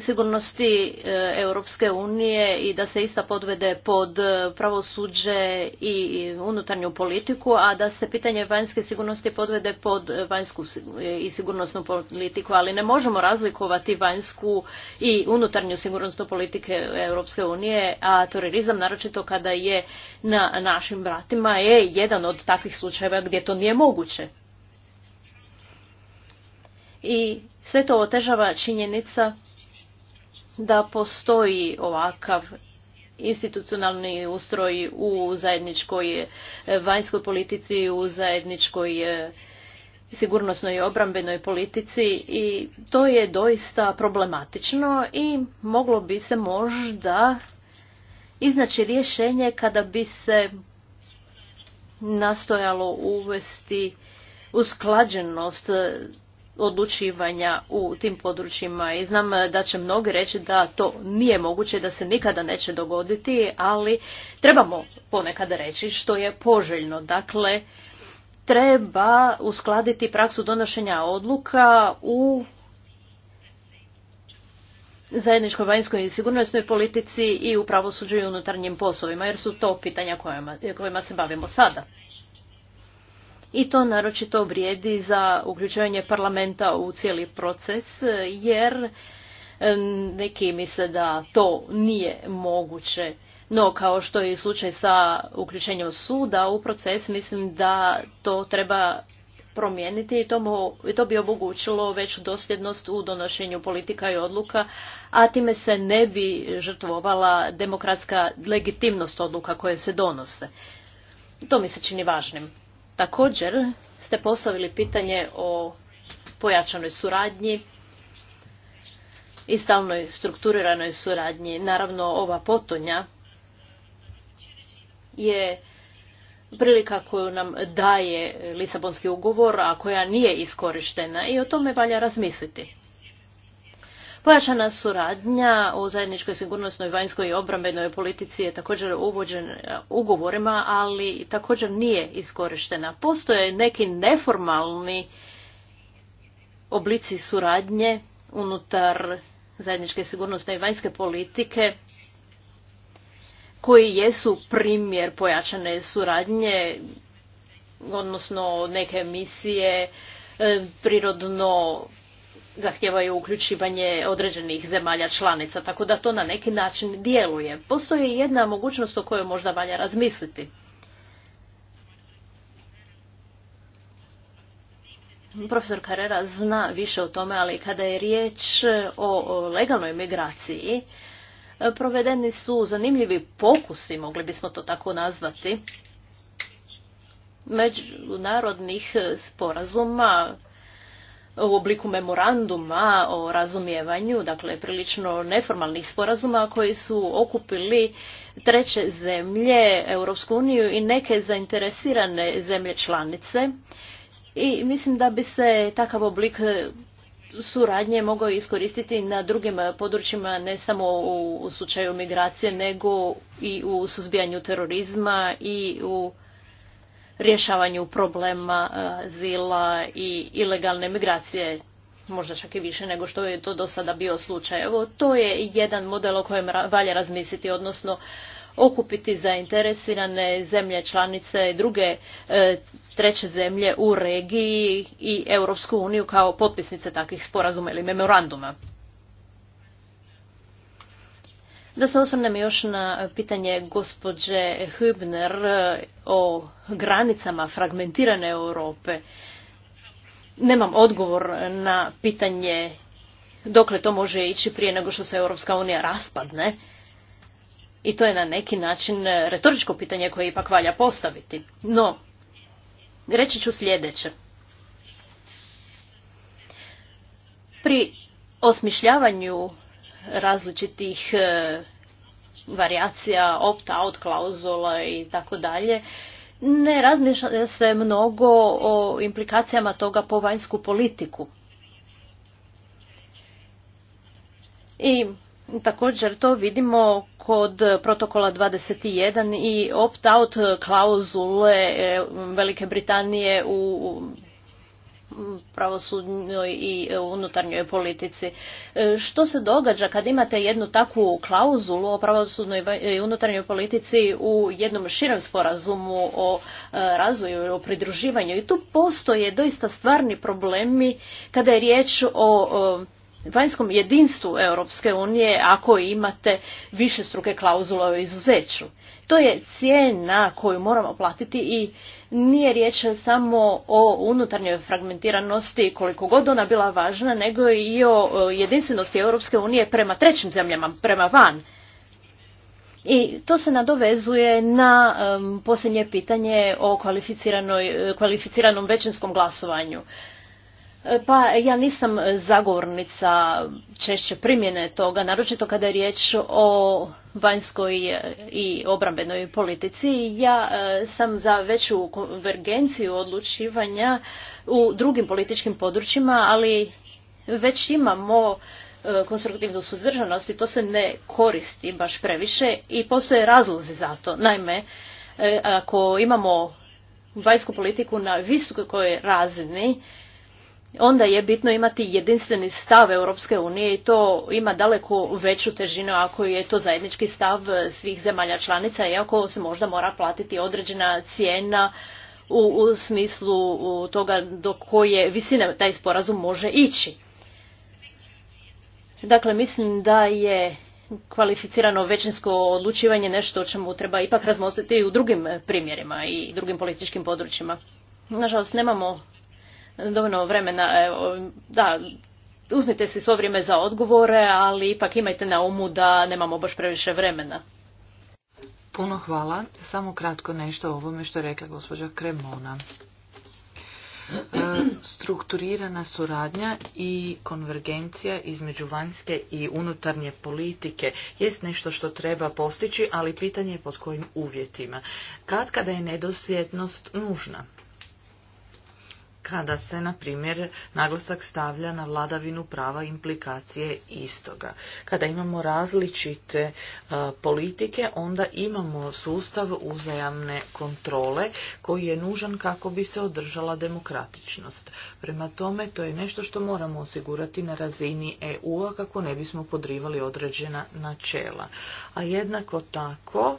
sigurnosti e, Europske unije i da se ista podvede pod e, pravosuđe i unutarnju politiku, a da se pitanje vanjske sigurnosti podvede pod vanjsku e, i sigurnosnu politiku, ali ne možemo razlikovati vanjsku i unutarnju sigurnosnu politike Europske unije, a terorizam, naročito kada je na našim vratima, je jedan od takvih slučajeva gdje to nije moguće. I sve to otežava činjenica da postoji ovakav institucionalni ustroj u zajedničkoj eh, vanjskoj politici, u zajedničkoj eh, sigurnosnoj i obrambenoj politici i to je doista problematično i moglo bi se možda iznaći rješenje kada bi se nastojalo uvesti usklađenost odlučivanja u tim područjima i znam eh, da će mnogi reći da to nije moguće, da se nikada neće dogoditi, ali trebamo ponekad reći što je poželjno. Dakle, treba uskladiti praksu donošenja odluka u zajedničkoj vanjskoj i sigurnosnoj politici i u pravosuđu i unutarnjim poslovima, jer su to pitanja kojima, kojima se bavimo sada. I to naročito vrijedi za uključivanje parlamenta u cijeli proces, jer neki misle da to nije moguće. No, kao što je i slučaj sa uključenjem suda u proces, mislim da to treba promijeniti i to, to bi omogućilo veću dosljednost u donošenju politika i odluka, a time se ne bi žrtvovala demokratska legitimnost odluka koje se donose. To mi se čini važnim. Također ste postavili pitanje o pojačanoj suradnji i stalnoj strukturiranoj suradnji. Naravno, ova potonja je prilika koju nam daje Lisabonski ugovor, a koja nije iskorištena i o tome valja razmisliti. Pojačana suradnja u zajedničkoj sigurnosnoj, vanjskoj i obrambenoj politici je također uvođen e, ugovorima, ali također nije iskorištena. Postoje neki neformalni oblici suradnje unutar zajedničke sigurnosne i vanjske politike koji jesu primjer pojačane suradnje, odnosno neke misije, e, prirodno zahtijevaju uključivanje određenih zemalja članica, tako da to na neki način djeluje. Postoji jedna mogućnost o kojoj možda valja razmisliti. Profesor Carrera zna više o tome, ali kada je riječ o legalnoj migraciji, provedeni su zanimljivi pokusi, mogli bismo to tako nazvati, međunarodnih sporazuma u obliku memoranduma o razumijevanju, dakle prilično neformalnih sporazuma koji su okupili treće zemlje, Europsku uniju i neke zainteresirane zemlje članice. I mislim da bi se takav oblik suradnje mogao iskoristiti na drugim područjima, ne samo u slučaju migracije, nego i u suzbijanju terorizma i u rješavanju problema e, zila i ilegalne migracije, možda čak i više nego što je to do sada bio slučaj. Evo, to je jedan model o kojem valja razmisliti, odnosno okupiti zainteresirane zemlje članice i druge e, treće zemlje u regiji i Europsku uniju kao potpisnice takvih sporazuma ili memoranduma. Da se osvrnem još na pitanje gospođe Hübner e, o granicama fragmentirane Europe. Nemam odgovor na pitanje dokle to može ići prije nego što se Europska unija raspadne. I to je na neki način retoričko pitanje koje ipak valja postaviti. No, reći ću sljedeće. Pri osmišljavanju različitih e, varijacija opt-out klauzula i tako dalje. Ne razmišlja se mnogo o implikacijama toga po vanjsku politiku. I također to vidimo kod protokola 21 i opt-out klauzule e, Velike Britanije u pravosudnoj i e, unutarnjoj politici. E, što se događa kad imate jednu takvu klauzulu o pravosudnoj i e, unutarnjoj politici u jednom širem sporazumu o razvoju i o pridruživanju? I tu postoje doista stvarni problemi kada je riječ o vanjskom jedinstvu Europske unije ako imate više struke klauzule o izuzeću. To je cijena koju moramo platiti i nije riječ samo o unutarnjoj fragmentiranosti koliko god ona bila važna, nego i o jedinstvenosti Europske unije prema trećim zemljama, prema van. I to se nadovezuje na posljednje pitanje o kvalificiranom većinskom glasovanju. Pa ja nisam zagovornica češće primjene toga, naročito kada je riječ o vanjskoj i obrambenoj politici. Ja e, sam za veću konvergenciju odlučivanja u drugim političkim područjima, ali već imamo e, konstruktivnu suzdržanost i to se ne koristi baš previše i postoje razlozi za to. Naime, e, ako imamo vanjsku politiku na visokoj razini, onda je bitno imati jedinstveni stav Europske unije i to ima daleko veću težinu ako je to zajednički stav svih zemalja članica, ako se možda mora platiti određena cijena u, u smislu toga do koje visine taj sporazum može ići. Dakle, mislim da je kvalificirano većinsko odlučivanje nešto o čemu treba ipak razmosliti i u drugim primjerima i drugim političkim područjima. Nažalost, nemamo dovoljno vremena. da, uzmite si svo vrijeme za odgovore, ali ipak imajte na umu da nemamo baš previše vremena. Puno hvala. Samo kratko nešto o ovome što je rekla gospođa Kremona. E, strukturirana suradnja i konvergencija između vanjske i unutarnje politike jest nešto što treba postići, ali pitanje je pod kojim uvjetima. Kad kada je nedosvjetnost nužna? kada se, na primjer, naglasak stavlja na vladavinu prava implikacije istoga. Kada imamo različite e, politike, onda imamo sustav uzajamne kontrole koji je nužan kako bi se održala demokratičnost. Prema tome, to je nešto što moramo osigurati na razini EU-a kako ne bismo podrivali određena načela. A jednako tako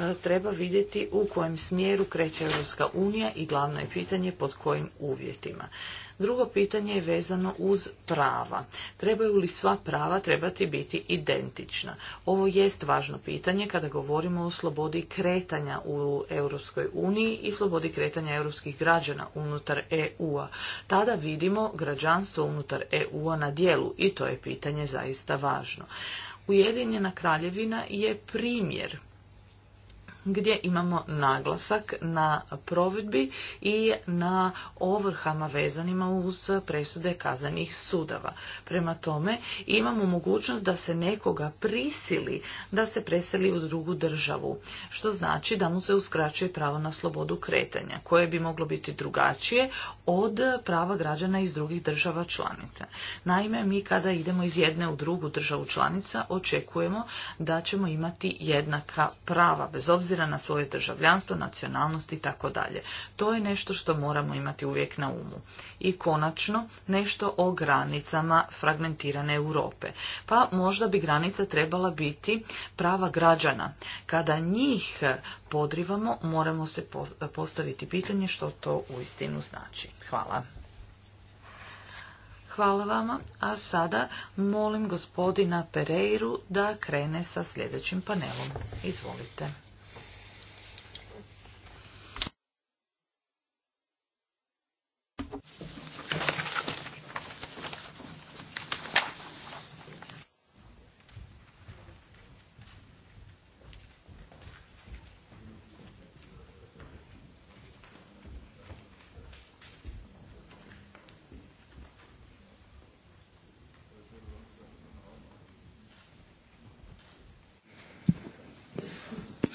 e, treba vidjeti u kojem smjeru kreće Europska unija i glavno je pitanje pod kojim uvijek uvjetima. Drugo pitanje je vezano uz prava. Trebaju li sva prava trebati biti identična? Ovo jest važno pitanje kada govorimo o slobodi kretanja u Europskoj uniji i slobodi kretanja europskih građana unutar EU-a. Tada vidimo građanstvo unutar EU-a na dijelu i to je pitanje zaista važno. Ujedinjena kraljevina je primjer gdje imamo naglasak na provedbi i na ovrhama vezanima uz presude kazanih sudova. Prema tome imamo mogućnost da se nekoga prisili da se preseli u drugu državu, što znači da mu se uskraćuje pravo na slobodu kretanja, koje bi moglo biti drugačije od prava građana iz drugih država članica. Naime, mi kada idemo iz jedne u drugu državu članica, očekujemo da ćemo imati jednaka prava, bez obzira na svoje državljanstvo, nacionalnost i tako dalje. To je nešto što moramo imati uvijek na umu. I konačno, nešto o granicama fragmentirane Europe. Pa možda bi granica trebala biti prava građana. Kada njih podrivamo, moramo se postaviti pitanje što to uistinu znači. Hvala. Hvala vama, a sada molim gospodina Pereiru da krene sa sljedećim panelom. Izvolite.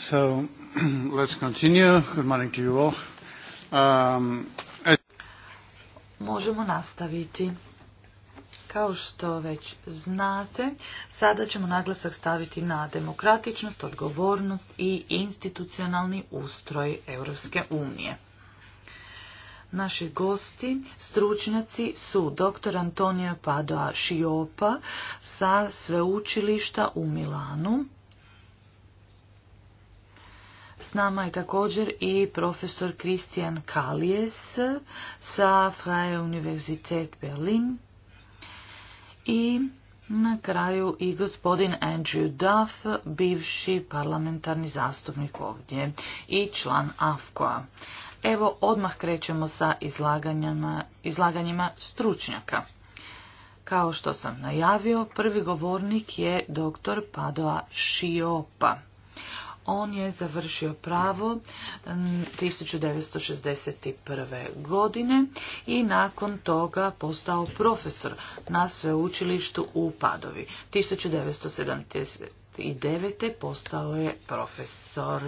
So, let's continue. Good morning to you all. Um, Možemo nastaviti. Kao što već znate, sada ćemo naglasak staviti na demokratičnost, odgovornost i institucionalni ustroj Europske unije. Naši gosti, stručnjaci su dr. Antonio Padoa Šiopa sa sveučilišta u Milanu, s nama je također i profesor Kristijan kalies sa Freie Universität Berlin i na kraju i gospodin Andrew Duff, bivši parlamentarni zastupnik ovdje i član AFKOA. Evo, odmah krećemo sa izlaganjima, izlaganjima stručnjaka. Kao što sam najavio, prvi govornik je dr. Padoa Šiopa. On je završio pravo 1961. godine i nakon toga postao profesor na sveučilištu u Padovi. 1979. postao je profesor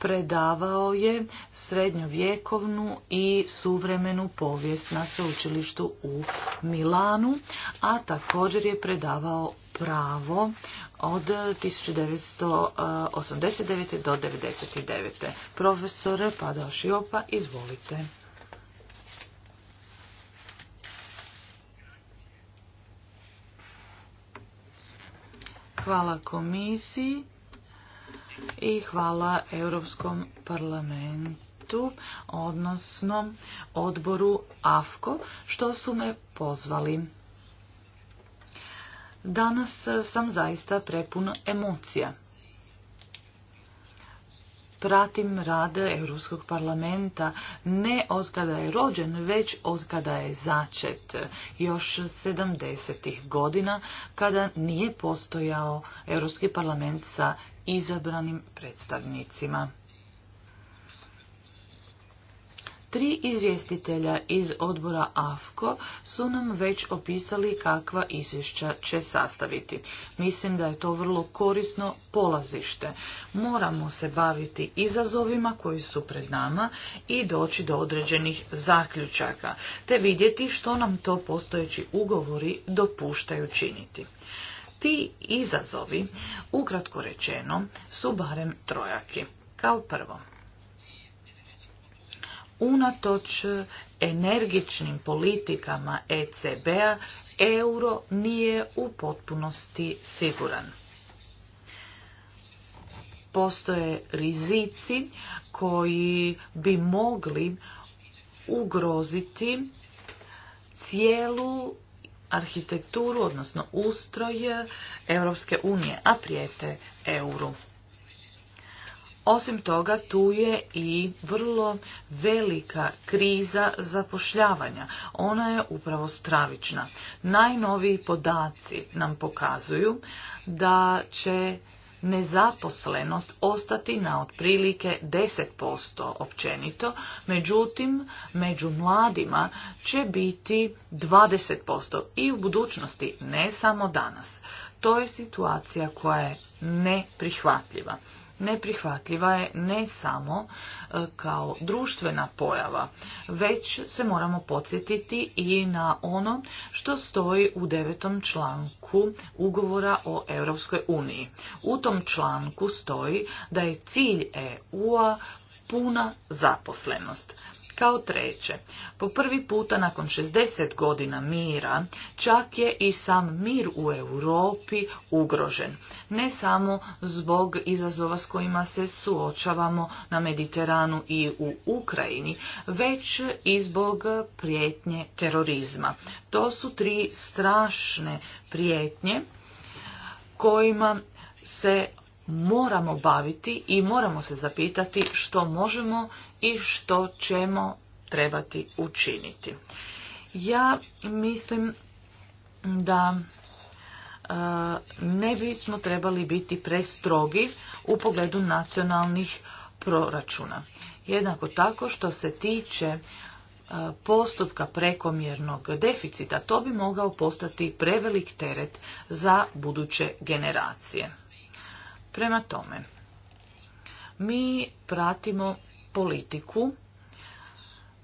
predavao je srednjovjekovnu i suvremenu povijest na sveučilištu u Milanu, a također je predavao pravo od 1989. do 1999. Profesor Padao Šiopa, izvolite. Hvala komisiji i hvala Europskom parlamentu, odnosno odboru AFKO, što su me pozvali. Danas sam zaista prepun emocija pratim rad Europskog parlamenta ne od kada je rođen, već od kada je začet, još 70. godina, kada nije postojao Europski parlament sa izabranim predstavnicima. Tri izvjestitelja iz odbora AFKO su nam već opisali kakva izvješća će sastaviti. Mislim da je to vrlo korisno polazište. Moramo se baviti izazovima koji su pred nama i doći do određenih zaključaka, te vidjeti što nam to postojeći ugovori dopuštaju činiti. Ti izazovi, ukratko rečeno, su barem trojaki. Kao prvo, unatoč energičnim politikama ECB-a euro nije u potpunosti siguran. Postoje rizici koji bi mogli ugroziti cijelu arhitekturu, odnosno ustroj Europske unije, a prijete euru. Osim toga, tu je i vrlo velika kriza zapošljavanja. Ona je upravo stravična. Najnoviji podaci nam pokazuju da će nezaposlenost ostati na otprilike 10% općenito, međutim među mladima će biti 20% i u budućnosti, ne samo danas. To je situacija koja je neprihvatljiva neprihvatljiva je ne samo e, kao društvena pojava, već se moramo podsjetiti i na ono što stoji u devetom članku ugovora o Europskoj uniji. U tom članku stoji da je cilj EU-a puna zaposlenost. Kao treće, po prvi puta nakon 60 godina mira, čak je i sam mir u Europi ugrožen. Ne samo zbog izazova s kojima se suočavamo na Mediteranu i u Ukrajini, već i zbog prijetnje terorizma. To su tri strašne prijetnje kojima se moramo baviti i moramo se zapitati što možemo i što ćemo trebati učiniti. Ja mislim da e, ne bismo trebali biti prestrogi u pogledu nacionalnih proračuna. Jednako tako što se tiče e, postupka prekomjernog deficita, to bi mogao postati prevelik teret za buduće generacije. Prema tome, mi pratimo politiku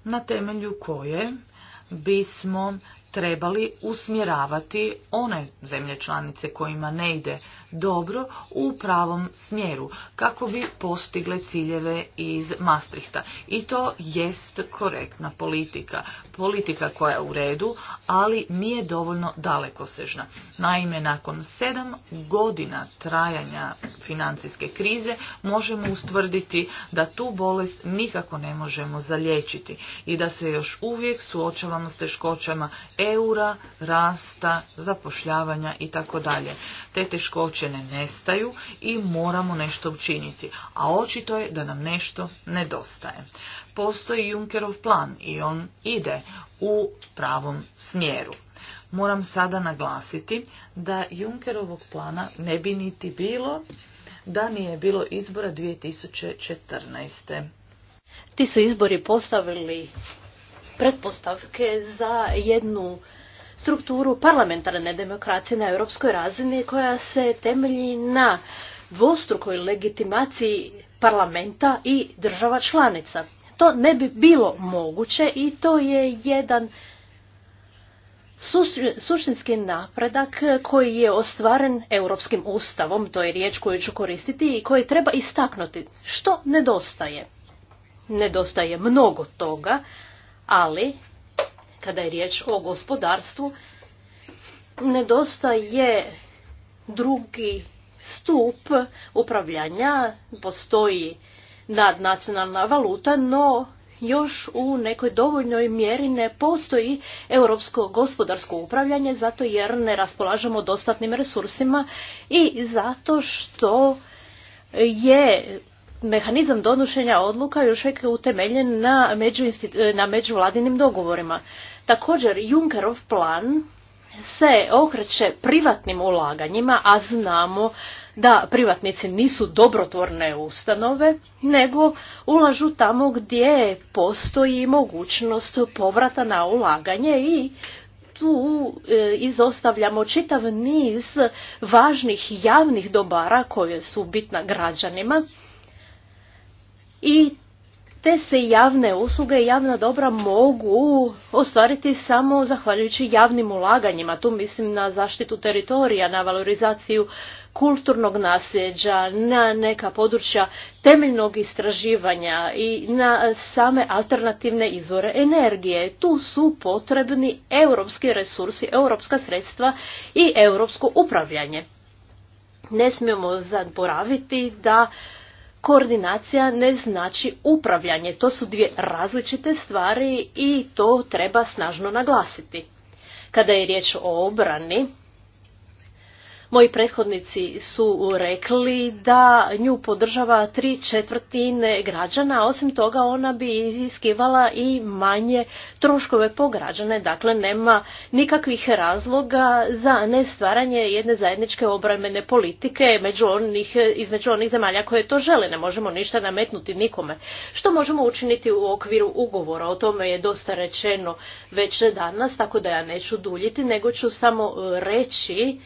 na temelju koje bismo trebali usmjeravati one zemlje članice kojima ne ide dobro u pravom smjeru kako bi postigle ciljeve iz Maastrichta. I to jest korektna politika. Politika koja je u redu, ali nije dovoljno dalekosežna. Naime, nakon sedam godina trajanja financijske krize možemo ustvrditi da tu bolest nikako ne možemo zalječiti i da se još uvijek suočavamo s teškoćama eura, rasta, zapošljavanja i tako dalje. Te teškoće ne nestaju i moramo nešto učiniti, a očito je da nam nešto nedostaje. Postoji Junkerov plan i on ide u pravom smjeru. Moram sada naglasiti da Junkerovog plana ne bi niti bilo da nije bilo izbora 2014. Ti su izbori postavili pretpostavke za jednu strukturu parlamentarne demokracije na europskoj razini koja se temelji na dvostrukoj legitimaciji parlamenta i država članica. To ne bi bilo moguće i to je jedan suštinski napredak koji je ostvaren europskim ustavom, to je riječ koju ću koristiti i koji treba istaknuti. Što nedostaje? Nedostaje mnogo toga, ali kada je riječ o gospodarstvu nedostaje drugi stup upravljanja, postoji nadnacionalna valuta, no još u nekoj dovoljnoj mjeri ne postoji europsko gospodarsko upravljanje zato jer ne raspolažemo dostatnim resursima i zato što je mehanizam donošenja odluka još uvijek je utemeljen na, e, na međuvladinim dogovorima. Također, Junkerov plan se okreće privatnim ulaganjima, a znamo da privatnici nisu dobrotvorne ustanove, nego ulažu tamo gdje postoji mogućnost povrata na ulaganje i tu e, izostavljamo čitav niz važnih javnih dobara koje su bitna građanima i te se javne usluge i javna dobra mogu ostvariti samo zahvaljujući javnim ulaganjima. Tu mislim na zaštitu teritorija, na valorizaciju kulturnog nasljeđa, na neka područja temeljnog istraživanja i na same alternativne izvore energije. Tu su potrebni europski resursi, europska sredstva i europsko upravljanje. Ne smijemo zaboraviti da koordinacija ne znači upravljanje. To su dvije različite stvari i to treba snažno naglasiti. Kada je riječ o obrani, Moji prethodnici su rekli da nju podržava tri četvrtine građana, a osim toga ona bi iziskivala i manje troškove po građane. Dakle, nema nikakvih razloga za nestvaranje jedne zajedničke obrambene politike među onih, između onih zemalja koje to žele. Ne možemo ništa nametnuti nikome. Što možemo učiniti u okviru ugovora? O tome je dosta rečeno već danas, tako da ja neću duljiti, nego ću samo reći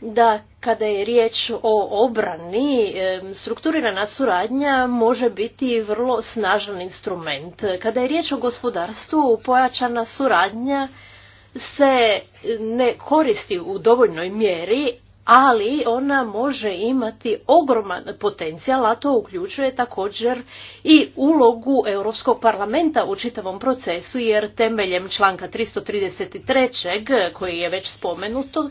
da kada je riječ o obrani, strukturirana suradnja može biti vrlo snažan instrument. Kada je riječ o gospodarstvu, pojačana suradnja se ne koristi u dovoljnoj mjeri, ali ona može imati ogroman potencijal, a to uključuje također i ulogu Europskog parlamenta u čitavom procesu, jer temeljem članka 333. koji je već spomenuto,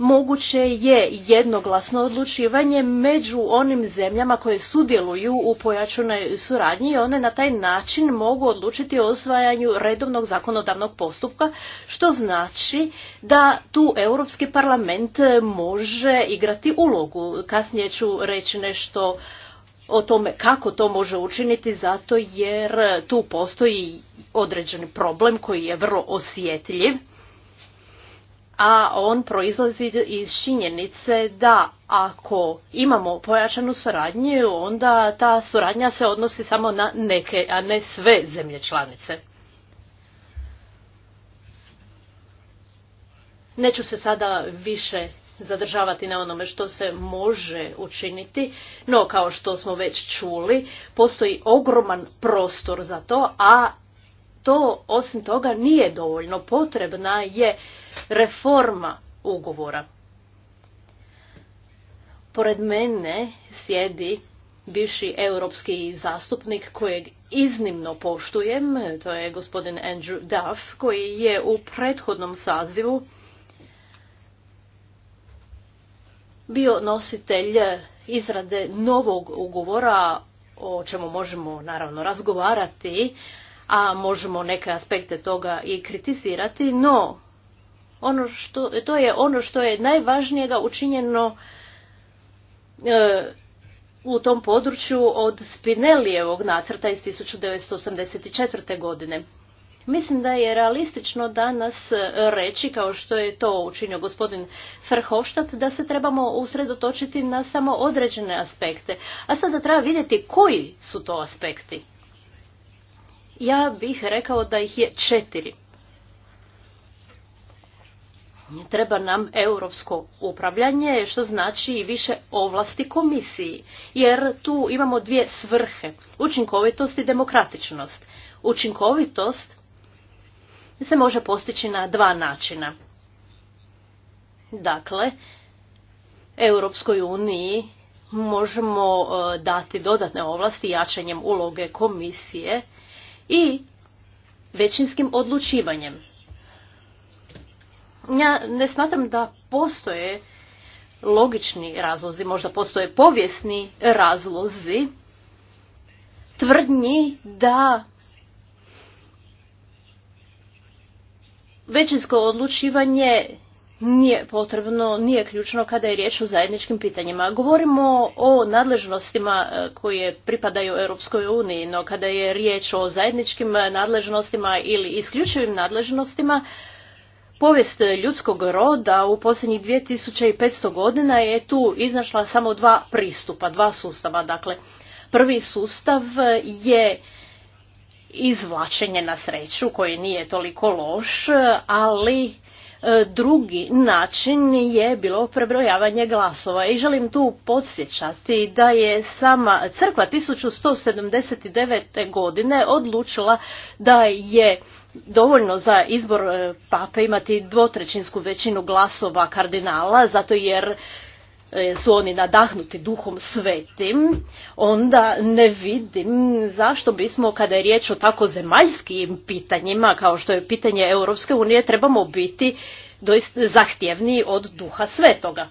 moguće je jednoglasno odlučivanje među onim zemljama koje sudjeluju u pojačanoj suradnji i one na taj način mogu odlučiti o osvajanju redovnog zakonodavnog postupka, što znači da tu Europski parlament može igrati ulogu. Kasnije ću reći nešto o tome kako to može učiniti zato jer tu postoji određeni problem koji je vrlo osjetljiv a on proizlazi iz činjenice da ako imamo pojačanu suradnju, onda ta suradnja se odnosi samo na neke, a ne sve zemlje članice. Neću se sada više zadržavati na onome što se može učiniti, no kao što smo već čuli, postoji ogroman prostor za to, a to osim toga nije dovoljno potrebna je reforma ugovora. Pored mene sjedi bivši europski zastupnik kojeg iznimno poštujem, to je gospodin Andrew Duff, koji je u prethodnom sazivu bio nositelj izrade novog ugovora, o čemu možemo naravno razgovarati, a možemo neke aspekte toga i kritizirati, no ono što, to je ono što je najvažnijega učinjeno e, u tom području od Spinellijevog nacrta iz 1984. godine. Mislim da je realistično danas reći, kao što je to učinio gospodin Ferhofstadt, da se trebamo usredotočiti na samo određene aspekte. A sada treba vidjeti koji su to aspekti. Ja bih rekao da ih je četiri. Treba nam europsko upravljanje, što znači i više ovlasti komisiji, jer tu imamo dvije svrhe, učinkovitost i demokratičnost. Učinkovitost se može postići na dva načina. Dakle, Europskoj uniji možemo e, dati dodatne ovlasti jačanjem uloge komisije i većinskim odlučivanjem. Ja ne smatram da postoje logični razlozi, možda postoje povijesni razlozi tvrdnji da većinsko odlučivanje nije potrebno, nije ključno kada je riječ o zajedničkim pitanjima. Govorimo o nadležnostima e, koje pripadaju Europskoj uniji, no kada je riječ o zajedničkim nadležnostima ili isključivim nadležnostima, Povijest ljudskog roda u posljednjih 2500 godina je tu iznašla samo dva pristupa, dva sustava. Dakle, prvi sustav je izvlačenje na sreću koji nije toliko loš, ali e, drugi način je bilo prebrojavanje glasova i želim tu podsjećati da je sama crkva 1179. godine odlučila da je dovoljno za izbor e, pape imati dvotrećinsku većinu glasova kardinala, zato jer e, su oni nadahnuti duhom svetim, onda ne vidim zašto bismo, kada je riječ o tako zemaljskim pitanjima, kao što je pitanje Europske unije, trebamo biti doista zahtjevniji od duha svetoga.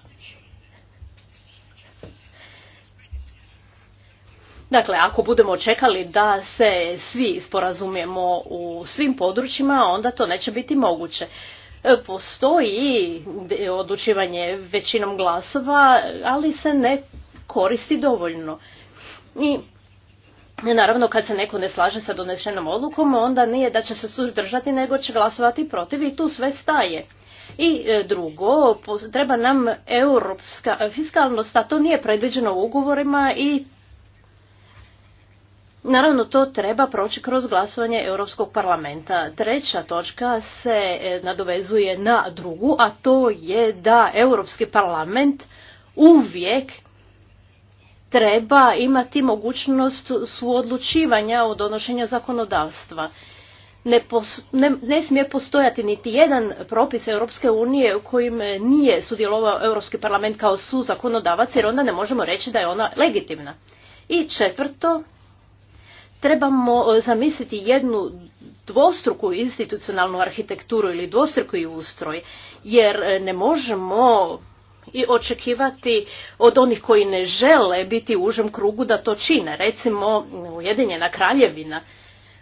Dakle, ako budemo čekali da se svi sporazumijemo u svim područjima, onda to neće biti moguće. E, postoji odlučivanje većinom glasova, ali se ne koristi dovoljno. I Naravno, kad se neko ne slaže sa donesenom odlukom, onda nije da će se suzdržati, nego će glasovati protiv i tu sve staje. I e, drugo, treba nam europska fiskalnost, a to nije predviđeno u ugovorima i Naravno, to treba proći kroz glasovanje Europskog parlamenta. Treća točka se e, nadovezuje na drugu, a to je da Europski parlament uvijek treba imati mogućnost suodlučivanja o donošenju zakonodavstva. Ne, ne, smije postojati niti jedan propis Europske unije u kojim nije sudjelovao Europski parlament kao su zakonodavac jer onda ne možemo reći da je ona legitimna. I četvrto, trebamo e, zamisliti jednu dvostruku institucionalnu arhitekturu ili dvostruki ustroj, jer e, ne možemo i očekivati od onih koji ne žele biti u užem krugu da to čine. Recimo, Ujedinjena kraljevina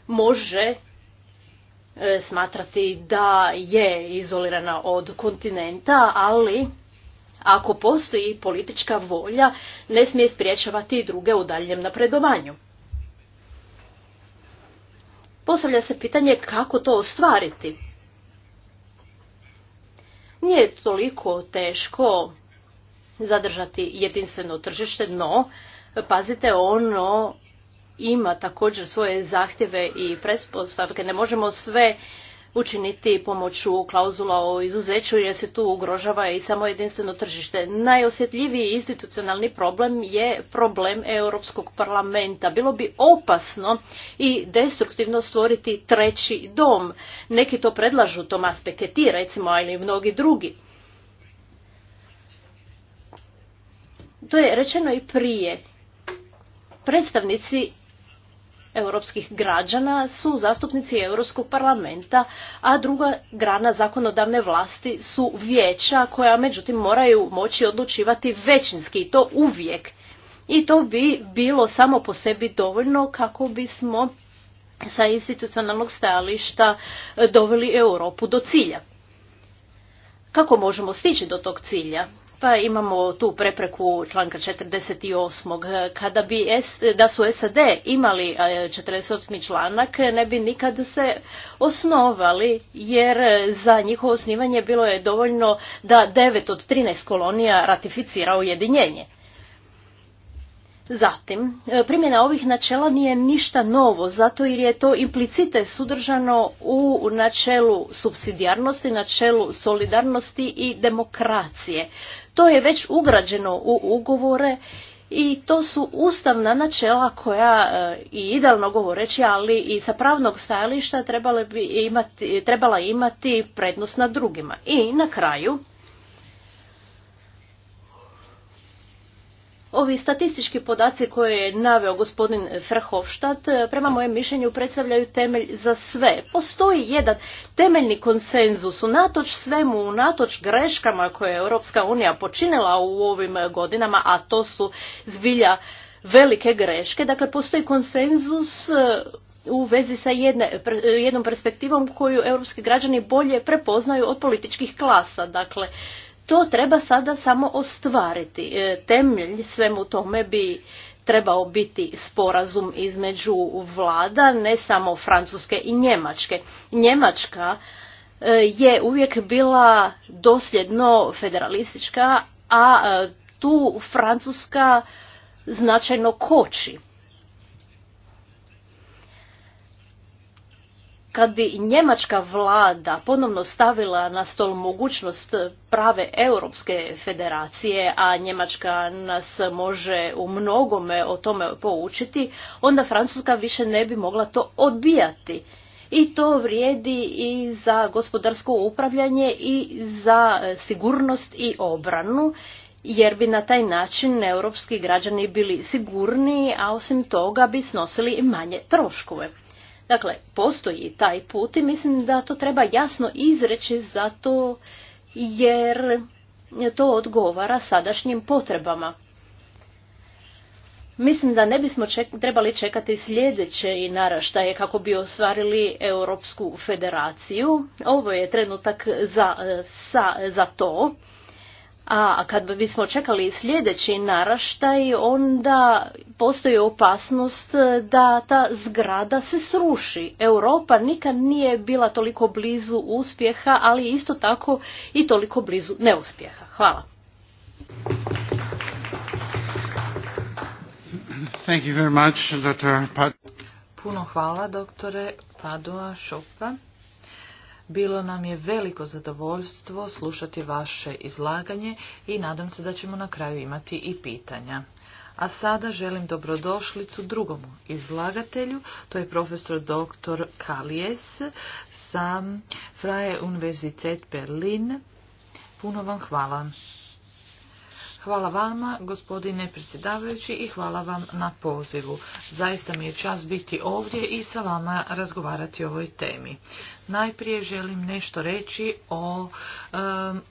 može e, smatrati da je izolirana od kontinenta, ali ako postoji politička volja, ne smije spriječavati druge u daljem napredovanju. Postavlja se pitanje kako to ostvariti. Nije toliko teško zadržati jedinstveno tržište, no pazite ono ima također svoje zahtjeve i pretpostavke. Ne možemo sve učiniti pomoću klauzula o izuzeću jer se tu ugrožava i samo jedinstveno tržište. Najosjetljiviji institucionalni problem je problem Europskog parlamenta. Bilo bi opasno i destruktivno stvoriti treći dom. Neki to predlažu Tomas Peketi recimo, ali i mnogi drugi. To je rečeno i prije. Predstavnici europskih građana su zastupnici Europskog parlamenta, a druga grana zakonodavne vlasti su vijeća koja međutim moraju moći odlučivati većinski i to uvijek. I to bi bilo samo po sebi dovoljno kako bismo sa institucionalnog stajališta doveli Europu do cilja. Kako možemo stići do tog cilja? Pa imamo tu prepreku članka 48. Kada bi da su SAD imali 48. E, članak ne bi nikad se osnovali jer za njihovo osnivanje bilo je dovoljno da 9 od 13 kolonija ratificira ujedinjenje. Zatim, e, primjena ovih načela nije ništa novo, zato jer je to implicite sudržano u načelu subsidijarnosti, načelu solidarnosti i demokracije. To je već ugrađeno u ugovore i to su ustavna načela koja e, i idealno govoreći, ali i sa pravnog stajališta trebala bi imati, trebala imati prednost nad drugima. I na kraju, Ovi statistički podaci koje je naveo gospodin Frhofštad, eh, prema mojem mišljenju, predstavljaju temelj za sve. Postoji jedan temeljni konsenzus, u unatoč svemu, unatoč greškama koje je Europska unija počinila u ovim godinama, a to su zbilja velike greške, dakle postoji konsenzus eh, u vezi sa jedne, jednom perspektivom koju europski građani bolje prepoznaju od političkih klasa. Dakle, to treba sada samo ostvariti. E, temelj svemu tome bi trebao biti sporazum između vlada, ne samo Francuske i Njemačke. Njemačka e, je uvijek bila dosljedno federalistička, a e, tu Francuska značajno koči. Kad bi njemačka vlada ponovno stavila na stol mogućnost prave europske federacije, a njemačka nas može u mnogome o tome poučiti, onda Francuska više ne bi mogla to odbijati. I to vrijedi i za gospodarsko upravljanje i za e, sigurnost i obranu jer bi na taj način europski građani bili sigurniji, a osim toga bi snosili manje troškove. Dakle, postoji taj put i mislim da to treba jasno izreći zato jer to odgovara sadašnjim potrebama. Mislim da ne bismo trebali čekati sljedeće i naraštaje kako bi ostvarili Europsku federaciju. Ovo je trenutak za, e, za to. A kad bismo čekali sljedeći naraštaj, onda postoji opasnost da ta zgrada se sruši. Europa nikad nije bila toliko blizu uspjeha, ali isto tako i toliko blizu neuspjeha. Hvala. Thank you very much, Puno hvala, doktore Padua Šopa. Bilo nam je veliko zadovoljstvo slušati vaše izlaganje i nadam se da ćemo na kraju imati i pitanja. A sada želim dobrodošlicu drugom izlagatelju, to je profesor dr. Kalijes sa Freie Universität Berlin. Puno vam hvala. Hvala vama, gospodine predsjedavajući, i hvala vam na pozivu. Zaista mi je čas biti ovdje i sa vama razgovarati o ovoj temi. Najprije želim nešto reći o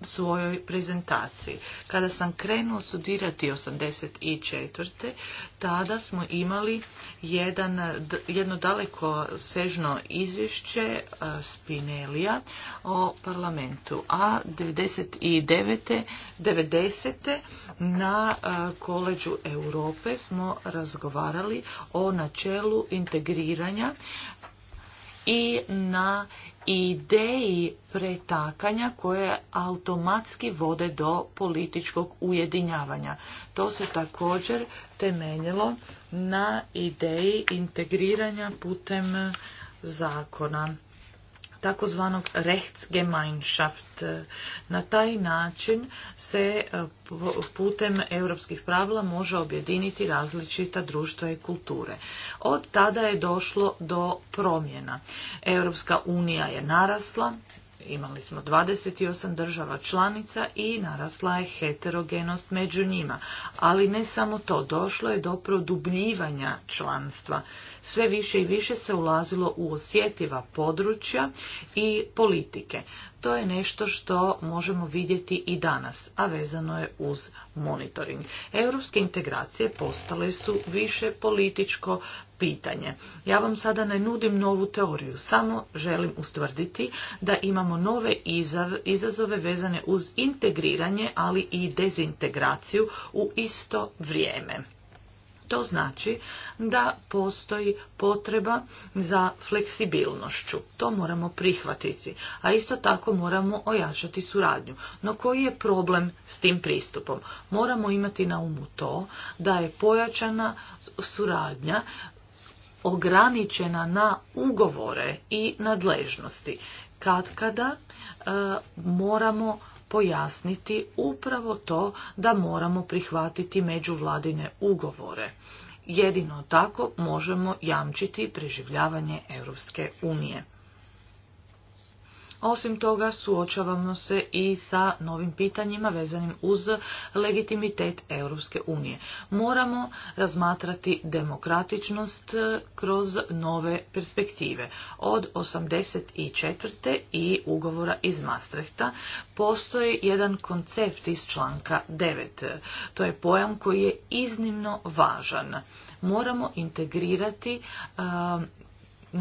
svojoj prezentaciji. Kada sam krenuo studirati 84. tada smo imali jedan, jedno daleko sežno izvješće e, Spinelija o parlamentu, a 99. 90. na e, koleđu Europe smo razgovarali o načelu integriranja i na ideji pretakanja koje automatski vode do političkog ujedinjavanja. To se također temeljilo na ideji integriranja putem zakona takozvanog rechtsgemeinschaft. Na taj način se e, putem europskih pravila može objediniti različita društva i kulture. Od tada je došlo do promjena. Europska unija je narasla, Imali smo 28 država članica i narasla je heterogenost među njima. Ali ne samo to, došlo je do produbljivanja članstva. Sve više i više se ulazilo u osjetiva područja i politike. To je nešto što možemo vidjeti i danas, a vezano je uz monitoring. Europske integracije postale su više političko pitanje. Ja vam sada ne nudim novu teoriju, samo želim ustvrditi da imamo nove izazove vezane uz integriranje, ali i dezintegraciju u isto vrijeme. To znači da postoji potreba za fleksibilnošću. To moramo prihvatiti, a isto tako moramo ojačati suradnju. No koji je problem s tim pristupom? Moramo imati na umu to da je pojačana suradnja ograničena na ugovore i nadležnosti. Kad kada e, moramo pojasniti upravo to da moramo prihvatiti međuvladine ugovore. Jedino tako možemo jamčiti preživljavanje Europske unije. Osim toga, suočavamo se i sa novim pitanjima vezanim uz legitimitet Europske unije. Moramo razmatrati demokratičnost eh, kroz nove perspektive. Od 84. i ugovora iz Maastrichta postoji jedan koncept iz članka 9. To je pojam koji je iznimno važan. Moramo integrirati eh,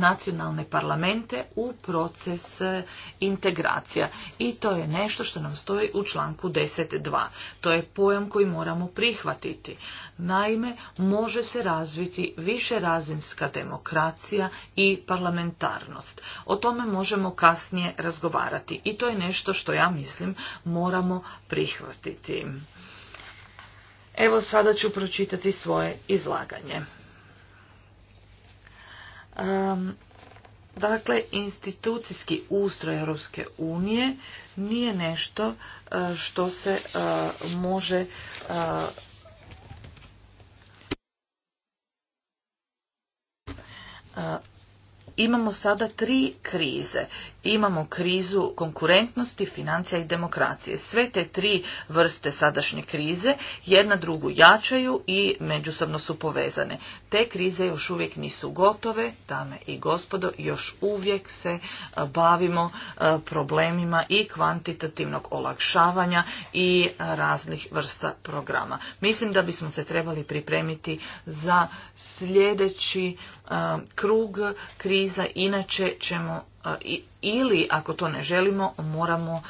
nacionalne parlamente u proces e, integracija i to je nešto što nam stoji u članku 10.2. To je pojam koji moramo prihvatiti. Naime, može se razviti više razinska demokracija i parlamentarnost. O tome možemo kasnije razgovarati i to je nešto što ja mislim moramo prihvatiti. Evo sada ću pročitati svoje izlaganje dakle, institucijski ustroj Europske unije nije nešto e, što se e, može e, imamo sada tri krize. Imamo krizu konkurentnosti, financija i demokracije. Sve te tri vrste sadašnje krize jedna drugu jačaju i međusobno su povezane. Te krize još uvijek nisu gotove, dame i gospodo, još uvijek se e, bavimo e, problemima i kvantitativnog olakšavanja i raznih vrsta programa. Mislim da bismo se trebali pripremiti za sljedeći e, krug krize kriza, inače ćemo ili ako to ne želimo moramo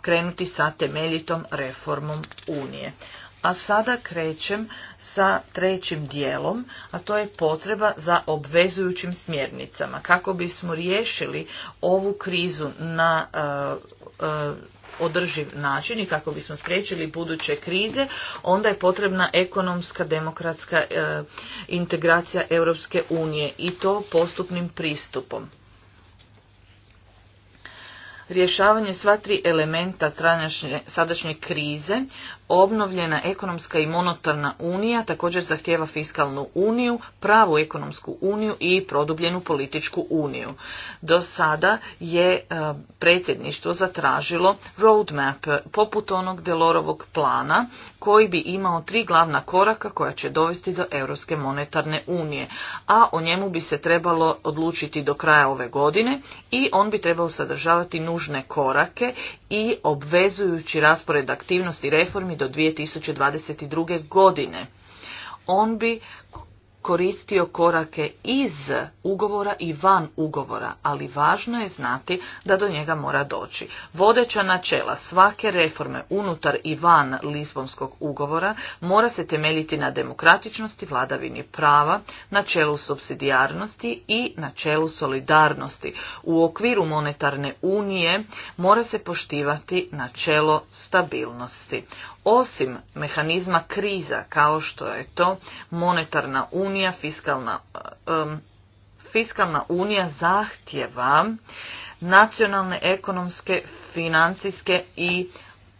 krenuti sa temeljitom reformom Unije. A sada krećem sa trećim dijelom, a to je potreba za obvezujućim smjernicama. Kako bismo riješili ovu krizu na e, e, održiv način i kako bismo spriječili buduće krize, onda je potrebna ekonomska, demokratska eh, integracija Europske unije i to postupnim pristupom rješavanje sva tri elementa sadašnje krize, obnovljena ekonomska i monetarna unija također zahtjeva fiskalnu uniju, pravu ekonomsku uniju i produbljenu političku uniju. Do sada je e, predsjedništvo zatražilo roadmap poput onog Delorovog plana koji bi imao tri glavna koraka koja će dovesti do Europske monetarne unije, a o njemu bi se trebalo odlučiti do kraja ove godine i on bi trebao sadržavati nužnosti nužne korake i obvezujući raspored aktivnosti reformi do 2022. godine. On bi koristio korake iz ugovora i van ugovora, ali važno je znati da do njega mora doći. Vodeća načela svake reforme unutar i van Lisbonskog ugovora mora se temeljiti na demokratičnosti, vladavini prava, načelu subsidijarnosti i načelu solidarnosti. U okviru monetarne unije mora se poštivati načelo stabilnosti. Osim mehanizma kriza kao što je to monetarna unija, fiskalna, fiskalna unija zahtjeva nacionalne ekonomske, financijske i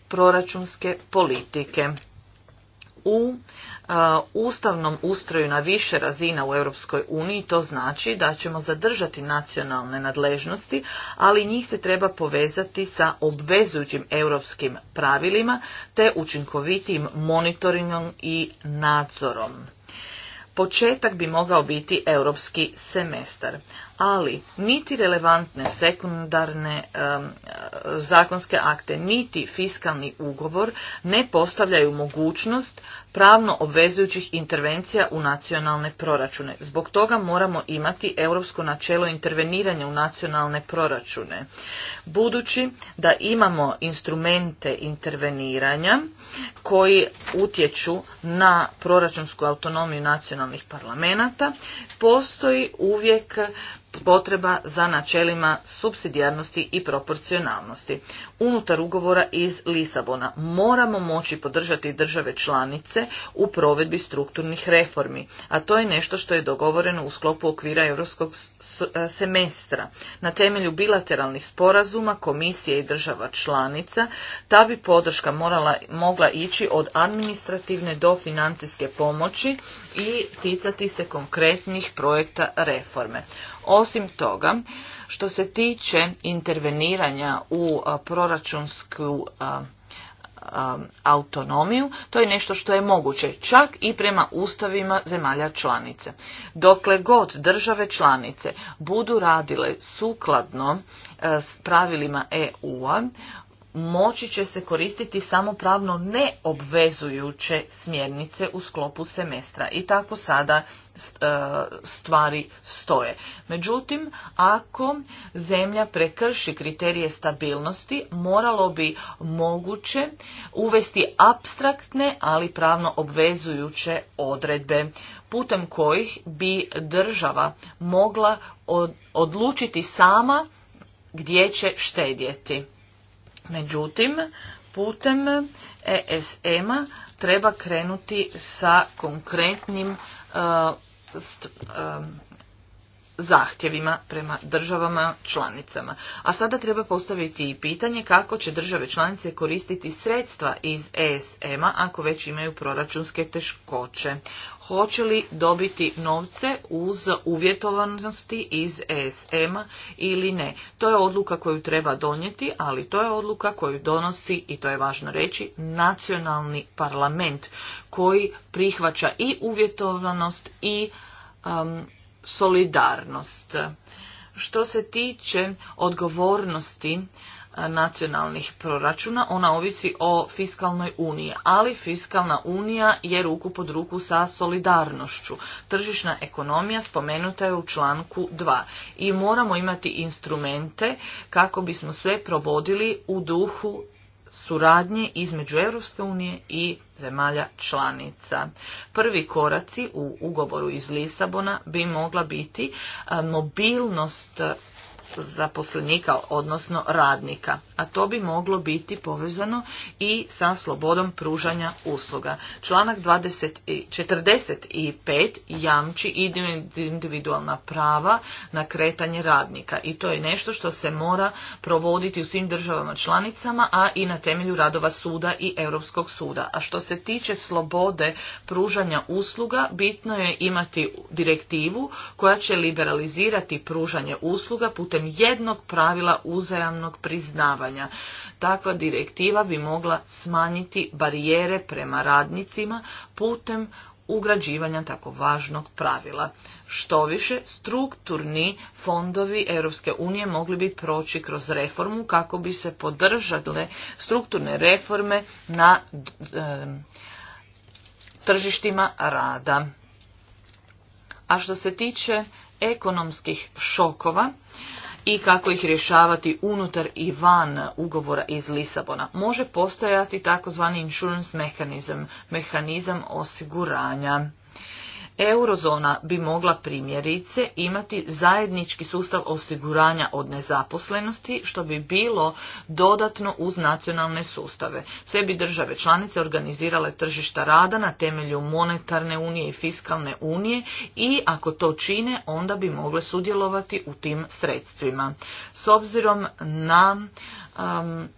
proračunske politike u e, ustavnom ustroju na više razina u Europskoj uniji to znači da ćemo zadržati nacionalne nadležnosti, ali njih se treba povezati sa obvezujućim europskim pravilima te učinkovitim monitoringom i nadzorom. Početak bi mogao biti europski semestar ali niti relevantne sekundarne zakonske akte, niti fiskalni ugovor ne postavljaju mogućnost pravno obvezujućih intervencija u nacionalne proračune. Zbog toga moramo imati europsko načelo interveniranja u nacionalne proračune. Budući da imamo instrumente interveniranja koji utječu na proračunsku autonomiju nacionalnih parlamenata, postoji uvijek potreba za načelima subsidijarnosti i proporcionalnosti. Unutar ugovora iz Lisabona moramo moći podržati države članice u provedbi strukturnih reformi, a to je nešto što je dogovoreno u sklopu okvira europskog semestra. Na temelju bilateralnih sporazuma komisije i država članica ta bi podrška morala, mogla ići od administrativne do financijske pomoći i ticati se konkretnih projekta reforme. Osim toga, što se tiče interveniranja u proračunsku autonomiju, to je nešto što je moguće čak i prema ustavima zemalja članice. Dokle god države članice budu radile sukladno e, s pravilima EU-a, moći će se koristiti samo pravno neobvezujuće smjernice u sklopu semestra i tako sada e, stvari stoje. Međutim, ako zemlja prekrši kriterije stabilnosti, moralo bi moguće uvesti abstraktne, ali pravno obvezujuće odredbe putem kojih bi država mogla odlučiti sama gdje će štedjeti. Međutim, putem ESM-a treba krenuti sa konkretnim e, e, zahtjevima prema državama članicama. A sada treba postaviti i pitanje kako će države članice koristiti sredstva iz ESM-a ako već imaju proračunske teškoće hoće li dobiti novce uz uvjetovanosti iz ESM-a ili ne. To je odluka koju treba donijeti, ali to je odluka koju donosi, i to je važno reći, nacionalni parlament koji prihvaća i uvjetovanost i um, solidarnost. Što se tiče odgovornosti e, nacionalnih proračuna, ona ovisi o fiskalnoj uniji, ali fiskalna unija je ruku pod ruku sa solidarnošću. Tržišna ekonomija spomenuta je u članku 2 i moramo imati instrumente kako bismo sve provodili u duhu suradnje između Europske unije i zemalja članica. Prvi koraci u ugovoru iz Lisabona bi mogla biti mobilnost zaposlenika, odnosno radnika. A to bi moglo biti povezano i sa slobodom pružanja usluga. Članak 45 jamči individualna prava na kretanje radnika i to je nešto što se mora provoditi u svim državama članicama, a i na temelju radova suda i Europskog suda. A što se tiče slobode pružanja usluga, bitno je imati direktivu koja će liberalizirati pružanje usluga putem jednog pravila uzajamnog priznavanja. Takva direktiva bi mogla smanjiti barijere prema radnicima putem ugrađivanja tako važnog pravila. Što više, strukturni fondovi Europske unije mogli bi proći kroz reformu kako bi se podržale strukturne reforme na tržištima rada. A što se tiče ekonomskih šokova, i kako ih rješavati unutar i van ugovora iz Lisabona. Može postojati takozvani insurance mehanizam, mehanizam osiguranja. Eurozona bi mogla primjerice imati zajednički sustav osiguranja od nezaposlenosti, što bi bilo dodatno uz nacionalne sustave. Sve bi države članice organizirale tržišta rada na temelju monetarne unije i fiskalne unije i ako to čine, onda bi mogle sudjelovati u tim sredstvima. S obzirom na um,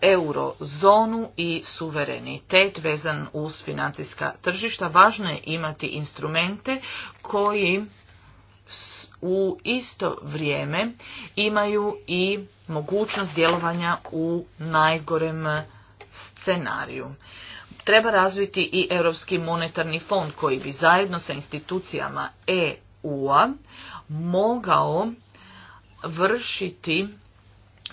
eurozonu i suverenitet vezan uz financijska tržišta. Važno je imati instrumente koji u isto vrijeme imaju i mogućnost djelovanja u najgorem scenariju. Treba razviti i Europski monetarni fond koji bi zajedno sa institucijama EU-a mogao vršiti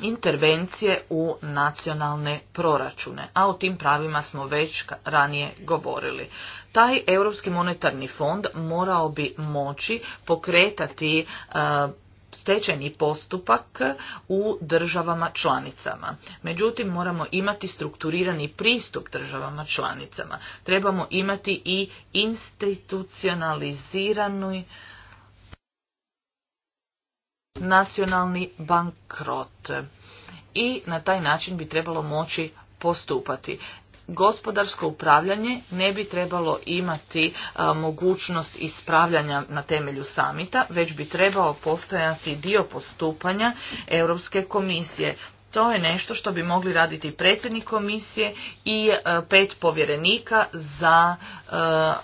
intervencije u nacionalne proračune, a o tim pravima smo već ranije govorili. Taj Europski monetarni fond morao bi moći pokretati e, stečajni postupak u državama članicama. Međutim, moramo imati strukturirani pristup državama članicama. Trebamo imati i institucionaliziranu nacionalni bankrot i na taj način bi trebalo moći postupati. Gospodarsko upravljanje ne bi trebalo imati e, mogućnost ispravljanja na temelju samita, već bi trebao postojati dio postupanja Europske komisije. To je nešto što bi mogli raditi predsjednik komisije i e, pet povjerenika za e,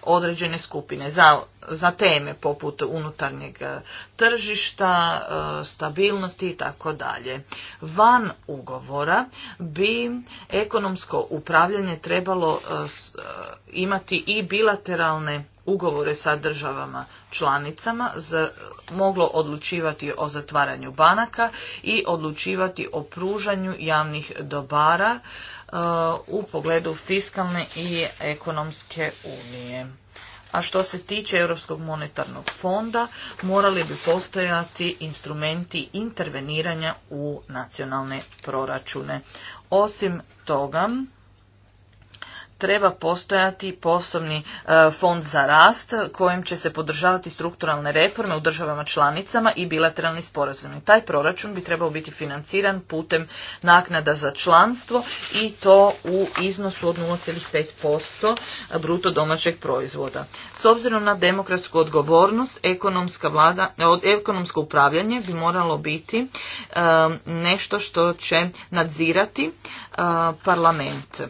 određene skupine, za, za teme poput unutarnjeg e, tržišta, stabilnosti i tako dalje. Van ugovora bi ekonomsko upravljanje trebalo imati i bilateralne ugovore sa državama članicama moglo odlučivati o zatvaranju banaka i odlučivati o pružanju javnih dobara e, u pogledu fiskalne i ekonomske unije. A što se tiče Europskog monetarnog fonda, morali bi postojati instrumenti interveniranja u nacionalne proračune. Osim toga, treba postojati posobni e, fond za rast kojim će se podržavati strukturalne reforme u državama članicama i bilateralni sporazum. Taj proračun bi trebao biti financiran putem naknada za članstvo i to u iznosu od 0,5% bruto domaćeg proizvoda. S obzirom na demokratsku odgovornost, ekonomska vlada, ekonomsko upravljanje bi moralo biti e, nešto što će nadzirati e, parlament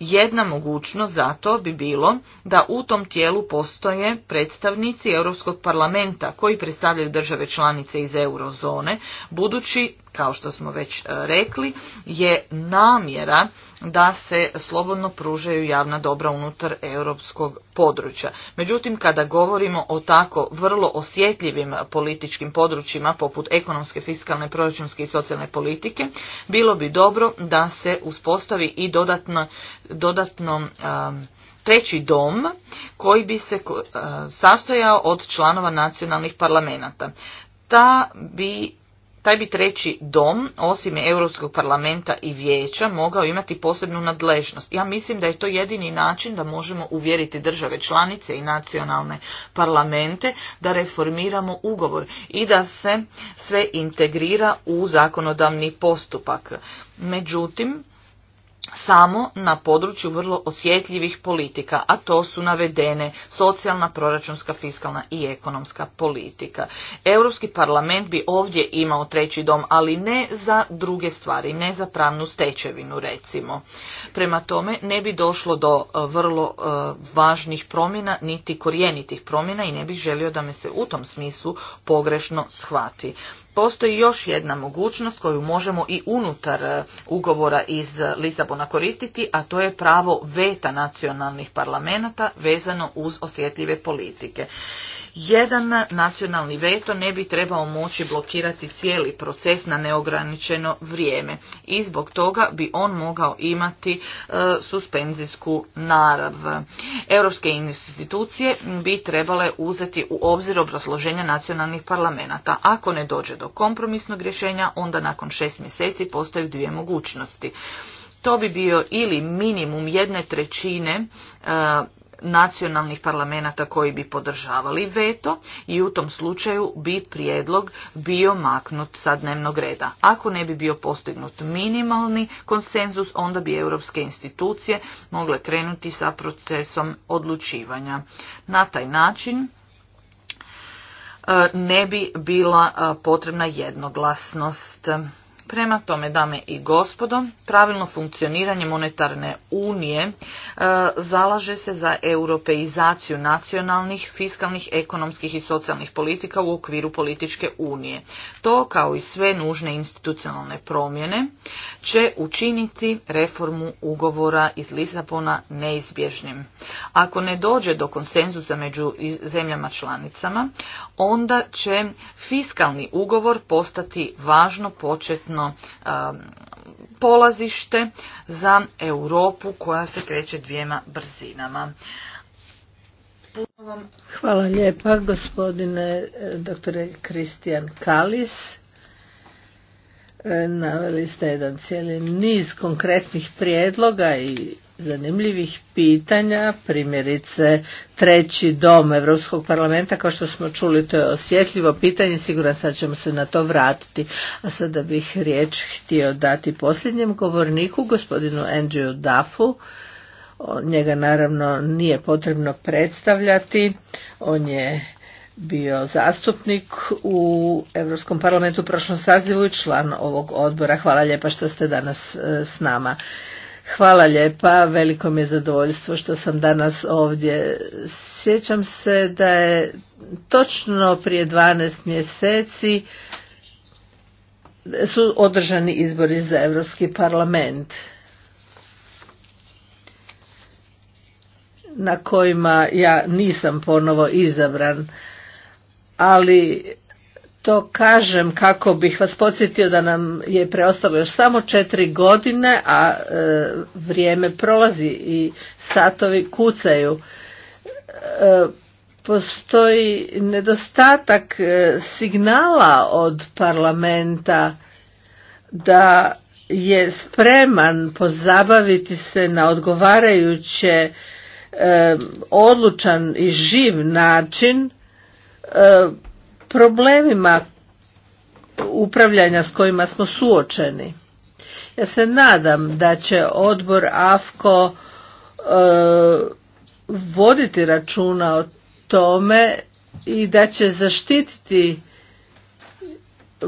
jedna mogućnost za to bi bilo da u tom tijelu postoje predstavnici Europskog parlamenta koji predstavljaju države članice iz eurozone, budući kao što smo već e, rekli, je namjera da se slobodno pružaju javna dobra unutar europskog područja. Međutim, kada govorimo o tako vrlo osjetljivim političkim područjima poput ekonomske, fiskalne, proračunske i socijalne politike, bilo bi dobro da se uspostavi i dodatno, dodatno treći dom koji bi se sastojao od članova nacionalnih parlamenata. Ta bi taj bi treći dom, osim Europskog parlamenta i vijeća, mogao imati posebnu nadležnost. Ja mislim da je to jedini način da možemo uvjeriti države članice i nacionalne parlamente da reformiramo ugovor i da se sve integrira u zakonodavni postupak. Međutim, samo na području vrlo osjetljivih politika, a to su navedene socijalna, proračunska, fiskalna i ekonomska politika. Europski parlament bi ovdje imao treći dom, ali ne za druge stvari, ne za pravnu stečevinu recimo. Prema tome ne bi došlo do e, vrlo e, važnih promjena, niti korijenitih promjena i ne bih želio da me se u tom smislu pogrešno shvati postoji još jedna mogućnost koju možemo i unutar e, ugovora iz Lisabona koristiti, a to je pravo veta nacionalnih parlamenta vezano uz osjetljive politike jedan nacionalni veto ne bi trebao moći blokirati cijeli proces na neograničeno vrijeme i zbog toga bi on mogao imati e, suspenzijsku narav. Europske institucije bi trebale uzeti u obzir obrazloženja nacionalnih parlamenta. Ako ne dođe do kompromisnog rješenja, onda nakon šest mjeseci postaju dvije mogućnosti. To bi bio ili minimum jedne trećine e, nacionalnih parlamenta koji bi podržavali veto i u tom slučaju bi prijedlog bio maknut sa dnevnog reda. Ako ne bi bio postignut minimalni konsenzus, onda bi europske institucije mogle krenuti sa procesom odlučivanja. Na taj način e, ne bi bila e, potrebna jednoglasnost. Prema tome, dame i gospodo, pravilno funkcioniranje monetarne unije e, zalaže se za europeizaciju nacionalnih, fiskalnih, ekonomskih i socijalnih politika u okviru političke unije. To, kao i sve nužne institucionalne promjene, će učiniti reformu ugovora iz Lisabona neizbježnim. Ako ne dođe do konsenzusa među zemljama članicama, onda će fiskalni ugovor postati važno početno polazište za Europu koja se kreće dvijema brzinama. Hvala lijepa gospodine e, doktore Kristijan Kalis. E, naveli ste jedan cijeli niz konkretnih prijedloga i zanimljivih pitanja, primjerice treći dom Europskog parlamenta, kao što smo čuli, to je osjetljivo pitanje, siguran sad ćemo se na to vratiti. A sada bih riječ htio dati posljednjem govorniku, gospodinu Andrew Dafu, Njega naravno nije potrebno predstavljati, on je bio zastupnik u Europskom parlamentu u prošlom sazivu i član ovog odbora. Hvala lijepa što ste danas e, s nama. Hvala lijepa, veliko mi je zadovoljstvo što sam danas ovdje. Sjećam se da je točno prije 12 mjeseci su održani izbori za Europski parlament na kojima ja nisam ponovo izabran, ali to kažem kako bih vas podsjetio da nam je preostalo još samo četiri godine, a e, vrijeme prolazi i satovi kucaju. E, postoji nedostatak e, signala od parlamenta da je spreman pozabaviti se na odgovarajuće odlučan i živ način problemima upravljanja s kojima smo suočeni. Ja se nadam da će odbor AFKO e, voditi računa o tome i da će zaštititi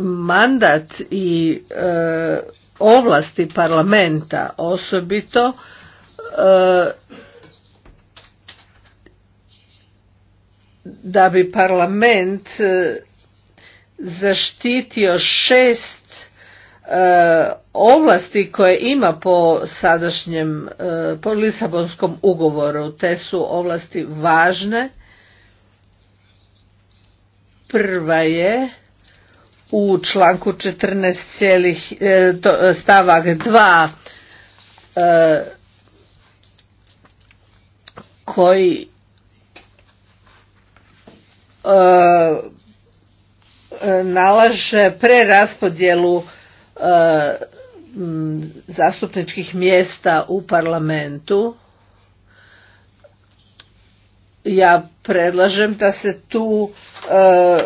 mandat i e, ovlasti parlamenta osobito e, da bi parlament e, zaštitio šest e, ovlasti koje ima po sadašnjem e, po Lisabonskom ugovoru te su ovlasti važne prva je u članku 14 stavak 2 koji E, nalaže preraspodjelu e, zastupničkih mjesta u parlamentu ja predlažem da se tu e,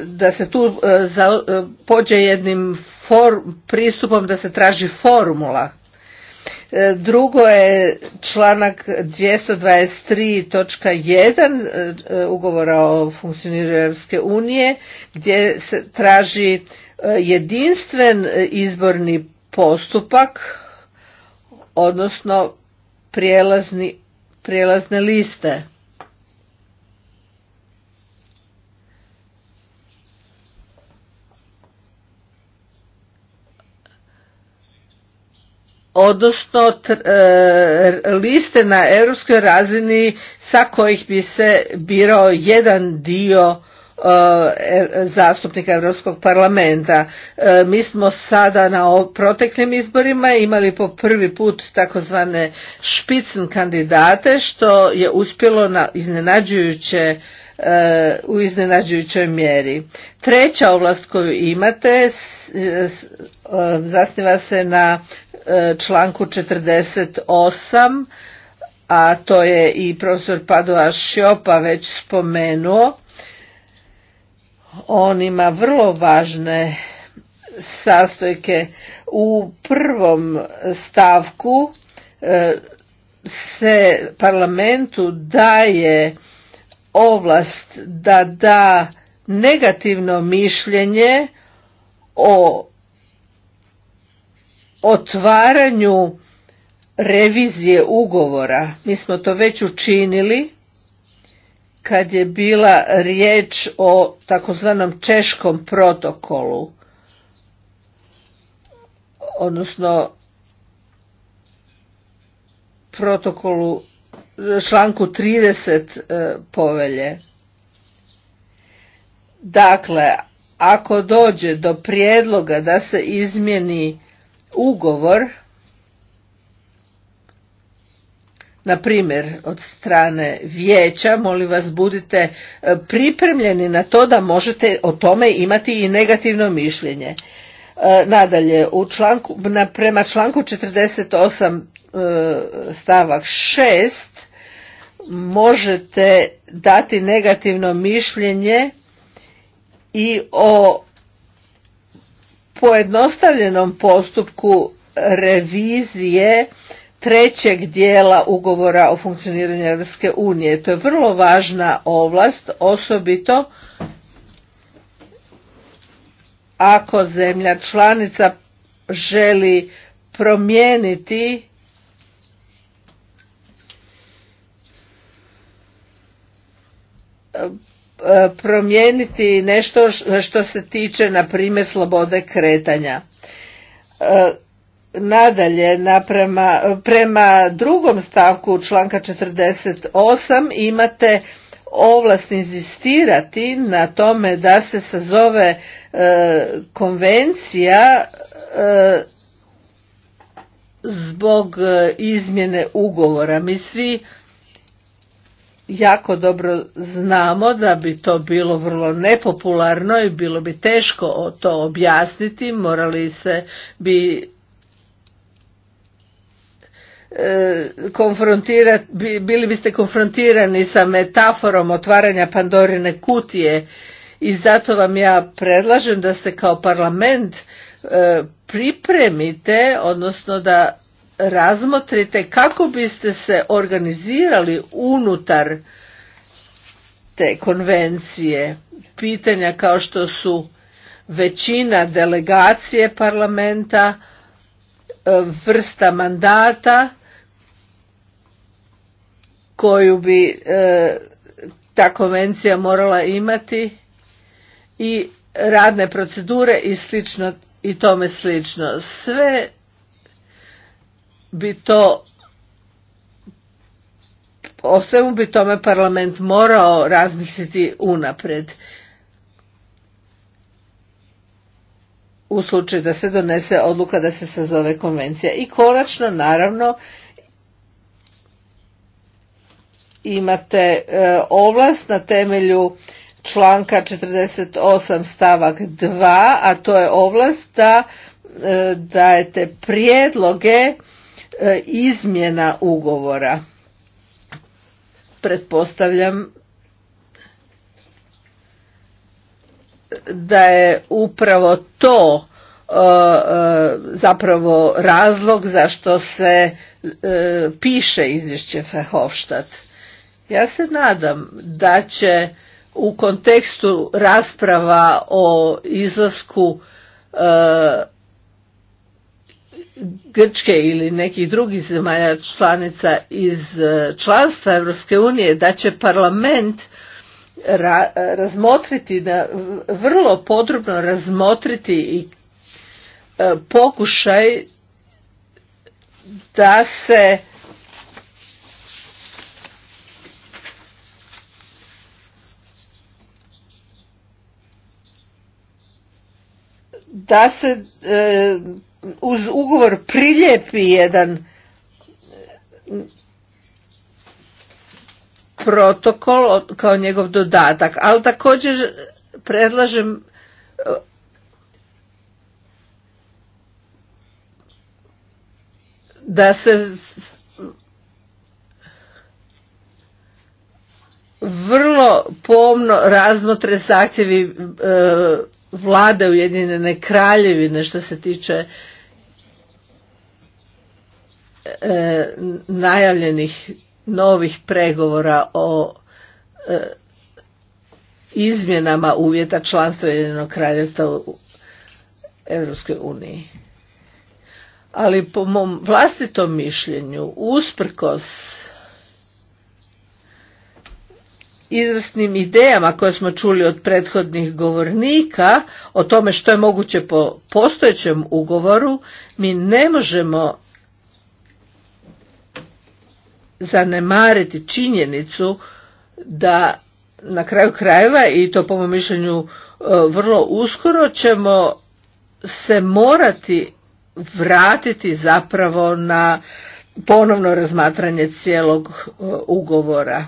da se tu pođe jednim pristupom da se traži formula E, drugo je članak 223.1 e, e, ugovora o funkcioniranju Europske unije gdje se traži jedinstven izborni postupak odnosno prijelazne liste. odnosno e, liste na europskoj razini sa kojih bi se birao jedan dio e, e, zastupnika Europskog parlamenta. Mi smo sada na proteklim izborima imali po prvi put takozvane špicen kandidate što je uspjelo na iznenađujuće u iznenađujućoj mjeri. Treća ovlast koju imate zasniva se na E, članku 48, a to je i profesor Padova Šjopa već spomenuo. On ima vrlo važne sastojke u prvom stavku e, se parlamentu daje ovlast da da negativno mišljenje o otvaranju revizije ugovora. Mi smo to već učinili kad je bila riječ o takozvanom češkom protokolu. Odnosno protokolu članku 30 e, povelje. Dakle, ako dođe do prijedloga da se izmjeni ugovor na primjer od strane vijeća, molim vas budite e, pripremljeni na to da možete o tome imati i negativno mišljenje. E, nadalje, u članku, prema članku 48 e, stavak 6 možete dati negativno mišljenje i o pojednostavljenom postupku revizije trećeg dijela ugovora o funkcioniranju Europske unije. To je vrlo važna ovlast, osobito ako zemlja članica želi promijeniti promijeniti nešto što se tiče na primjer slobode kretanja. E, nadalje, naprema, prema drugom stavku članka 48 imate ovlast inzistirati na tome da se sazove e, konvencija e, zbog izmjene ugovora. Mi svi jako dobro znamo da bi to bilo vrlo nepopularno i bilo bi teško to objasniti, morali se bi e, konfrontirati, bili biste konfrontirani sa metaforom otvaranja Pandorine kutije i zato vam ja predlažem da se kao parlament e, pripremite, odnosno da razmotrite kako biste se organizirali unutar te konvencije. Pitanja kao što su većina delegacije parlamenta, e, vrsta mandata koju bi e, ta konvencija morala imati i radne procedure i slično i tome slično. Sve bi to o svemu bi tome parlament morao razmisliti unapred u slučaju da se donese odluka da se sazove konvencija. I konačno, naravno, imate e, ovlast na temelju članka 48 stavak 2, a to je ovlast da e, dajete prijedloge E, izmjena ugovora. Pretpostavljam da je upravo to e, e, zapravo razlog zašto se piše izvješće Fehovštat. Ja se nadam da će u kontekstu rasprava o izlasku Grčke ili nekih drugih zemalja članica iz e, članstva Europske unije da će parlament razmotriti da vrlo podrobno razmotriti i e, pokušaj da se da se e, uz ugovor priljepi jedan protokol kao njegov dodatak, ali također predlažem e, da se vrlo pomno razmotre zahtjevi e, vlade Ujedinjene kraljevine što se tiče E, najavljenih novih pregovora o e, izmjenama uvjeta članstva Jedinog kraljevstva u Europskoj uniji. Ali po mom vlastitom mišljenju, usprkos izvrsnim idejama koje smo čuli od prethodnih govornika o tome što je moguće po postojećem ugovoru, mi ne možemo zanemariti činjenicu da na kraju krajeva i to po mom mišljenju e, vrlo uskoro ćemo se morati vratiti zapravo na ponovno razmatranje cijelog e, ugovora.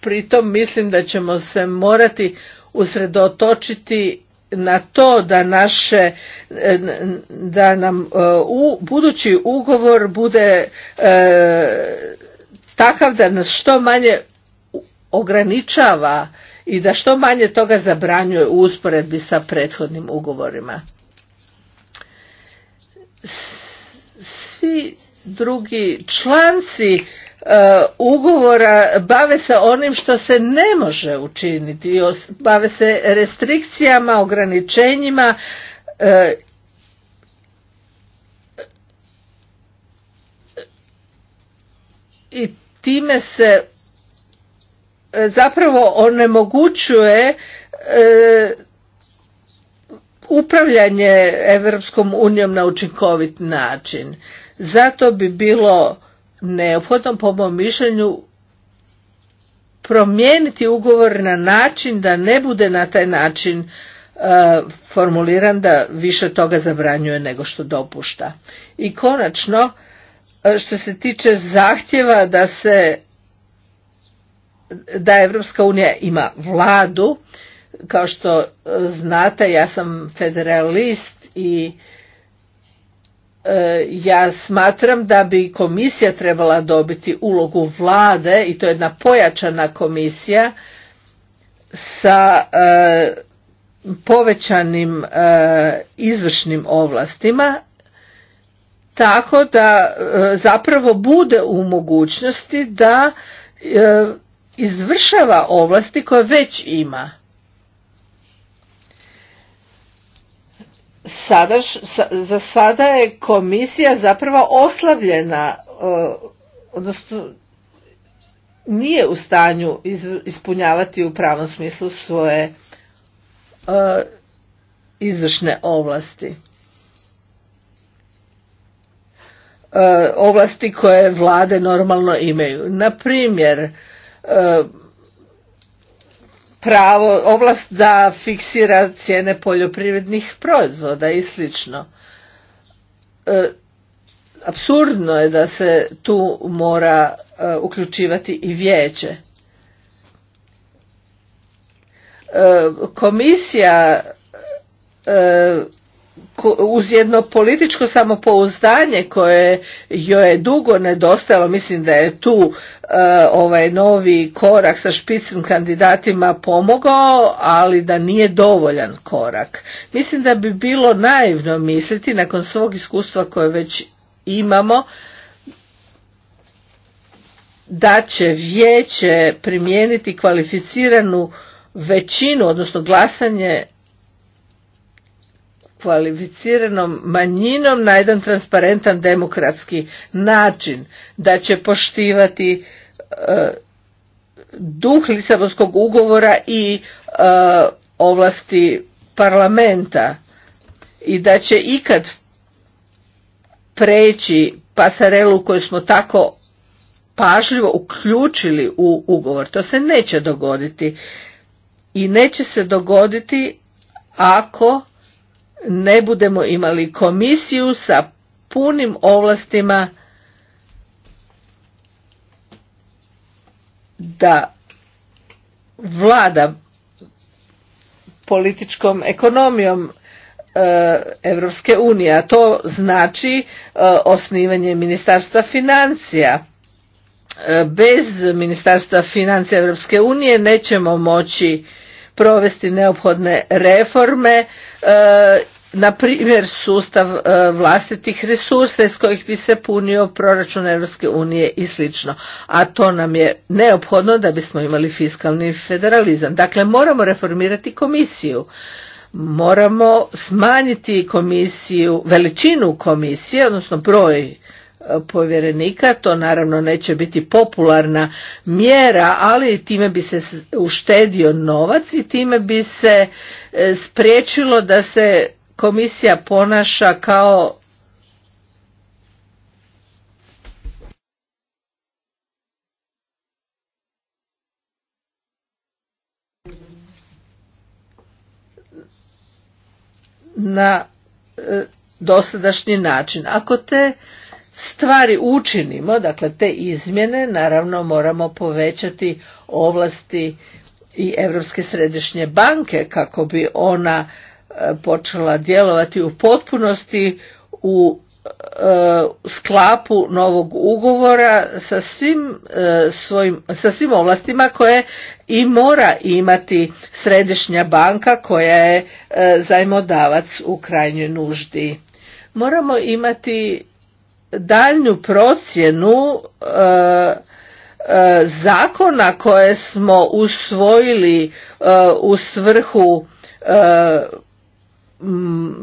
Pritom mislim da ćemo se morati usredotočiti na to da naše e, da nam e, u budući ugovor bude e, takav da nas što manje ograničava i da što manje toga zabranjuje u usporedbi sa prethodnim ugovorima. Svi drugi članci E, ugovora bave se onim što se ne može učiniti, bave se restrikcijama, ograničenjima e, i time se e, zapravo onemogućuje upravljanje Europskom unijom na učinkovit način. Zato bi bilo neophodno po mom mišljenju promijeniti ugovor na način da ne bude na taj način e, formuliran da više toga zabranjuje nego što dopušta. I konačno, e, što se tiče zahtjeva da se da Evropska unija ima vladu, kao što e, znate ja sam federalist i E, ja smatram da bi komisija trebala dobiti ulogu vlade i to je jedna pojačana komisija sa e, povećanim e, izvršnim ovlastima tako da zapravo bude u mogućnosti da izvršava ovlasti koje već ima sada, za sada je komisija zapravo oslavljena, e, odnosno nije u stanju ispunjavati u pravom smislu svoje e, izvršne ovlasti. E, ovlasti koje vlade normalno imaju. Na primjer, pravo, ovlast da fiksira cijene poljoprivrednih proizvoda i slično. E, absurdno je da se tu mora e, uključivati i vijeće. E, komisija uz jedno političko samopouzdanje koje joj je dugo nedostajalo, mislim da je tu e, ovaj novi korak sa špicim kandidatima pomogao, ali da nije dovoljan korak. Mislim da bi bilo naivno misliti nakon svog iskustva koje već imamo da će vijeće primijeniti kvalificiranu većinu, odnosno glasanje kvalificiranom manjinom na jedan transparentan demokratski način da će poštivati e, duh Lisabonskog ugovora i e, ovlasti parlamenta i da će ikad preći pasarelu koju smo tako pažljivo uključili u ugovor. To se neće dogoditi i neće se dogoditi ako ne budemo imali komisiju sa punim ovlastima da vlada političkom ekonomijom Europske eh, unije, a to znači eh, osnivanje ministarstva financija. Eh, bez ministarstva financija Europske unije nećemo moći provesti neophodne reforme na primjer sustav e, vlastitih resursa iz kojih bi se punio proračun Europske unije i slično. A to nam je neophodno da bismo imali fiskalni federalizam. Dakle, moramo reformirati komisiju. Moramo smanjiti komisiju, veličinu komisije, odnosno broj e, povjerenika, to naravno neće biti popularna mjera, ali time bi se uštedio novac i time bi se e, spriječilo da se komisija ponaša kao na e, dosadašnji način. Ako te stvari učinimo, dakle te izmjene, naravno moramo povećati ovlasti i Europske središnje banke kako bi ona počela djelovati u potpunosti u e, sklapu novog ugovora sa svim, e, svojim, sa svim ovlastima koje i mora imati središnja banka koja je e, zajmodavac u krajnjoj nuždi. Moramo imati daljnju procjenu zakona koje smo usvojili u svrhu Mm,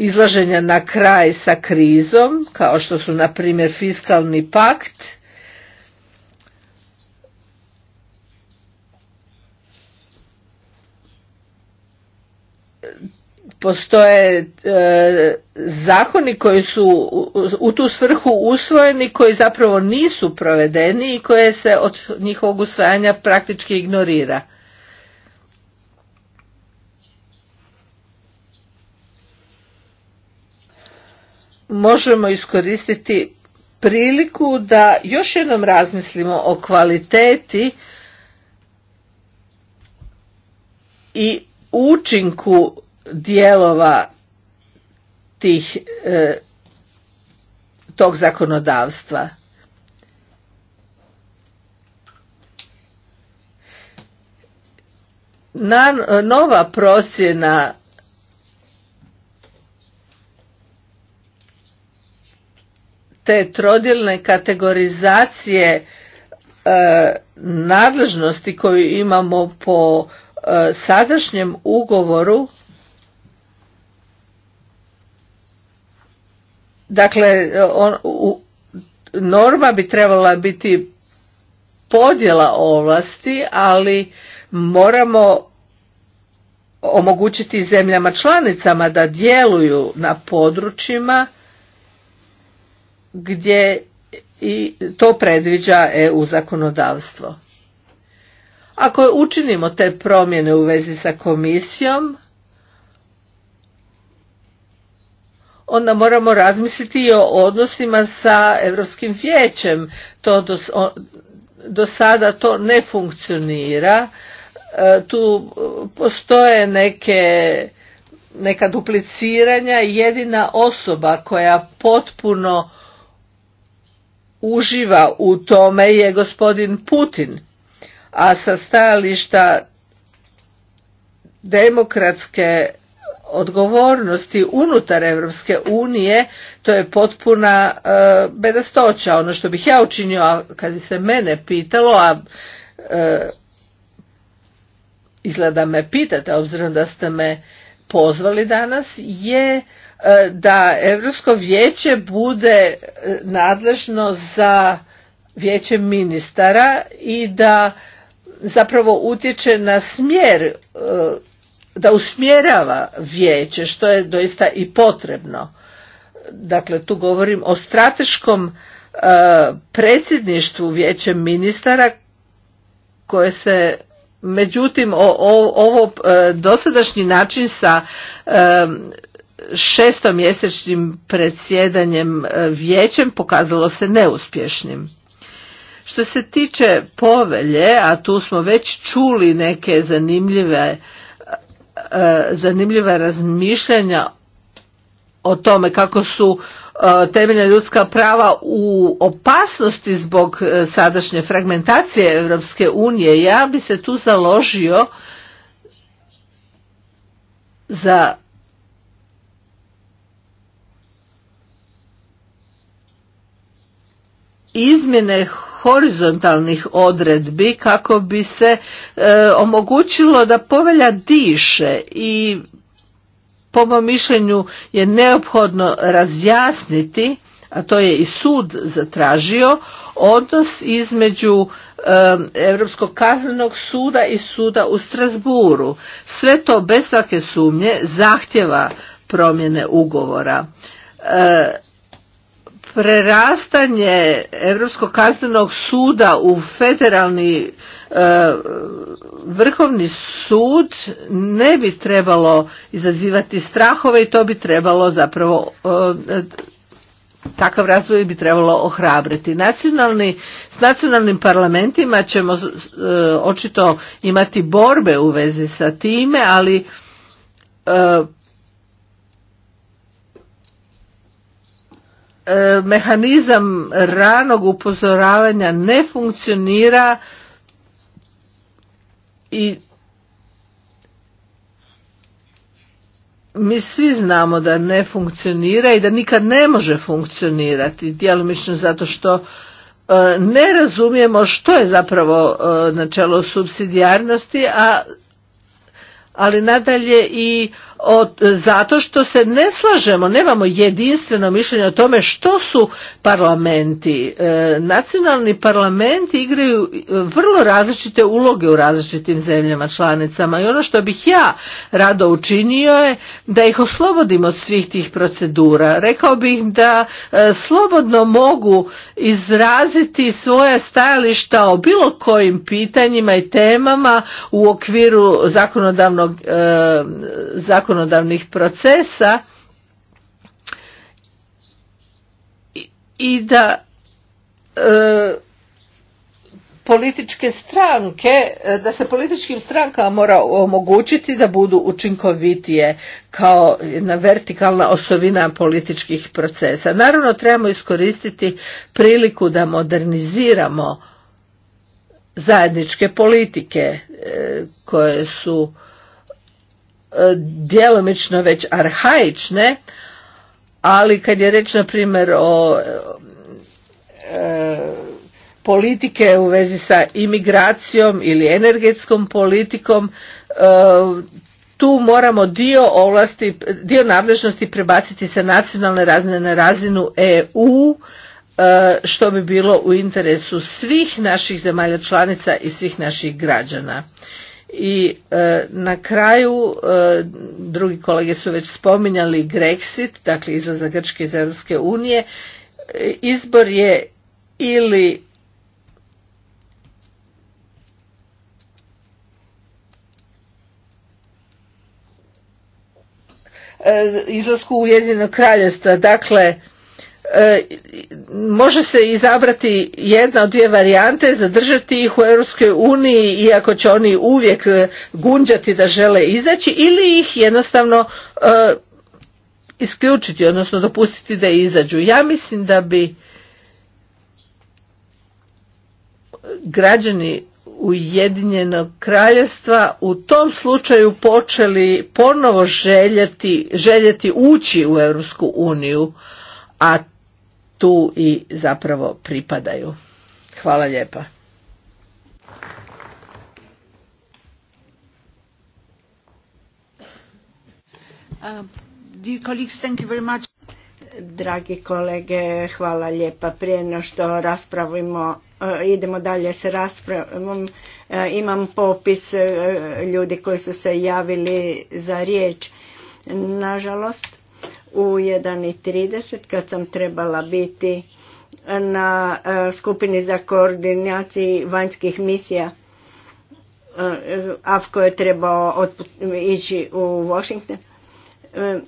izlaženja na kraj sa krizom, kao što su na primjer fiskalni pakt, postoje e, zakoni koji su u, u tu svrhu usvojeni koji zapravo nisu provedeni i koje se od njihovog usvajanja praktički ignorira možemo iskoristiti priliku da još jednom razmislimo o kvaliteti i učinku dijelova tih e, tog zakonodavstva Na, e, nova procjena te trodilne kategorizacije e, nadležnosti koju imamo po e, sadašnjem ugovoru dakle norma bi trebala biti podjela ovlasti ali moramo omogućiti zemljama članicama da djeluju na područjima gdje i to predviđa EU zakonodavstvo. Ako učinimo te promjene u vezi sa komisijom, onda moramo razmisliti i o odnosima sa Europskim vijećem. To do, do sada to ne funkcionira. E, tu postoje neke neka dupliciranja jedina osoba koja potpuno uživa u tome je gospodin Putin, a sa stajališta demokratske odgovornosti unutar Evropske unije, to je potpuna e, bedastoća. Ono što bih ja učinio, a kad bi se mene pitalo, a e, izgleda me pitate, obzirom da ste me pozvali danas, je E, da Europsko vijeće bude e, nadležno za vijeće ministara i da zapravo utječe na smjer e, da usmjerava vijeće što je doista i potrebno dakle tu govorim o strateškom predsjedništvu vijeće ministara koje se međutim o, ovo dosadašnji način sa šestomjesečnim predsjedanjem e, vijećem pokazalo se neuspješnim. Što se tiče povelje, a tu smo već čuli neke zanimljive e, zanimljiva razmišljanja o tome kako su e, temelja ljudska prava u opasnosti zbog sadašnje fragmentacije Europske unije. Ja bi se tu založio za izmjene horizontalnih odredbi kako bi se e, omogućilo da povelja diše i po mom mišljenju je neophodno razjasniti a to je i sud zatražio odnos između e, Europskog kaznenog suda i suda u Strasburu. Sve to bez svake sumnje zahtjeva promjene ugovora. E, prerastanje Europskog kaznenog suda u federalni e, vrhovni sud ne bi trebalo izazivati strahove i to bi trebalo zapravo e, takav razvoj bi trebalo ohrabriti. Nacionalni, s nacionalnim parlamentima ćemo e, očito imati borbe u vezi sa time, ali E, mehanizam ranog upozoravanja ne funkcionira i mi svi znamo da ne funkcionira i da nikad ne može funkcionirati djelomično zato što e, ne razumijemo što je zapravo e, načelo subsidijarnosti, a ali nadalje i od, zato što se ne slažemo, nemamo jedinstveno mišljenje o tome što su parlamenti. E, nacionalni parlamenti igraju e, vrlo različite uloge u različitim zemljama članicama i ono što bih ja rado učinio je da ih oslobodim od svih tih procedura. Rekao bih da e, slobodno mogu izraziti svoja stajališta o bilo kojim pitanjima i temama u okviru zakonodavnog e, zakonodavnog zakonodavnih procesa i da e, političke stranke, da se političkim strankama mora omogućiti da budu učinkovitije kao jedna vertikalna osovina političkih procesa. Naravno trebamo iskoristiti priliku da moderniziramo zajedničke politike e, koje su E, djelomično već arhaične, ali kad je reč na primjer o e, politike u vezi sa imigracijom ili energetskom politikom, e, tu moramo dio ovlasti, dio nadležnosti prebaciti sa nacionalne razine na razinu EU, što bi bilo u interesu svih naših zemalja članica i svih naših građana. I e, na kraju e, drugi kolege su već spominjali Grexit, dakle izlazak Grčke iz Europske unije. Izbor je ili e, izlasku Ujedinjenog kraljestva. Dakle, E, može se izabrati jedna od dvije varijante, zadržati ih u Europskoj uniji iako će oni uvijek e, gunđati da žele izaći ili ih jednostavno e, isključiti, odnosno dopustiti da izađu. Ja mislim da bi građani Ujedinjenog kraljevstva u tom slučaju počeli ponovo željeti, željeti ući u Europsku uniju, a tu i zapravo pripadaju. Hvala lijepa. Uh, dear colleagues, Dragi kolege, hvala lijepa. Prije no što raspravimo, uh, idemo dalje sa raspravom, uh, imam popis uh, ljudi koji su se javili za riječ. Nažalost, u 1.30 kad sam trebala biti na e, skupini za koordinaciji vanjskih misija. E, ako je trebao ići u Washington. E,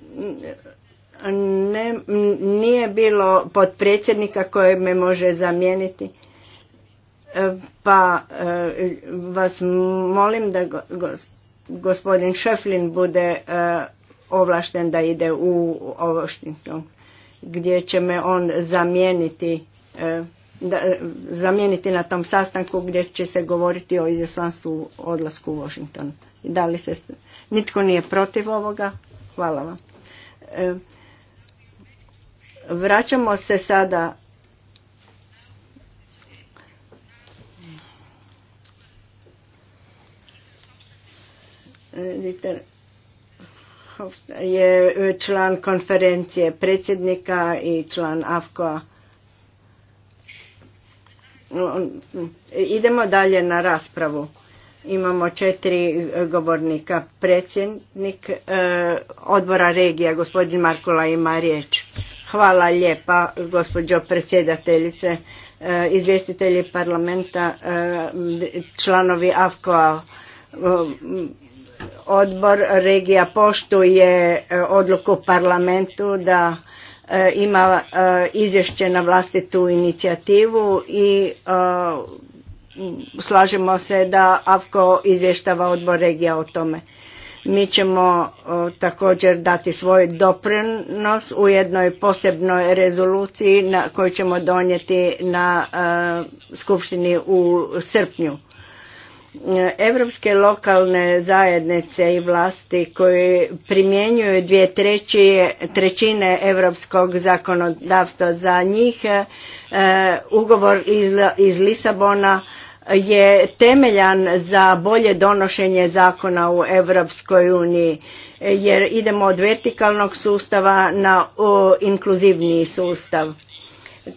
nije bilo potpredsjednika koji me može zamijeniti. Pa vas molim da gospodin Šeflin bude ovlašten da ide u Washington gdje će me on zamijeniti e, da, e, zamijeniti na tom sastanku gdje će se govoriti o izaslanstvu odlasku u Washington. Da li se, nitko nije protiv ovoga? Hvala vam. E, vraćamo se sada je e, član konferencije predsjednika i član afko Idemo dalje na raspravu. Imamo četiri e, govornika. Predsjednik e, odbora regija, gospodin Markula ima riječ. Hvala lijepa, gospođo predsjedateljice, izvjestitelji parlamenta, članovi AFKO-a Odbor regija poštuje e, odluku parlamentu da e, ima e, izvješće na vlastitu inicijativu i slažemo se da Avko izvještava odbor regija o tome. Mi ćemo također dati svoj doprinos u jednoj posebnoj rezoluciji na koju ćemo donijeti na skupštini u srpnju. Europske lokalne zajednice i vlasti koji primjenjuju dvije treći, trećine europskog zakonodavstva za njih, e, ugovor iz, iz Lisabona je temeljan za bolje donošenje zakona u Europskoj uniji jer idemo od vertikalnog sustava na inkluzivniji sustav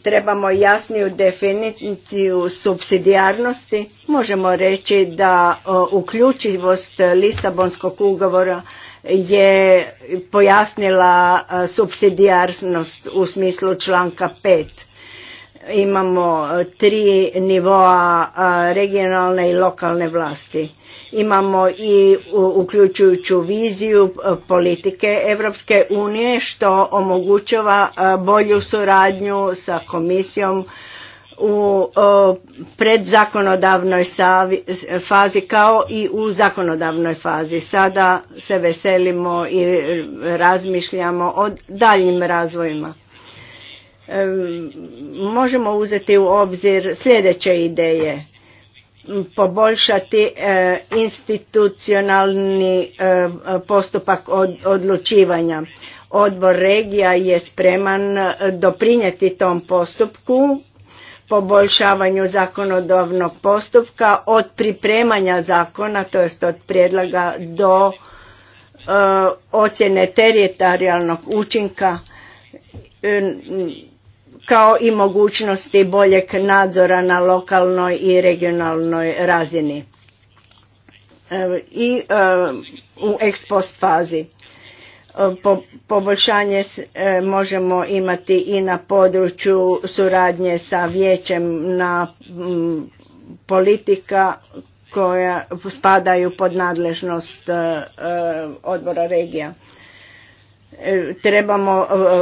trebamo jasniju definiciju subsidijarnosti. Možemo reći da e, uključivost Lisabonskog ugovora je pojasnila e, subsidijarnost u smislu članka 5. Imamo e, tri nivoa regionalne i lokalne vlasti. Imamo i uključujuću viziju e, politike Europske unije što omogućava e, bolju suradnju sa komisijom u e, predzakonodavnoj fazi kao i u zakonodavnoj fazi. Sada se veselimo i razmišljamo o daljim razvojima. Možemo uzeti u obzir sljedeće ideje poboljšati e, institucionalni e, postupak odlučivanja. Odbor regija je spreman e, doprinijeti tom postupku, poboljšavanju zakonodavnog postupka od pripremanja zakona, to jest od prijedloga do ocjene teritorijalnog učinka kao i mogućnosti boljeg nadzora na lokalnoj i regionalnoj razini i e, u ex post fazi. E, poboljšanje e, možemo imati i na području suradnje sa vijećem na politika koja spadaju pod nadležnost odbora regija. E, trebamo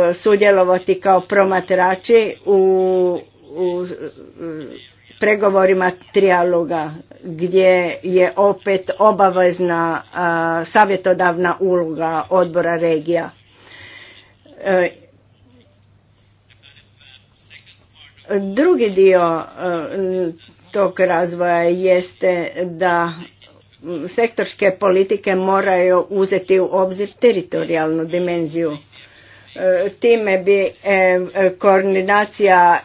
e, sudjelovati kao promatrači u, pregovorima trijaloga gdje je opet obavezna savjetodavna uloga odbora regija. E, drugi dio tog razvoja jeste da sektorske politike moraju uzeti u obzir teritorijalnu dimenziju. E, time bi e, e, koordinacija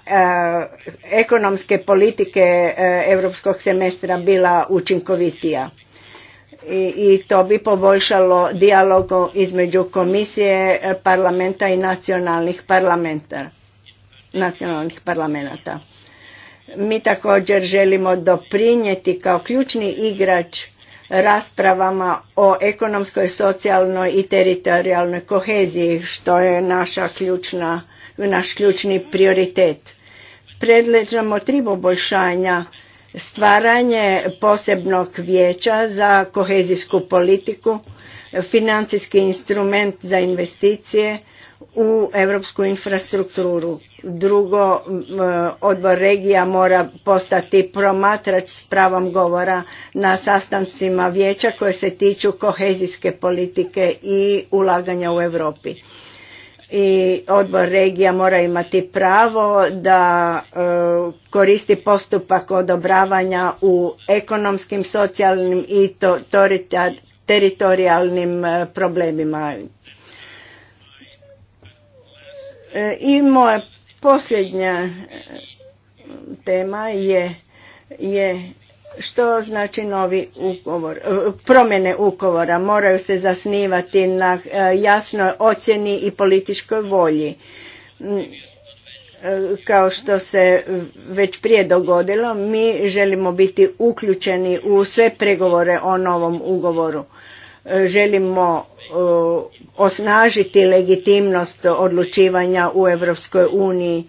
ekonomske politike europskog semestra bila učinkovitija i to bi poboljšalo dijalog između komisije parlamenta i nacionalnih parlamenta nacionalnih parlamenta mi također želimo doprinijeti kao ključni igrač raspravama o ekonomskoj, socijalnoj i teritorijalnoj koheziji, što je naša ključna, naš ključni prioritet. Predlažemo tri poboljšanja stvaranje posebnog vijeća za kohezijsku politiku, financijski instrument za investicije, u europsku infrastrukturu. Drugo, odbor regija mora postati promatrač s pravom govora na sastancima vijeća koje se tiču kohezijske politike i ulaganja u Europi. I odbor regija mora imati pravo da e, koristi postupak odobravanja u ekonomskim, socijalnim i teritorijalnim e, problemima E, I moja posljednja e, tema je, je što znači novi ugovor, e, promjene ugovora moraju se zasnivati na jasnoj ocjeni i političkoj volji. Mm, kao što se već prije dogodilo, mi želimo biti uključeni u sve pregovore o novom ugovoru. Želimo osnažiti legitimnost odlučivanja u Europskoj uniji.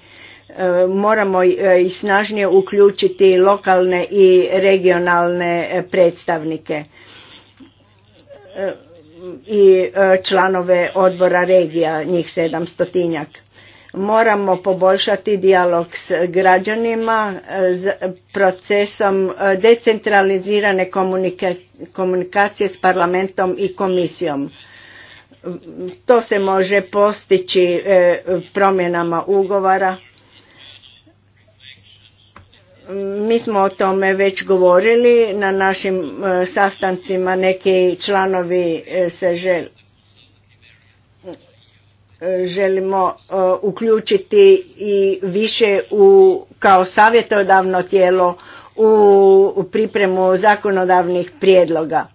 E, moramo e, i snažnije uključiti lokalne i regionalne e, predstavnike i članove odbora regija, njih sedamstotinjak. Moramo poboljšati dijalog s građanima eh, procesom eh, decentralizirane komunikacije s parlamentom i komisijom. To se može postići eh, promjenama ugovora. Mi smo o tome već govorili na našim sastancima, neki članovi se žele E, želimo e, uključiti i više u, kao savjetodavno tijelo u pripremu zakonodavnih prijedloga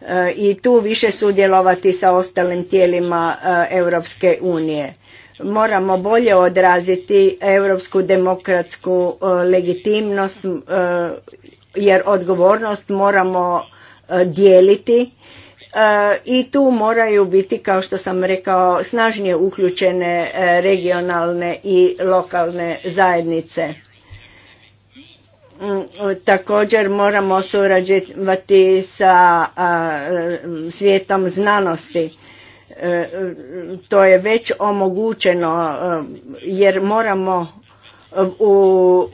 e, i tu više sudjelovati sa ostalim tijelima Europske unije. Moramo bolje odraziti europsku demokratsku legitimnost jer odgovornost moramo dijeliti E, i tu moraju biti, kao što sam rekao, snažnije uključene e, regionalne i lokalne zajednice. Mm, također moramo surađivati sa svijetom znanosti. E, to je već omogućeno jer moramo u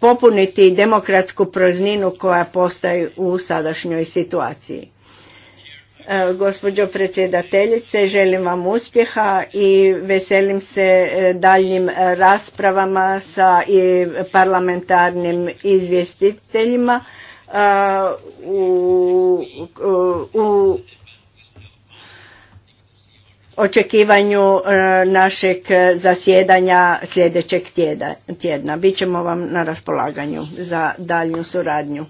popuniti demokratsku prazninu koja postoji u sadašnjoj situaciji. E, gospođo predsjedateljice, želim vam uspjeha i veselim se e, daljim raspravama sa i parlamentarnim izvjestiteljima e, u, u očekivanju našeg zasjedanja sljedećeg tjedna. ćemo vam na raspolaganju za daljnju suradnju.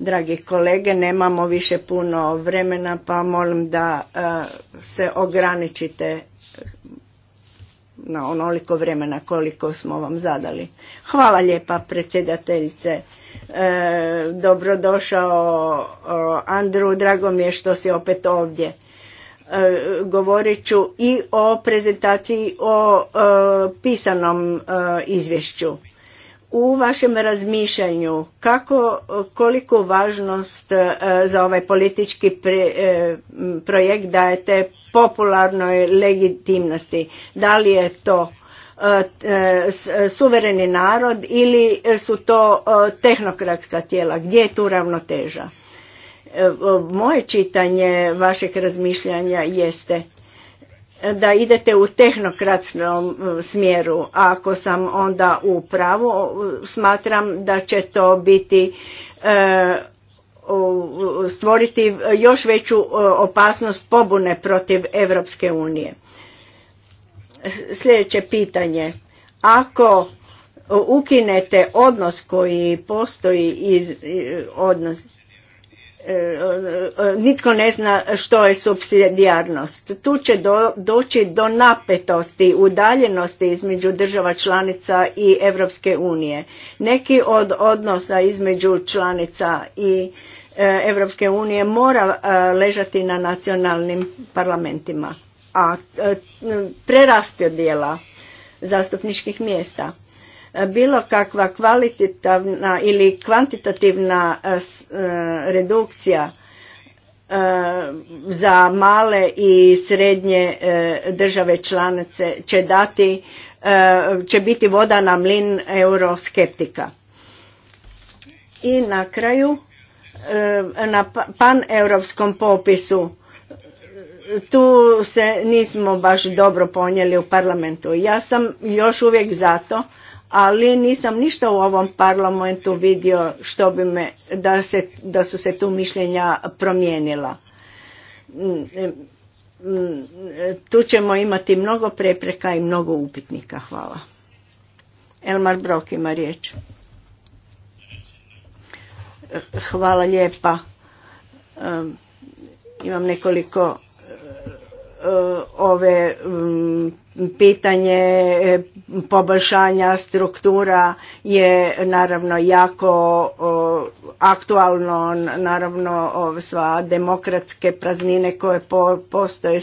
Dragi kolege, nemamo više puno vremena pa molim da e, se ograničite e, na onoliko vremena koliko smo vam zadali. Hvala lijepa predsjedateljice. E, dobrodošao Andru, drago mi je što si opet ovdje. govorit ću i o prezentaciji o pisanom izvješću u vašem razmišljanju kako, koliko važnost e, za ovaj politički e, projekt dajete popularnoj legitimnosti? Da li je to e, suvereni narod ili su to tehnokratska tijela? Gdje je tu ravnoteža? Moje čitanje vašeg razmišljanja jeste da idete u tehnokratskom e, smjeru. ako sam onda u pravu, smatram da će to biti e, stvoriti još veću e, opasnost pobune protiv Europske unije. Sljedeće pitanje. Ako ukinete odnos koji postoji iz, odnos, E, e, e, nitko ne zna što je subsidijarnost. Tu će do, doći do napetosti, udaljenosti između država članica i Europske unije. Neki od odnosa između članica i Europske unije mora ležati na nacionalnim parlamentima, a dijela zastupničkih mjesta E, bilo kakva kvalitativna ili kvantitativna e, e, redukcija za male i srednje države članice će dati će biti voda na mlin euroskeptika. I na kraju na pa, paneuropskom popisu tu se nismo baš dobro ponijeli u parlamentu. Ja sam još uvijek zato ali nisam ništa u ovom parlamentu vidio što bi me, da, se, da su se tu mišljenja promijenila. Mm, mm, mm, tu ćemo imati mnogo prepreka i mnogo upitnika. Hvala. Elmar Brok ima riječ. Hvala lijepa. Imam nekoliko eh, ove pitanje e, poboljšanja struktura je naravno jako aktualno, naravno sva demokratske praznine koje postoje,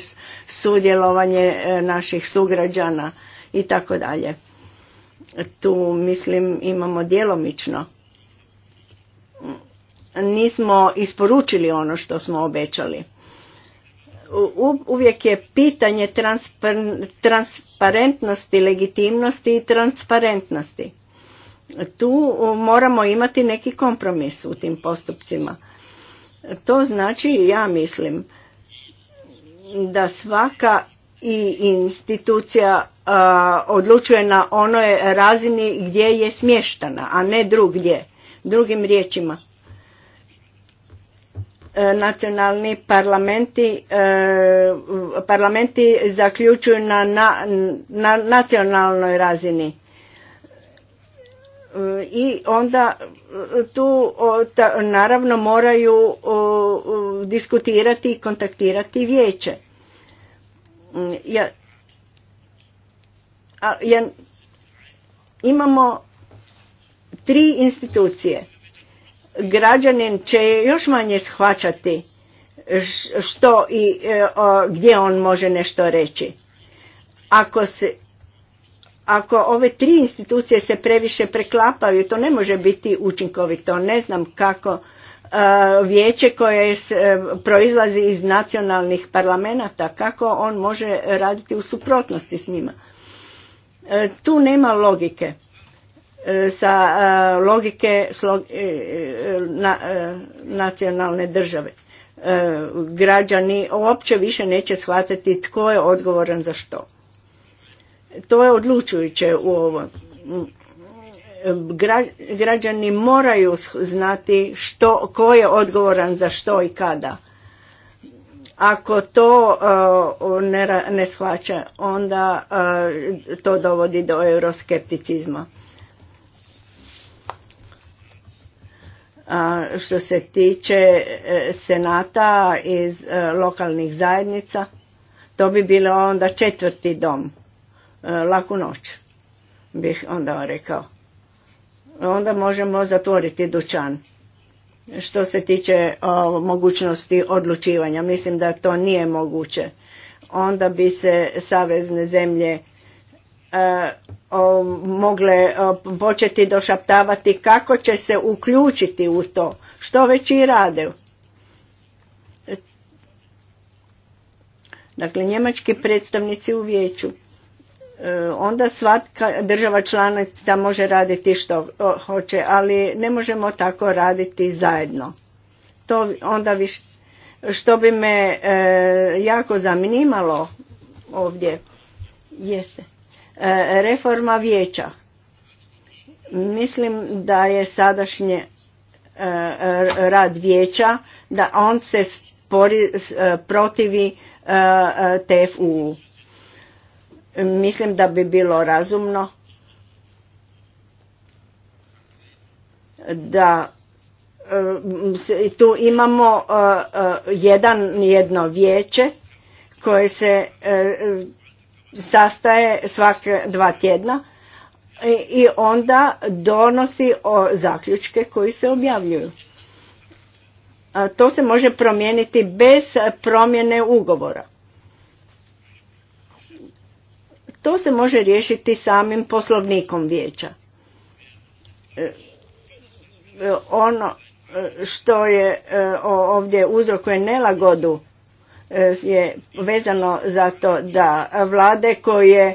sudjelovanje e, naših sugrađana i tako dalje. Tu mislim imamo djelomično. Nismo isporučili ono što smo obećali uvijek je pitanje transparentnosti, legitimnosti i transparentnosti. Tu moramo imati neki kompromis u tim postupcima. To znači, ja mislim, da svaka i institucija odlučuje na onoj razini gdje je smještana, a ne drugdje. Drugim riječima, E, nacionalni parlamenti, e, parlamenti zaključuju na, na, nacionalnoj razini e, i onda tu naravno moraju diskutirati i kontaktirati vijeće. Mm, ja, imamo tri institucije građanin će još manje shvaćati što i e, gdje on može nešto reći. Ako se ako ove tri institucije se previše preklapaju, to ne može biti učinkovito. Ne znam kako e, vijeće koje e, proizlazi iz nacionalnih parlamenta, kako on može raditi u suprotnosti s njima. Tu nema logike sa e, logike e, e, nacionalne države. Građani uopće više neće shvatiti tko je odgovoran za što. To je odlučujuće u ovom. Građani moraju znati što, ko je odgovoran za što i kada. Ako to ne shvaća, onda to dovodi do euroskepticizma A što se tiče e, senata iz e, lokalnih zajednica, to bi bilo onda četvrti dom. E, laku noć bih onda rekao. Onda možemo zatvoriti dućan. Što se tiče o, mogućnosti odlučivanja, mislim da to nije moguće. Onda bi se savezne zemlje E, mogle e, početi došaptavati kako će se uključiti u to, što već i rade. Dakle, njemački predstavnici u vijeću. E, onda svaka država članica može raditi što hoće, ali ne možemo tako raditi zajedno. To onda više, što bi me jako zanimalo ovdje, jeste E, reforma vijeća. Mislim da je sadašnje e, rad vijeća, da on se e, protivi TFU. Mislim da bi bilo razumno da tu imamo jedan jedno vijeće koje se sastaje svake dva tjedna i onda donosi zaključke koji se objavljuju. To se može promijeniti bez promjene ugovora. To se može riješiti samim poslovnikom vijeća. E, e, ono e, što je ovdje uzrokuje nelagodu E, je vezano za to da vlade koje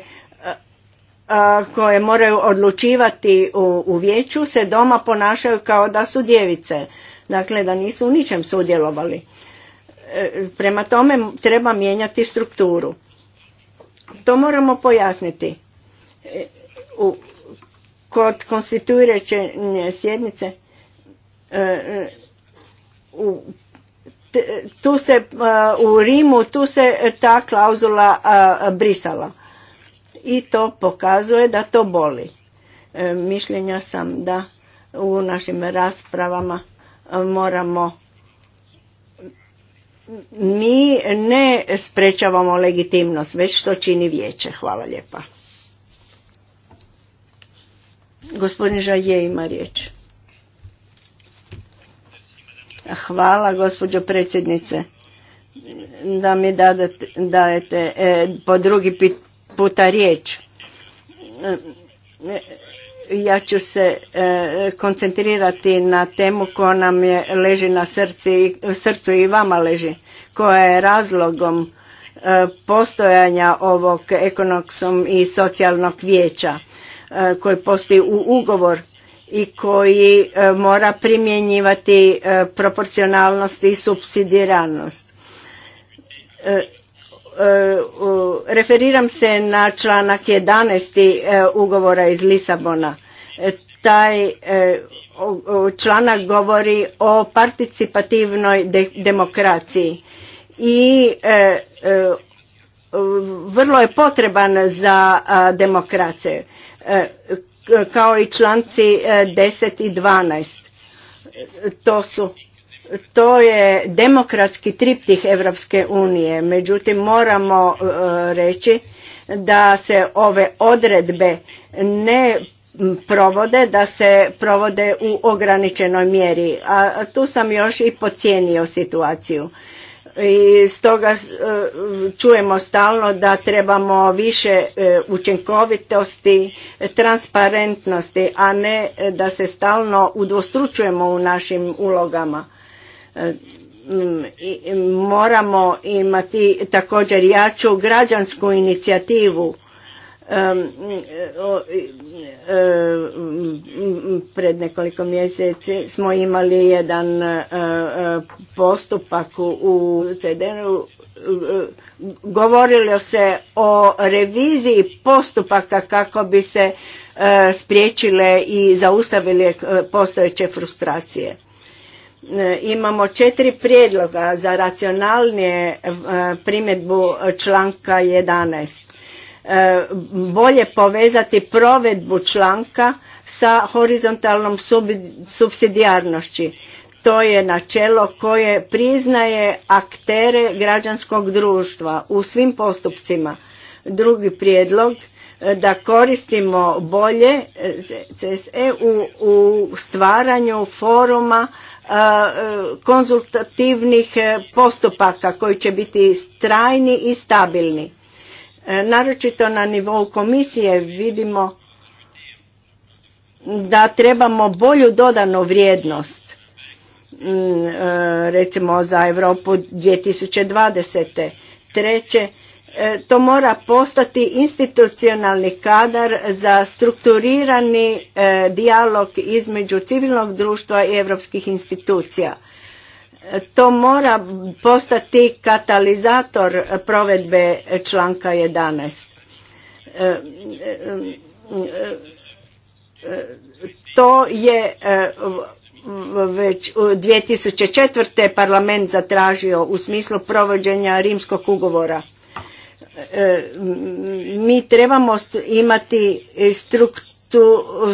koje moraju odlučivati u, vijeću se doma ponašaju kao da su djevice. Dakle, da nisu u ničem sudjelovali. E, prema tome treba mijenjati strukturu. To moramo pojasniti. E, u, kod konstituirajuće sjednice u tu se uh, u Rimu tu se ta klauzula uh, brisala i to pokazuje da to boli. E, mišljenja sam da u našim raspravama uh, moramo mi ne sprečavamo legitimnost, već što čini vijeće. Hvala lijepa. Gospodin Žaje ima riječ. Hvala gospođo predsjednice da mi dadete, dajete e, po drugi puta riječ. E, ja ću se e, koncentrirati na temu koja nam je, leži na srci, srcu i vama leži, koja je razlogom e, postojanja ovog ekonomskog i socijalnog vijeća koji postoji u ugovor i koji e, mora primjenjivati e, proporcionalnost i subsidiranost. E, referiram se na članak 11. ugovora iz Lisabona. Taj članak govori o participativnoj demokraciji i vrlo je potreban za demokracije kao i članci 10 e, i 12. To su to je demokratski triptih Europske unije. Međutim, moramo e, reći da se ove odredbe ne provode, da se provode u ograničenoj mjeri. A tu sam još i pocijenio situaciju i stoga e, čujemo stalno da trebamo više e, učinkovitosti, transparentnosti, a ne e, da se stalno udvostručujemo u našim ulogama. Moramo imati također jaču građansku inicijativu Pred nekoliko mjeseci smo imali jedan e, e, postupak u CDN-u govorilo se o reviziji postupaka kako bi se e, spriječile i zaustavile postojeće frustracije. Imamo četiri prijedloga za racionalnije primjedbu članka 11 E, bolje povezati provedbu članka sa horizontalnom subsidijarnošći. To je načelo koje priznaje aktere građanskog društva u svim postupcima. Drugi prijedlog e, da koristimo bolje CSE e u, u stvaranju foruma konzultativnih postupaka koji će biti trajni i stabilni. E, naročito na nivou komisije vidimo da trebamo bolju dodanu vrijednost mm, e, recimo za Europu 2020. Treće, e, to mora postati institucionalni kadar za strukturirani dijalog između civilnog društva i europskih institucija to mora postati katalizator provedbe članka 11. E, e, e, to je već 2004. parlament zatražio u smislu provođenja rimskog ugovora. Mi trebamo imati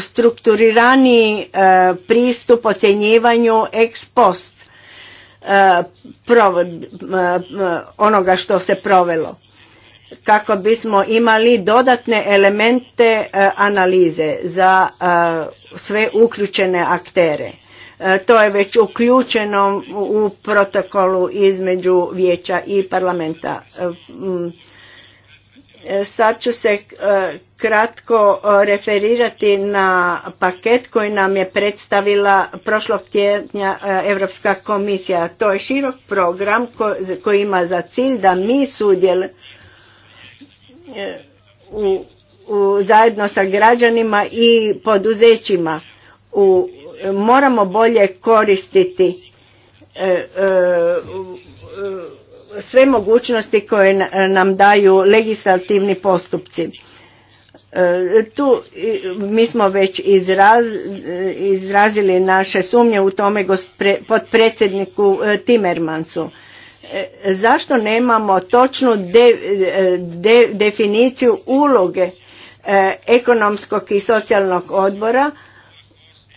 strukturirani pristup ocjenjivanju ex post onoga što se provelo kako bismo imali dodatne elemente e, analize za e, sve uključene aktere. E, to je već uključeno u protokolu između vijeća i parlamenta. Sad ću se e, kratko e, referirati na paket koji nam je predstavila prošlog tjednja e, Europska komisija. To je širok program koji ima za cilj da mi sudjel u, zajedno sa građanima i poduzećima u, moramo bolje koristiti sve mogućnosti koje nam daju legislativni postupci. E, tu mi smo već izraz, izrazili naše sumnje u tome potpredsjedniku e, Timmermansu. E, zašto nemamo točnu definiciju uloge ekonomskog i socijalnog odbora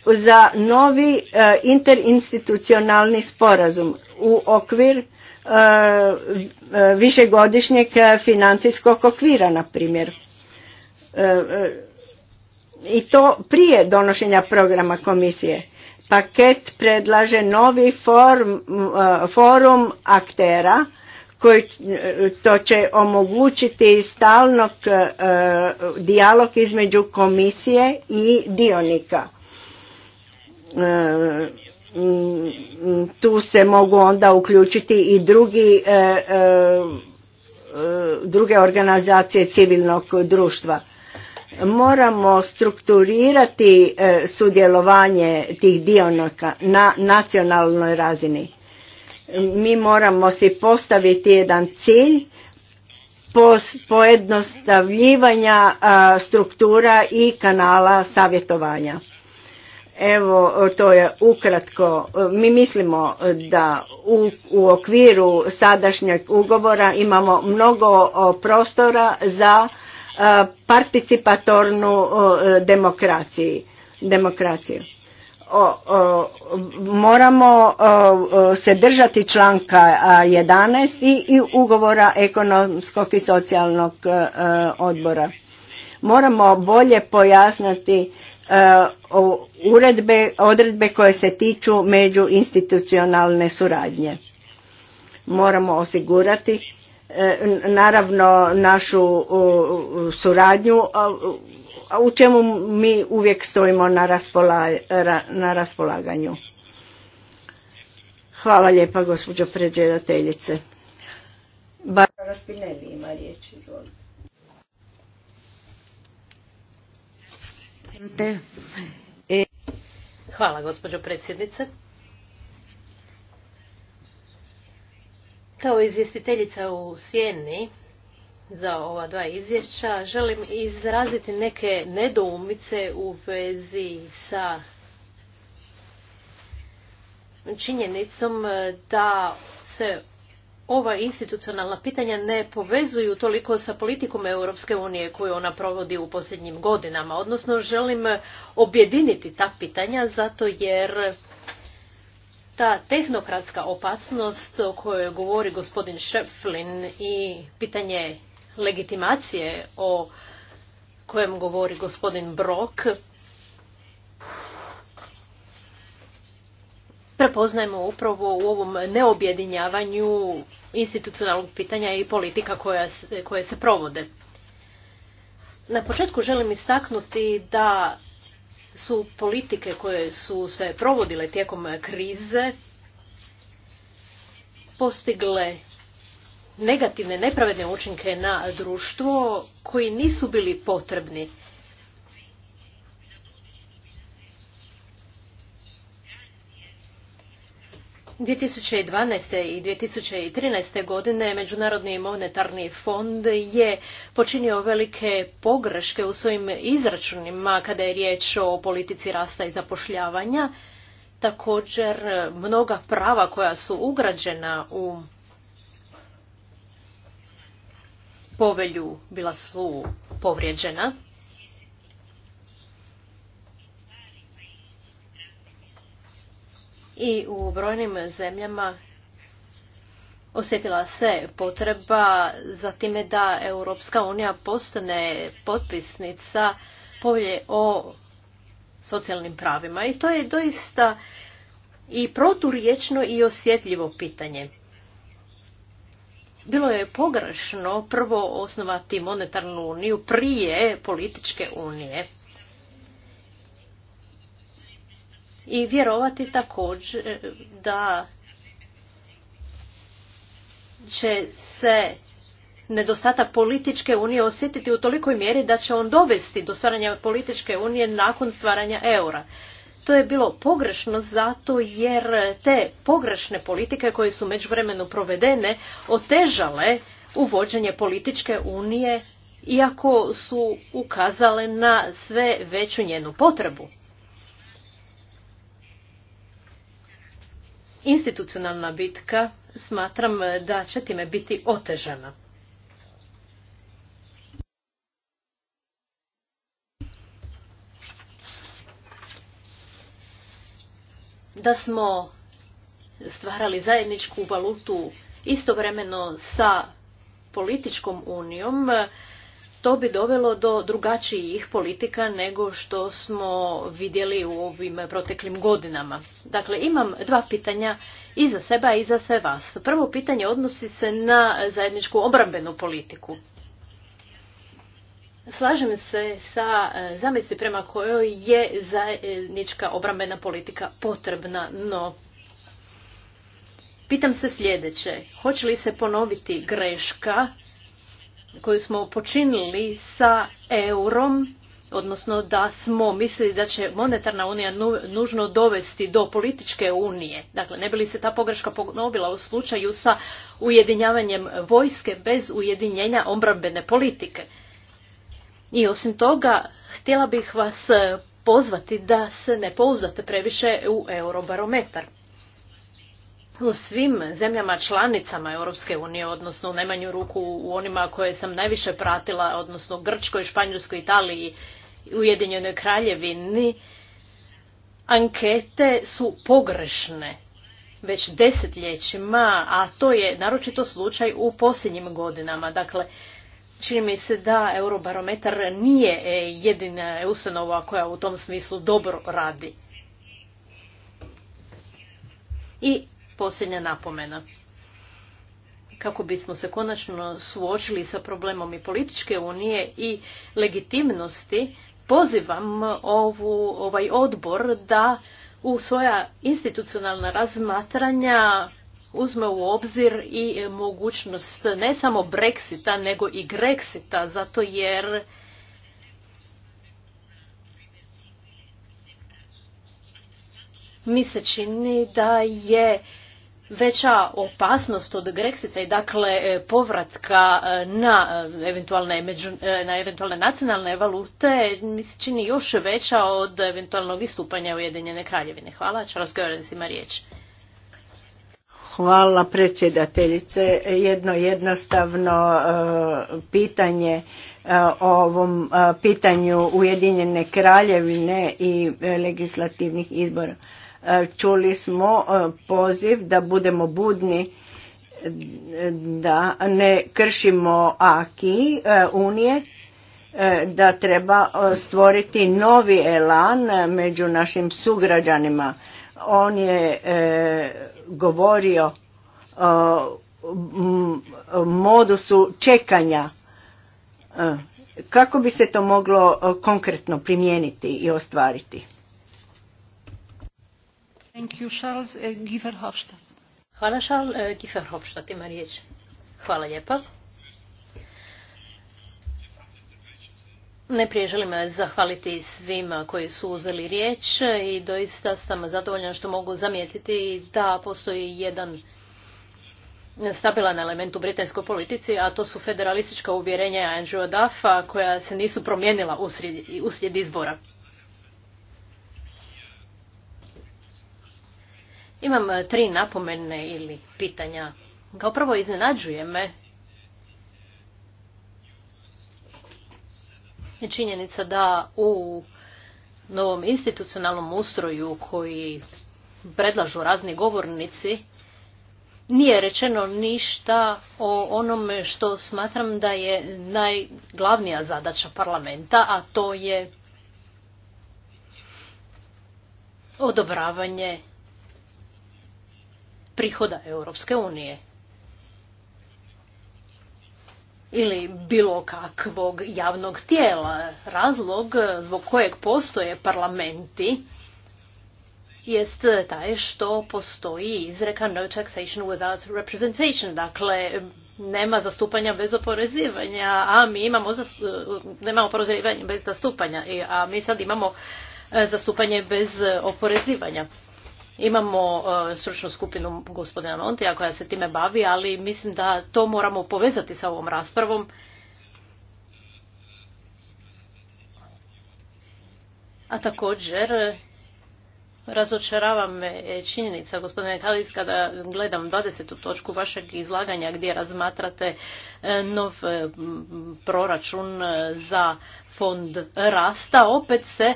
za novi interinstitucionalni sporazum u okvir E, e, višegodišnjeg financijskog okvira, na primjer. E, I to prije donošenja programa komisije. Paket predlaže novi forum aktera koji to će omogućiti stalnog dijalog između komisije i dionika Mm, mm, tu se mogu onda uključiti i drugi, e, e, e, druge organizacije civilnog društva. Moramo strukturirati sudjelovanje tih dionika na nacionalnoj razini. Mi moramo si postaviti jedan cilj pojednostavljivanja struktura i kanala savjetovanja. Evo, to je ukratko. Mi mislimo da u, okviru sadašnjeg ugovora imamo mnogo prostora za e, participatornu demokraciju. demokraciju. moramo se držati članka 11 i, i ugovora ekonomskog i socijalnog e, odbora. Moramo bolje pojasniti odredbe koje se tiču međuinstitucionalne suradnje. Moramo osigurati e, naravno našu suradnju u čemu mi uvijek stojimo na, raspolaganju. Hvala lijepa gospođo predsjedateljice. Barbara Spinelli ima riječ, izvolite. E- Hvala, gospođo predsjednice. Kao izvjestiteljica u Sjeni za ova dva izvješća želim izraziti neke nedoumice u vezi sa činjenicom da se ova institucionalna pitanja ne povezuju toliko sa politikom Europske unije koju ona provodi u posljednjim godinama. Odnosno, želim objediniti ta pitanja zato jer ta tehnokratska opasnost o kojoj govori gospodin Šeflin i pitanje legitimacije o kojem govori gospodin Brok prepoznajemo upravo u ovom neobjedinjavanju institucionalnog pitanja i politika koja, koje se provode. Na početku želim istaknuti da su politike koje su se provodile tijekom krize postigle negativne, nepravedne učinke na društvo koji nisu bili potrebni. 2012. i 2013. godine Međunarodni monetarni fond je počinio velike pogreške u svojim izračunima kada je riječ o politici rasta i zapošljavanja. Također, mnoga prava koja su ugrađena u povelju bila su povrijeđena. i u brojnim zemljama osjetila se potreba za time da Europska unija postane potpisnica polje o socijalnim pravima i to je doista i proturiječno i osjetljivo pitanje. Bilo je pogrešno prvo osnovati monetarnu uniju prije političke unije. i vjerovati također da će se nedostatak političke unije osjetiti u tolikoj mjeri da će on dovesti do stvaranja političke unije nakon stvaranja eura. To je bilo pogrešno zato jer te pogrešne politike koje su međuvremeno provedene otežale uvođenje političke unije iako su ukazale na sve veću njenu potrebu. institucionalna bitka smatram da će time biti otežana. Da smo stvarali zajedničku valutu istovremeno sa političkom unijom to bi dovelo do drugačijih politika nego što smo vidjeli u ovim proteklim godinama. Dakle, imam dva pitanja i za seba i za sve vas. Prvo pitanje odnosi se na zajedničku obrambenu politiku. Slažem se sa e, zamisli prema kojoj je zajednička obrambena politika potrebna, no pitam se sljedeće. Hoće li se ponoviti greška koju smo počinili sa eurom, odnosno da smo mislili da će monetarna unija nužno dovesti do političke unije. Dakle, ne bi li se ta pogreška ponovila u slučaju sa ujedinjavanjem vojske bez ujedinjenja obrambene politike. I osim toga, htjela bih vas pozvati da se ne pouzdate previše u eurobarometar u svim zemljama članicama Europske unije, odnosno u najmanju ruku u onima koje sam najviše pratila, odnosno Grčkoj, Španjolskoj, Italiji, Ujedinjenoj kraljevini, ankete su pogrešne već desetljećima, a to je naročito slučaj u posljednjim godinama. Dakle, čini mi se da Eurobarometar nije e, jedina ustanova koja u tom smislu dobro radi. I posljednja napomena. Kako bismo se konačno suočili sa problemom i političke unije i legitimnosti, pozivam ovu, ovaj odbor da u svoja institucionalna razmatranja uzme u obzir i mogućnost ne samo Brexita, nego i Grexita, zato jer mi se čini da je veća opasnost od Grexita i dakle e, povratka e, na e, eventualne, na eventualne nacionalne valute mi se čini još veća od eventualnog istupanja Ujedinjene kraljevine. Hvala, Charles Goerens ima riječ. Hvala predsjedateljice. Jedno jednostavno pitanje o ovom pitanju Ujedinjene kraljevine i legislativnih izbora. Čuli smo e, poziv da budemo budni, e, da ne kršimo aki e, unije, da treba stvoriti novi elan među našim sugrađanima. On je govorio modusu čekanja kako bi se to moglo konkretno primijeniti i ostvariti Thank you, Charles eh, eh, riječ. Hvala Najprije želim eh, zahvaliti svima koji su uzeli riječ i doista sam zadovoljna što mogu zamijetiti da postoji jedan stabilan element u britanskoj politici, a to su federalistička uvjerenja Andrewa Duffa koja se nisu promijenila uslijed izbora. Imam e, tri napomene ili pitanja. Kao prvo iznenađuje me je činjenica da u novom institucionalnom ustroju koji predlažu razni govornici nije rečeno ništa o onome što smatram da je najglavnija zadaća parlamenta, a to je odobravanje prihoda Europske unije ili bilo kakvog javnog tijela. Razlog zbog kojeg postoje parlamenti jest taj što postoji izreka no taxation without representation. Dakle, nema zastupanja bez oporezivanja, a mi imamo nemamo oporezivanja bez zastupanja, a mi sad imamo e, zastupanje bez oporezivanja. Imamo e, stručnu skupinu gospodina Montija koja se time bavi, ali mislim da to moramo povezati sa ovom raspravom. A također Razočarava me činjenica, gospodine Kalis, kada gledam 20. točku vašeg izlaganja gdje razmatrate e, nov e, proračun e, za fond rasta, opet se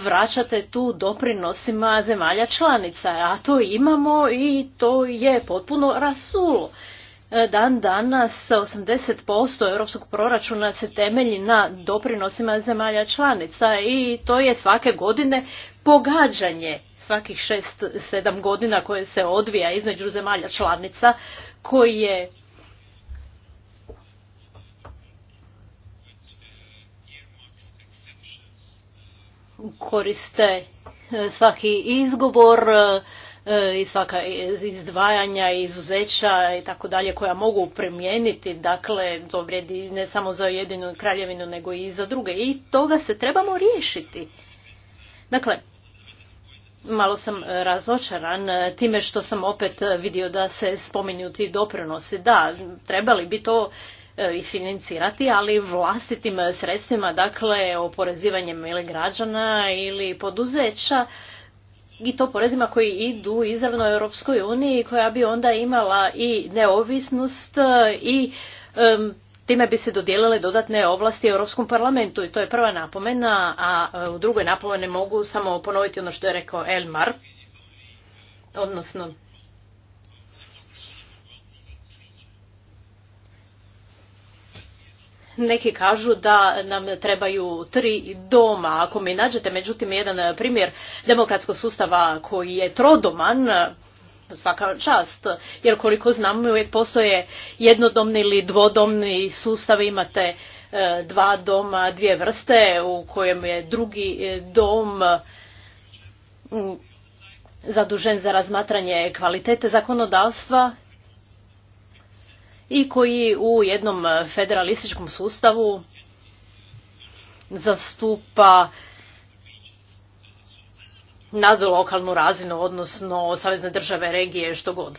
vraćate tu doprinosima zemalja članica, a to imamo i to je potpuno rasulo. Dan danas 80% europskog proračuna se temelji na doprinosima zemalja članica i to je svake godine pogađanje svakih šest, sedam godina koje se odvija između zemalja članica koji je koriste e, svaki izgovor e, i svaka izdvajanja, izuzeća i tako dalje koja mogu primijeniti, dakle to vrijedi ne samo za jedinu kraljevinu nego i za druge i toga se trebamo riješiti. Dakle, Malo sam e, razočaran e, time što sam opet e, vidio da se spominju ti doprinosi. Da, trebali bi to financirati, ali vlastitim sredstvima, dakle oporezivanjem ili građana ili poduzeća i to porezima koji idu izravno Europskoj uniji koja bi onda imala i neovisnost i Time bi se dodijelile dodatne ovlasti Europskom parlamentu i to je prva napomena, a e, u drugoj napomeni mogu samo ponoviti ono što je rekao Elmar, odnosno neki kažu da nam trebaju tri doma. Ako mi nađete međutim jedan primjer demokratskog sustava koji je trodoman, svaka čast. Jer koliko znam uvijek postoje jednodomni ili dvodomni sustav, imate e, dva doma, dvije vrste u kojem je drugi e, dom zadužen za razmatranje kvalitete zakonodavstva i koji u jednom federalističkom sustavu zastupa na lokalnu razinu, odnosno savezne države, regije, što god.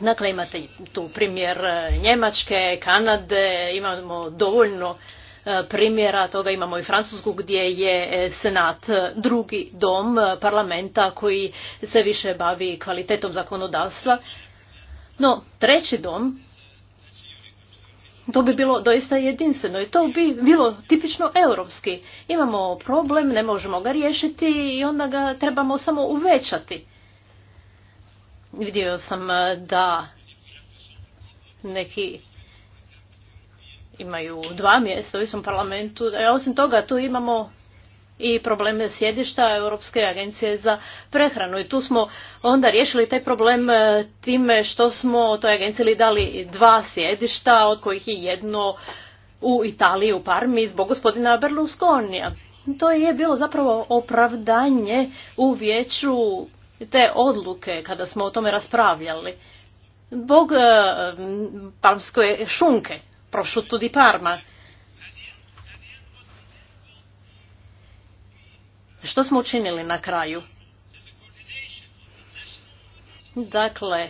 Dakle, imate tu primjer e, Njemačke, Kanade, imamo dovoljno e, primjera, toga imamo i Francusku gdje je e, Senat drugi dom parlamenta koji se više bavi kvalitetom zakonodavstva. No, treći dom to bi bilo doista jedinstveno i to bi bilo tipično europski. Imamo problem, ne možemo ga riješiti i onda ga trebamo samo uvećati. Vidio sam e, da neki imaju dva mjesta u istom parlamentu. Osim toga, tu imamo i probleme sjedišta Europske agencije za prehranu. I tu smo onda riješili taj problem e, time što smo toj agenciji dali dva sjedišta, od kojih je jedno u Italiji, u Parmi, zbog gospodina Berlusconija. To je bilo zapravo opravdanje u vijeću te odluke kada smo o tome raspravljali. Zbog e, šunke, prošutu di Parma. Što smo učinili na kraju? Dakle,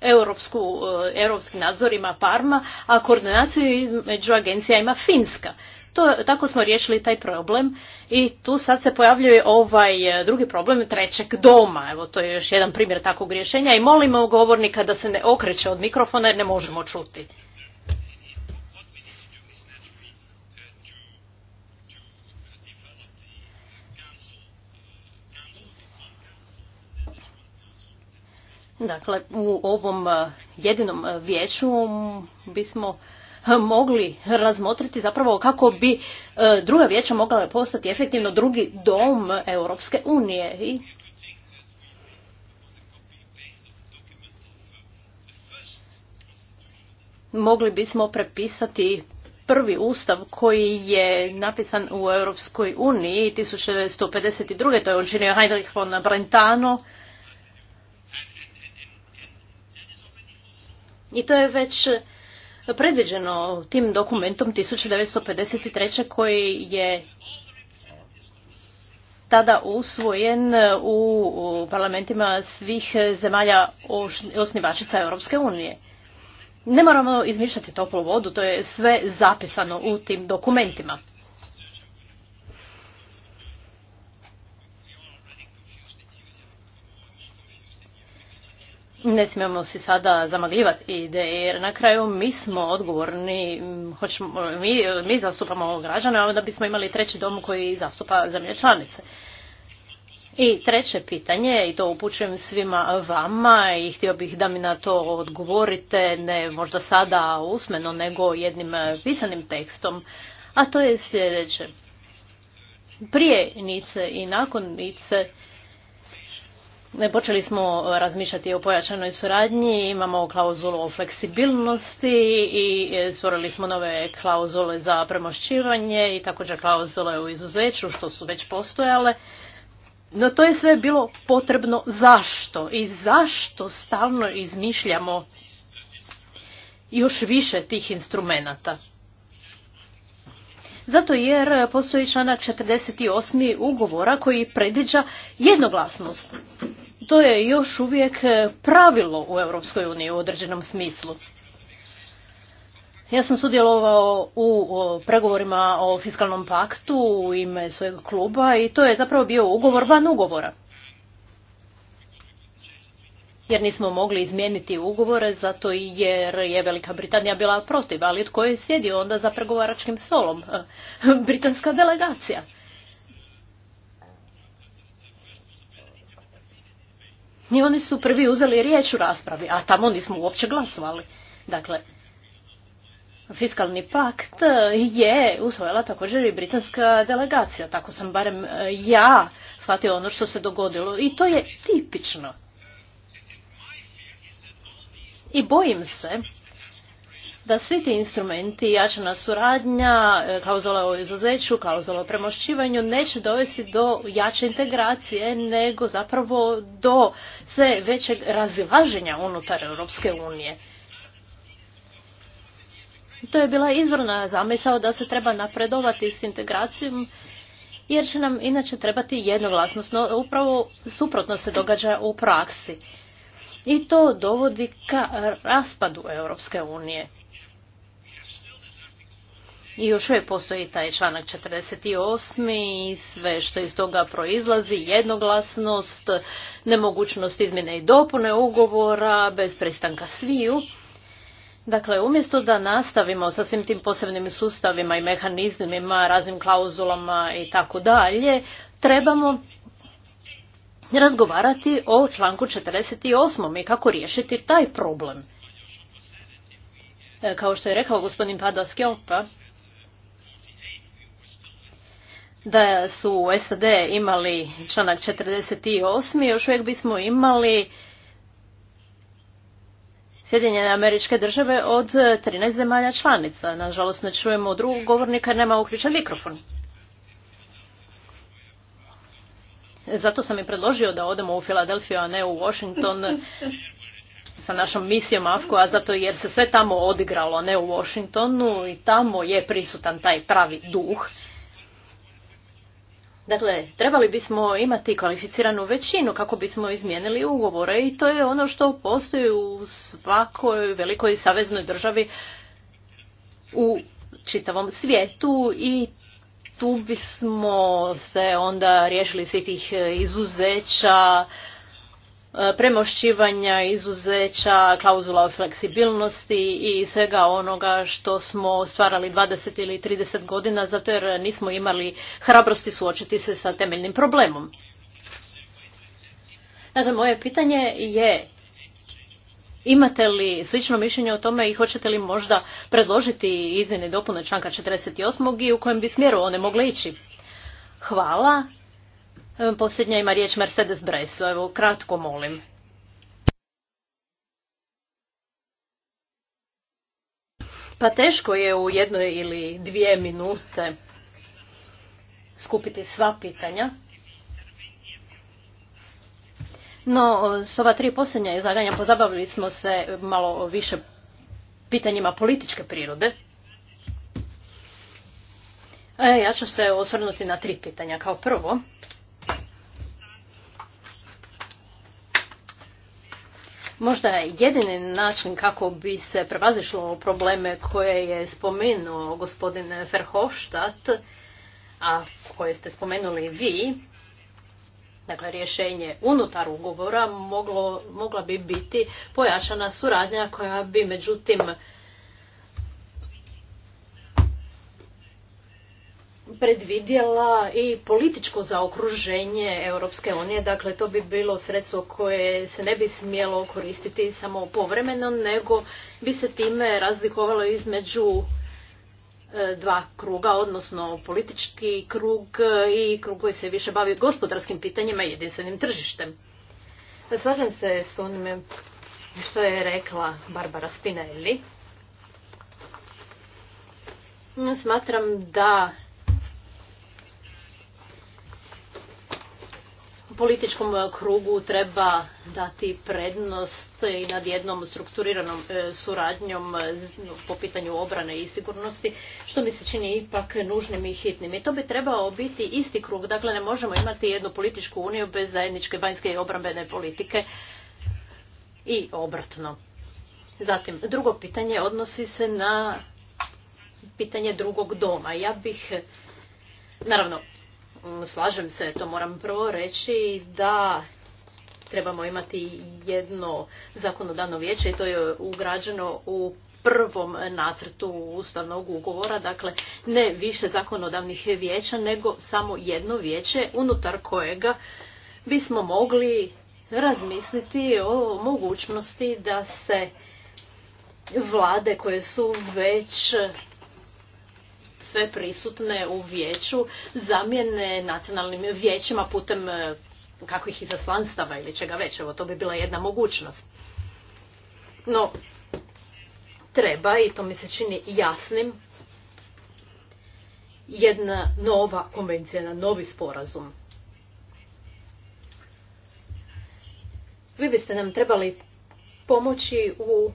europsku, eh, europski nadzor ima Parma, a koordinaciju između agencija ima Finska. To, tako smo riješili taj problem i tu sad se pojavljuje ovaj eh, drugi problem trećeg doma. Evo, to je još jedan primjer takvog rješenja i molimo govornika da se ne okreće od mikrofona jer ne možemo čuti. Dakle, u ovom e, jedinom e, vijeću bismo e, mogli razmotriti zapravo kako bi druga vijeća mogla postati efektivno drugi dom Europske unije i mogli bismo prepisati prvi ustav koji je napisan u Europskoj uniji 1952. To je učinio Heinrich von Brentano I to je već e, predviđeno tim dokumentom 1953. koji je tada usvojen u parlamentima svih zemalja osnivačica Europske unije. Ne moramo izmišljati toplu vodu, to je sve zapisano u tim dokumentima. ne smijemo si sada zamagljivati ideje, jer na kraju mi smo odgovorni, hoćemo, mi, mi zastupamo građane, a onda bismo imali treći dom koji zastupa zemlje članice. I treće pitanje, i to upućujem svima vama i htio bih da mi na to odgovorite, ne možda sada usmeno, nego jednim pisanim tekstom, a to je sljedeće. Prije Nice i nakon Nice E, počeli smo e, razmišljati o pojačanoj suradnji, imamo klauzulu o fleksibilnosti i e, stvorili smo nove klauzule za premošćivanje i također klauzule u izuzeću što su već postojale. No to je sve bilo potrebno zašto i zašto stalno izmišljamo još više tih instrumenata. Zato jer postoji članak 48. ugovora koji predviđa jednoglasnost. To je još uvijek pravilo u Europskoj uniji u određenom smislu. Ja sam sudjelovao u pregovorima o fiskalnom paktu u ime svojeg kluba i to je zapravo bio ugovor van ugovora jer nismo mogli izmijeniti ugovore zato jer je Velika Britanija bila protiv, ali tko je sjedio onda za pregovaračkim solom? E, britanska delegacija. I oni su prvi uzeli riječ u raspravi, a tamo nismo uopće glasovali. Dakle, fiskalni pakt e, je usvojila također i britanska delegacija, tako sam barem e, ja shvatio ono što se dogodilo i to je tipično. I bojim se da svi ti instrumenti, jačana suradnja, e, kauzola o izuzeću, klauzula o premošćivanju neće dovesti do jače integracije, nego zapravo do sve većeg razilaženja unutar Europske unije. To je bila izvrna zamisao da se treba napredovati s integracijom, jer će nam inače trebati jednoglasnost, no upravo suprotno se događa u praksi i to dovodi ka raspadu Europske unije. I još uvijek postoji taj članak 48. i sve što iz toga proizlazi, jednoglasnost, nemogućnost izmjene i dopune ugovora, bez pristanka sviju. Dakle, umjesto da nastavimo sa svim tim posebnim sustavima i mehanizmima, raznim klauzulama i tako dalje, trebamo razgovarati o članku 48. i kako riješiti taj problem. E, kao što je rekao gospodin Pada opa da su SAD imali članak 48. još uvijek bismo imali Sjedinjene američke države od 13 zemalja članica. Nažalost, ne čujemo drugog govornika, nema uključen mikrofon. Zato sam i predložio da odemo u Filadelfiju, a ne u Washington sa našom misijom AFKO, a zato jer se sve tamo odigralo, a ne u Washingtonu i tamo je prisutan taj pravi duh. Dakle, trebali bismo imati kvalificiranu većinu kako bismo izmijenili ugovore i to je ono što postoji u svakoj velikoj saveznoj državi u čitavom svijetu i tu bismo se onda riješili svih tih e, izuzeća, e, premošćivanja izuzeća, klauzula o fleksibilnosti i svega onoga što smo stvarali 20 ili 30 godina zato jer nismo imali hrabrosti suočiti se sa temeljnim problemom. Dakle, moje pitanje je Imate li slično mišljenje o tome i hoćete li možda predložiti izmjene i dopune članka 48. i u kojem bi smjeru one mogle ići? Hvala. Posljednja ima riječ Mercedes Breso. Evo, kratko molim. Pa teško je u jednoj ili dvije minute skupiti sva pitanja. No, s ova tri posljednja izlaganja pozabavili smo se malo više pitanjima političke prirode. E, ja ću se osvrnuti na tri pitanja. Kao prvo, možda jedini način kako bi se prevazišlo probleme koje je spomenuo gospodin Verhofstadt, a koje ste spomenuli vi, dakle rješenje unutar ugovora moglo, mogla bi biti pojačana suradnja koja bi međutim predvidjela i političko zaokruženje Europske unije, dakle to bi bilo sredstvo koje se ne bi smjelo koristiti samo povremeno, nego bi se time razlikovalo između E, dva kruga, odnosno politički krug i krug koji se više bavi gospodarskim pitanjima i jedinstvenim tržištem. E, slažem se s onime što je rekla Barbara Spinelli. Smatram da političkom e, krugu treba dati prednost i nad jednom strukturiranom e, suradnjom e, po pitanju obrane i sigurnosti, što mi se čini ipak nužnim i hitnim. I to bi trebao biti isti krug, dakle ne možemo imati jednu političku uniju bez zajedničke vanjske i obrambene politike i obratno. Zatim, drugo pitanje odnosi se na pitanje drugog doma. Ja bih Naravno, Mm, slažem se, to moram prvo reći, da trebamo imati jedno zakonodavno vijeće i to je ugrađeno u prvom nacrtu ustavnog ugovora, dakle ne više zakonodavnih vijeća, nego samo jedno vijeće unutar kojega bismo mogli razmisliti o mogućnosti da se vlade koje su već sve prisutne u vijeću zamjene nacionalnim vijećima putem e, kakvih izaslanstava ili čega već. Evo, to bi bila jedna mogućnost. No, treba, i to mi se čini jasnim, jedna nova konvencija, jedan novi sporazum. Vi biste nam trebali pomoći u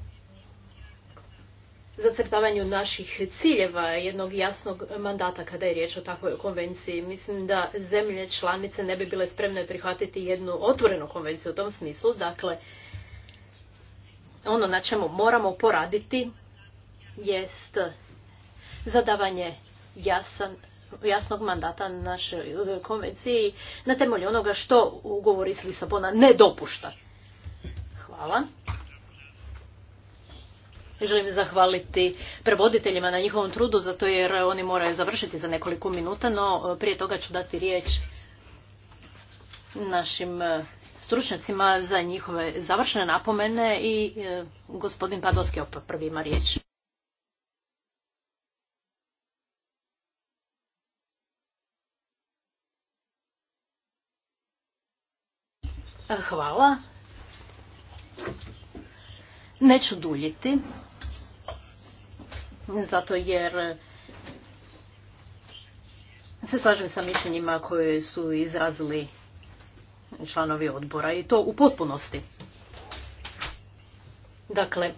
zacrtavanju naših ciljeva jednog jasnog mandata kada je riječ o takvoj konvenciji. Mislim da zemlje članice ne bi bile spremne prihvatiti jednu otvorenu konvenciju u tom smislu. Dakle, ono na čemu moramo poraditi jest zadavanje jasan, jasnog mandata našoj e, konvenciji na temelju onoga što ugovori s Lisabona ne dopušta. Hvala. Želim zahvaliti prevoditeljima na njihovom trudu, zato jer oni moraju završiti za nekoliko minuta, no e, prije toga ću dati riječ našim e, stručnjacima za njihove završne napomene i e, gospodin Pazovski opet prvi ima riječ. Hvala. Neću duljiti zato jer se slažem sa mišljenjima koje su izrazili članovi odbora i to u potpunosti. Dakle,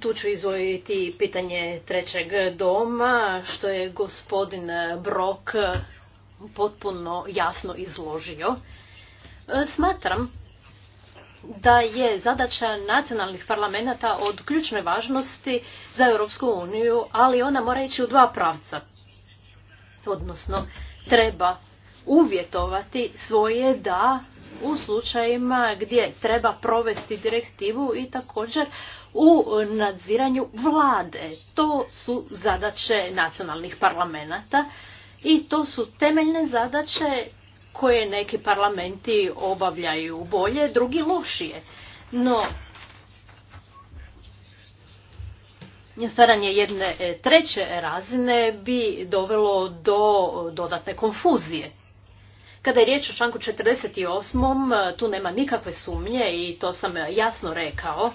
Tu ću izvojiti pitanje trećeg doma, što je gospodin Brok potpuno jasno izložio. Smatram da je zadaća nacionalnih parlamenta od ključne važnosti za Europsku uniju, ali ona mora ići u dva pravca. Odnosno, treba uvjetovati svoje da u slučajima gdje treba provesti direktivu i također u nadziranju vlade. To su zadaće nacionalnih parlamenta i to su temeljne zadaće koje neki parlamenti obavljaju bolje, drugi lošije. No, stvaranje jedne e, treće razine bi dovelo do dodatne konfuzije. Kada je riječ o članku 48. tu nema nikakve sumnje i to sam jasno rekao.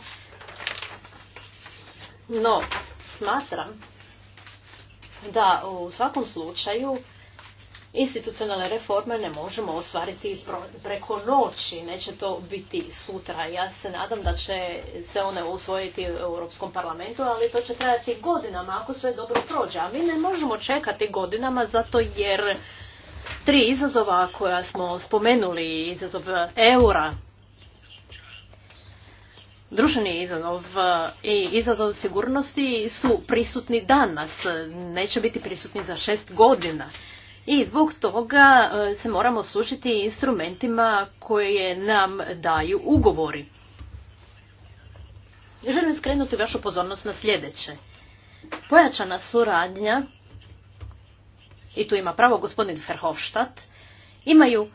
No, smatram da u svakom slučaju institucionalne reforme ne možemo ostvariti preko noći. Neće to biti sutra. Ja se nadam da će se one usvojiti u Europskom parlamentu, ali to će trajati godinama ako sve dobro prođe. A mi ne možemo čekati godinama zato jer tri izazova koja smo spomenuli, izazov eura, Društveni izazov i izazov sigurnosti su prisutni danas, neće biti prisutni za šest godina. I zbog toga e, se moramo služiti instrumentima koje nam daju ugovori. Želim skrenuti vašu pozornost na sljedeće. Pojačana suradnja, i tu ima pravo gospodin Verhofstadt, imaju,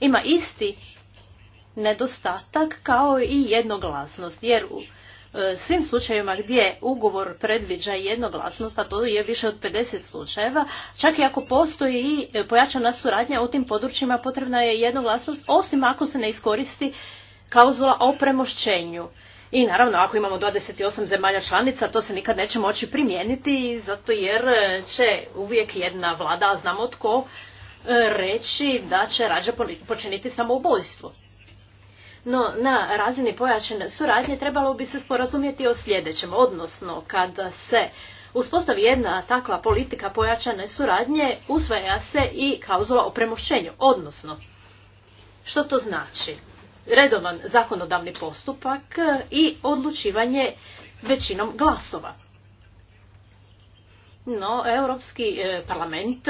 ima isti nedostatak kao i jednoglasnost, jer E, svim slučajevima gdje ugovor predviđa jednoglasnost, a to je više od 50 slučajeva, čak i ako postoji i e, pojačana suradnja u tim područjima potrebna je jednoglasnost, osim ako se ne iskoristi klauzula o premošćenju. I naravno, ako imamo 28 zemalja članica, to se nikad neće moći primijeniti, zato jer e, će uvijek jedna vlada, a znamo tko, reći da će rađe počiniti samoubojstvo. No, na razini pojačane suradnje trebalo bi se sporazumjeti o sljedećem, odnosno kada se uspostavi jedna takva politika pojačane suradnje, usvaja se i klauzula o premošćenju, odnosno što to znači? Redovan zakonodavni postupak i odlučivanje većinom glasova. No, Europski eh, parlament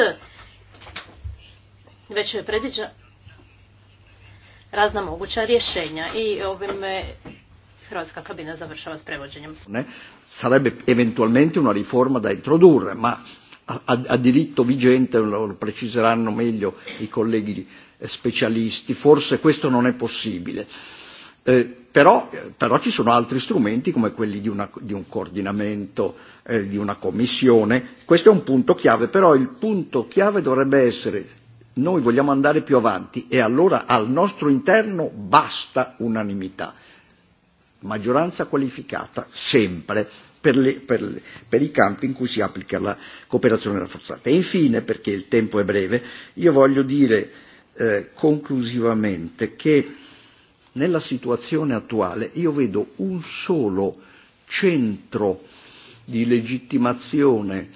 već predviđa razna moguća rješenja i ovime Hrvatska kabina završava s prevođenjem. Ne, sarebbe eventualmente una riforma da introdurre, ma a, diritto vigente lo preciseranno meglio i colleghi specialisti, forse questo non è possibile. Eh, però, però ci sono altri strumenti come quelli di, una, di un coordinamento, eh, di una commissione, questo è un punto chiave, però il punto chiave dovrebbe essere noi vogliamo andare più avanti e allora al nostro interno basta unanimità. Maggioranza qualificata sempre per, per, per i campi in cui si applica la cooperazione rafforzata. E infine, perché il tempo è breve, io voglio dire eh, conclusivamente che nella situazione attuale io vedo un solo centro di legittimazione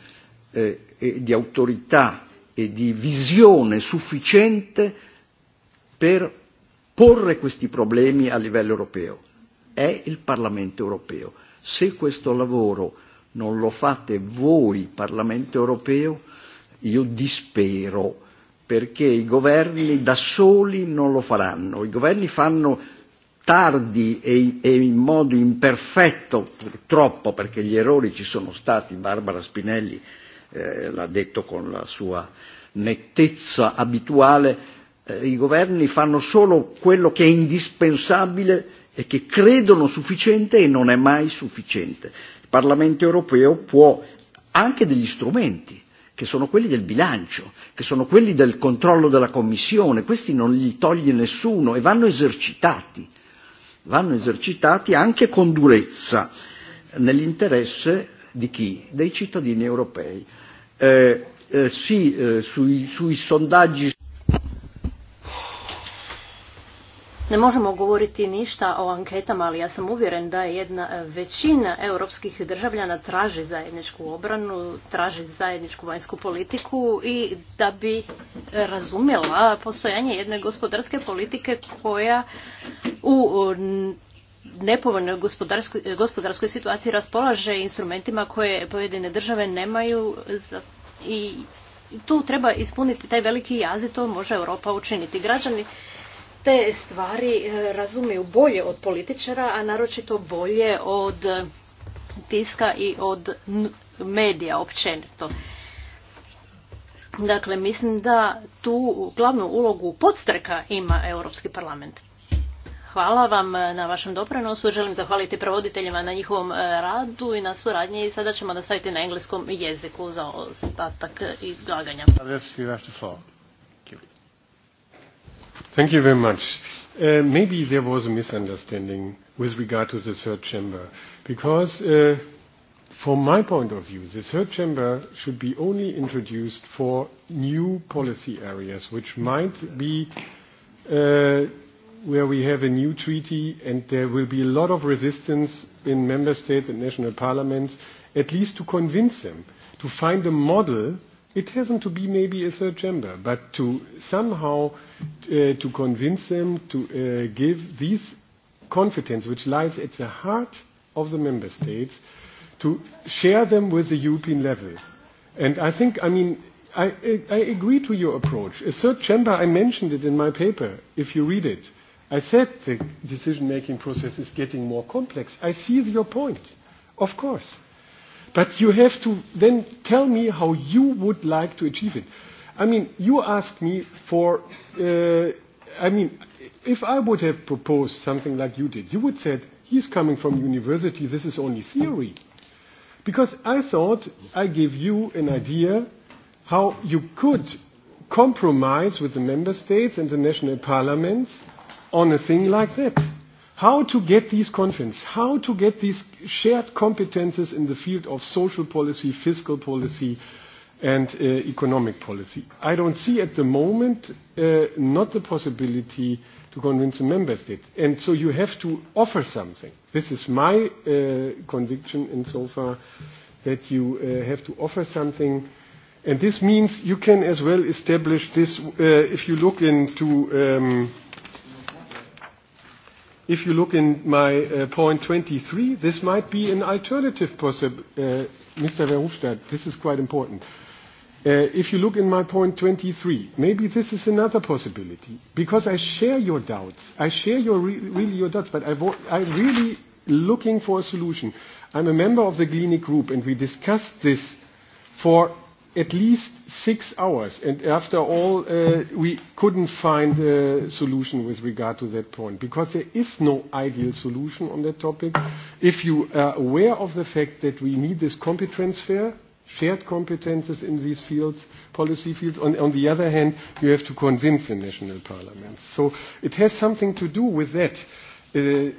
eh, e di autorità e di visione sufficiente per porre questi problemi a livello europeo. È il Parlamento europeo. Se questo lavoro non lo fate voi, Parlamento europeo, io dispero, perché i governi da soli non lo faranno. I governi fanno tardi e, e in modo imperfetto, purtroppo, perché gli errori ci sono stati, Barbara Spinelli eh, l'ha detto con la sua nettezza abituale, eh, i governi fanno solo quello che è indispensabile e che credono sufficiente e non è mai sufficiente. Il Parlamento europeo può anche degli strumenti che sono quelli del bilancio, che sono quelli del controllo della Commissione, questi non li toglie nessuno e vanno esercitati, vanno esercitati anche con durezza nell'interesse di chi? Dei cittadini europei. Eh, eh, sì, eh, sui, sui sondaggi Ne možemo govoriti ništa o anketama, ali ja sam uvjeren da je jedna većina europskih državljana traži zajedničku obranu, traži zajedničku vanjsku politiku i da bi razumjela postojanje jedne gospodarske politike koja u nepovoljnoj gospodarskoj, situaciji raspolaže instrumentima koje pojedine države nemaju i tu treba ispuniti taj veliki jaz i to može Europa učiniti. Građani te stvari eh, razumiju bolje od političara, a naročito bolje od tiska i od medija općenito. Dakle, mislim da tu glavnu ulogu podstreka ima Europski parlament. Hvala vam eh, na vašem doprinosu. Želim zahvaliti provoditeljima na njihovom eh, radu i na suradnji. Sada ćemo nastaviti na engleskom jeziku za ostatak eh, izlaganja. Thank you very much. Uh, maybe there was a misunderstanding with regard to the third chamber, because uh, from my point of view, the third chamber should be only introduced for new policy areas, which might be where we have a new treaty and there will be a lot of resistance in member states and national parliaments, at least to convince them to find a model. It hasn't to be maybe a third chamber, but to somehow uh, to convince them to uh, give these confidence which lies at the heart of the member states to share them with the European level. And I think, I mean, I, I agree to your approach. A third chamber, I mentioned it in my paper, if you read it. I said the decision-making process is getting more complex. I see your point, of course. But you have to then tell me how you would like to achieve it. I mean, you asked me for, uh, I mean, if I would have proposed something like you did, you would said, he's coming from university, this is only theory. Because I thought I gave you an idea how you could compromise with the member states and the national parliaments – on a thing like that. How to get these confidence, how to get these shared competences in the field of social policy, fiscal policy, and uh, economic policy. I don't see at the moment uh, not the possibility to convince the member states. And so you have to offer something. This is my uh, conviction far that you uh, have to offer something. And this means you can as well establish this, uh, if you look into um, if you look in my uh, point 23, this might be an alternative possibility. Uh, Mr. Verhofstadt, this is quite important. Uh, if you look in my point 23, maybe this is another possibility because I share your doubts. I share your re really your doubts, but I I'm really looking for a solution. I'm a member of the Gleanic group and we discussed this for at least six hours. And after all, uh, we couldn't find a solution with regard to that point because there is no ideal solution on that topic. If you are aware of the fact that we need this competence transfer, shared competences in these fields, policy fields. On, on the other hand, you have to convince the national parliaments. So it has something to do with that. Uh,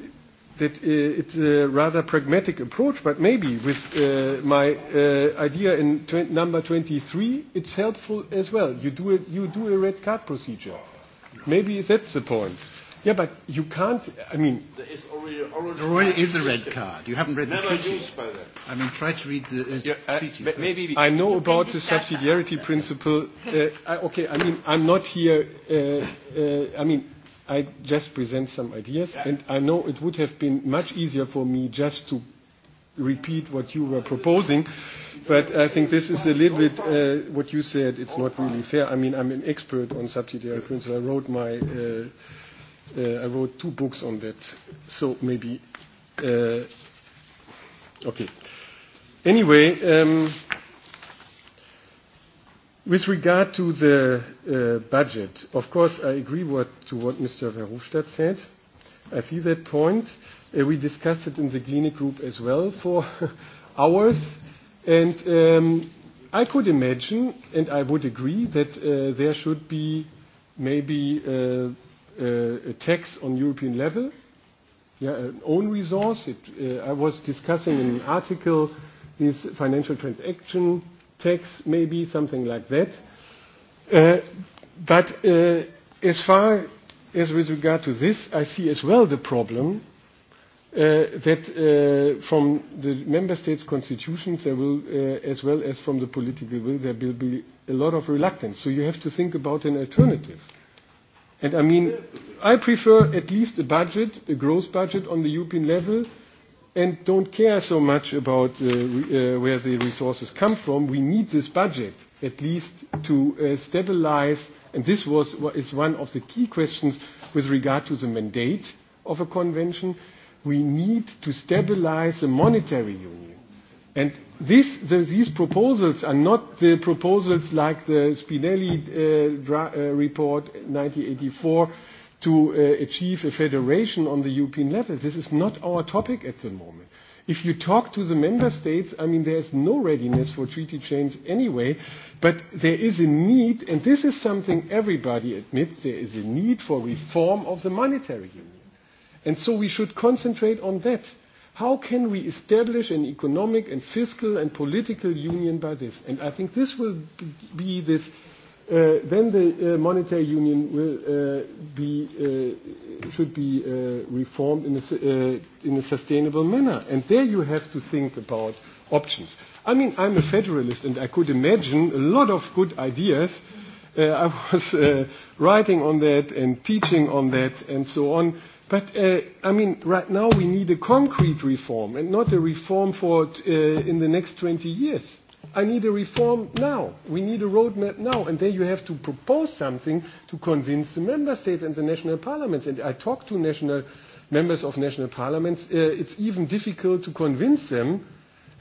that uh, it's a rather pragmatic approach, but maybe with uh, my uh, idea in tw number 23, it's helpful as well. You do, a, you do a red card procedure. Maybe that's the point. Yeah, but you can't, I mean... There is already, already, there already is a red card. You haven't read Never the treaty. Used by that. I mean, try to read the uh, yeah, uh, treaty. First. Maybe I know about the subsidiarity principle. Uh, I, okay, I mean, I'm not here... Uh, uh, I mean, i just present some ideas, and I know it would have been much easier for me just to repeat what you were proposing, but I think this is a little bit uh, what you said. It's not really fair. I mean, I'm an expert on subsidiary principle. I wrote my, uh, uh, I wrote two books on that. So maybe, uh, okay. Anyway. Um, With regard to the uh, budget, of course, I agree what, to what Mr. Verhofstadt said. I see that point. Uh, we discussed it in the clinic group as well for hours. And um, I could imagine, and I would agree, that uh, there should be maybe uh, uh, a tax on European level, yeah, an own resource. It, uh, I was discussing in an article this financial transaction tax, maybe something like that. Uh, but uh, as far as with regard to this, I see as well the problem uh, that uh, from the member states' constitutions, there will, uh, as well as from the political will, there will be a lot of reluctance. So you have to think about an alternative. And I mean, I prefer at least a budget, a growth budget on the European level, and don't care so much about uh, re, uh, where the resources come from. We need this budget at least to uh, stabilize, and this was is one of the key questions with regard to the mandate of a convention. We need to stabilize the monetary union. And this, the, these proposals are not the proposals like the Spinelli uh, dra, uh, report 1984, to uh, achieve a federation on the European level. This is not our topic at the moment. If you talk to the member states, I mean, there is no readiness for treaty change anyway, but there is a need, and this is something everybody admits, there is a need for reform of the monetary union. And so we should concentrate on that. How can we establish an economic and fiscal and political union by this? And I think this will be this Uh, then the uh, monetary union will uh, be uh, should be uh, reformed in a uh, in a sustainable manner and there you have to think about options i mean i'm a federalist and i could imagine a lot of good ideas i was writing on that and teaching on that and so on but i mean right now we need a concrete reform and not a reform for in the next 20 years i need a reform now. We need a roadmap now. And then you have to propose something to convince the member states and the national parliaments. And I talk to national members of national parliaments. Uh, it's even difficult to convince them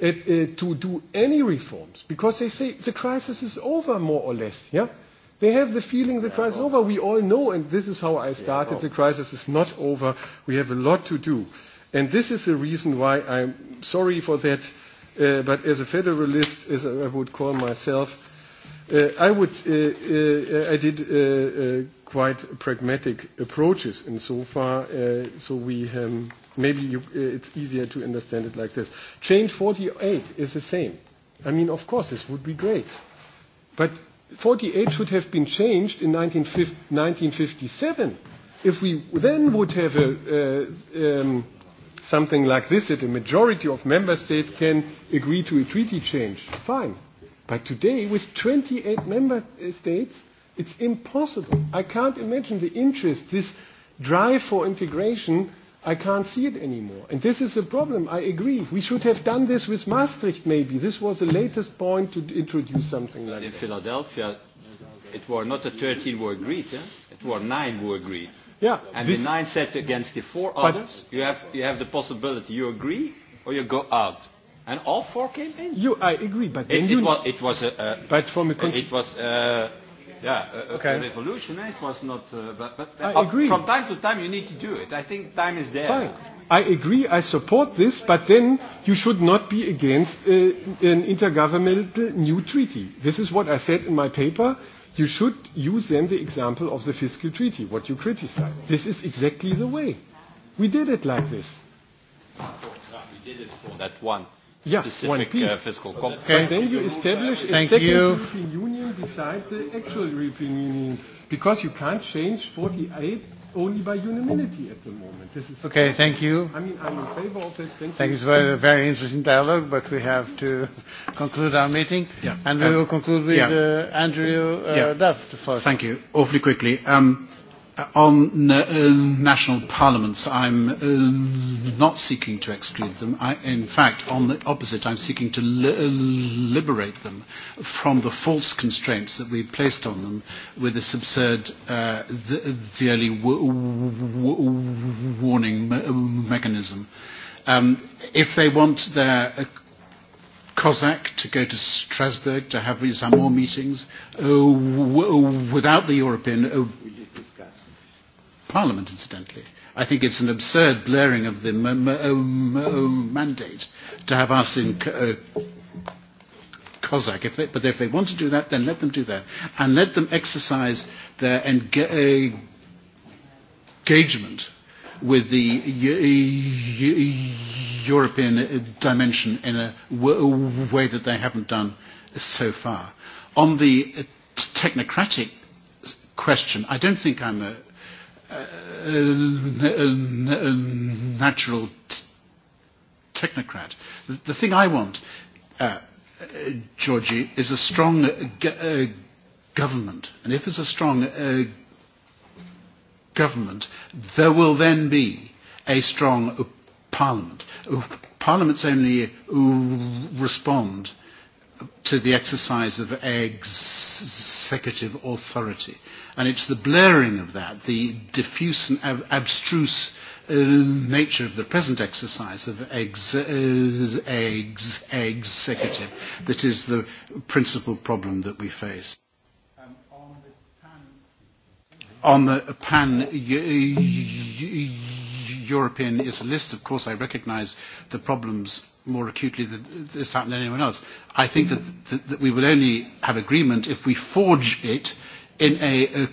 uh, uh, to do any reforms because they say the crisis is over, more or less. Yeah? They have the feeling the crisis is over. We all know, and this is how I started, the crisis is not over. We have a lot to do. And this is the reason why I'm sorry for that Uh, but as a federalist, as I would call myself, uh, I would uh, uh, I did uh, uh, quite pragmatic approaches in so far. Uh, so we um, maybe you, uh, it's easier to understand it like this. Change 48 is the same. I mean, of course, this would be great, but 48 should have been changed in 1957. If we then would have a, uh, um, something like this, that a majority of member states can agree to a treaty change, fine. But today, with 28 member states, it's impossible. I can't imagine the interest, this drive for integration, I can't see it anymore. And this is a problem, I agree. We should have done this with Maastricht, maybe. This was the latest point to introduce something like In that. In Philadelphia, it were not a 13 were agreed, yeah? or nine who agreed. Yeah, and the nine set against the four others, you have, you have the possibility you agree or you go out. And all four came in. You, I agree, but then it, you... it was, it was a, a, but from a it was a, uh, yeah, a, okay. a revolution. Eh? It was not, uh, but, but I uh, agree. from time to time you need to do it. I think time is there. Fine. I agree, I support this, but then you should not be against uh, an intergovernmental new treaty. This is what I said in my paper you should use then the example of the fiscal treaty, what you criticize. This is exactly the way. We did it like this. We did it for that one specific uh, fiscal compact. And then you establish Thank a second you. European Union beside the actual European Union, because you can't change 48 only by unanimity at the moment. This is okay, the thank you. I mean, I'm in favor of it. Thank, thank you. you. very, very interesting dialogue, but we have to conclude our meeting. Yeah. And we um, will conclude with yeah. uh, Andrew uh, yeah. Duff. Thank you. Awfully quickly. Um, on uh, uh, national parliaments, I'm uh, not seeking to exclude them. I, in fact, on the opposite, I'm seeking to li uh, liberate them from the false constraints that we've placed on them with this absurd uh, the, the early warning me uh, mechanism. Um, if they want their uh, Cossack to go to Strasbourg to have some more meetings uh, without the European Parliament, incidentally. I think it's an absurd blurring of the m m m mandate to have us in uh, COSAC. If they, but if they want to do that, then let them do that. And let them exercise their uh, engagement with the European dimension in a way that they haven't done so far. On the uh, technocratic question, I don't think I'm a natural technocrat. The thing I want, uh, Georgie, is a strong uh, uh, government. And if there's a strong uh, government, there will then be a strong parliament. Parliaments only respond to the exercise of executive authority. And it's the blurring of that, the diffuse and ab abstruse uh, nature of the present exercise of ex uh, ex executive that is the principal problem that we face. on the pan European is a list. Of course, I recognise the problems more acutely than this happened than anyone else. I think that, that, that we will only have agreement if we forge it in a, a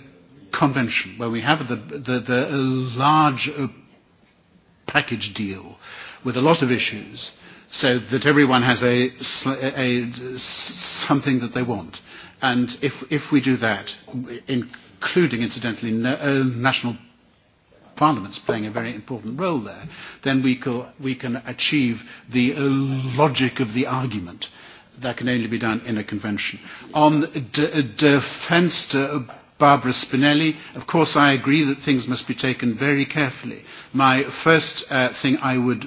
convention where we have the, the, the large uh, package deal with a lot of issues so that everyone has a, a, something that they want. And if, if we do that, including, incidentally, no, uh, national parliaments playing a very important role there, then we, co- we can achieve the uh, logic of the argument that can only be done in a convention. On defence to Barbara Spinelli, of course I agree that things must be taken very carefully. My first uh, thing I would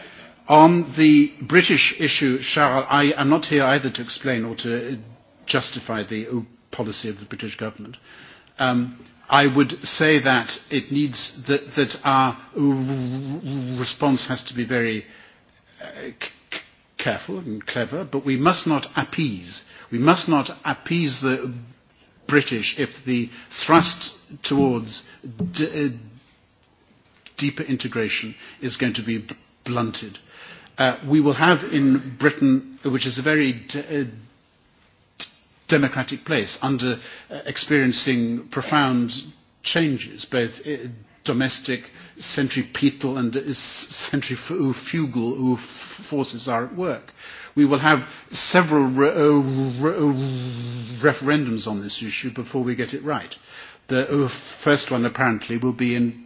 on the British issue, Charles, I am not here either to explain or to uh, justify the uh, policy of the British government. Um, I would say that it needs that, our uh, response has to be very careful and clever, but we must not appease. We must not appease the British if the thrust towards d uh, deeper integration is going to be blunted Uh, we will have in Britain, which is a very uh, democratic place, under uh, experiencing profound changes, both uh, domestic, centripetal and uh, centrifugal forces are at work. We will have several re referendums on this issue before we get it right. The first one apparently will be in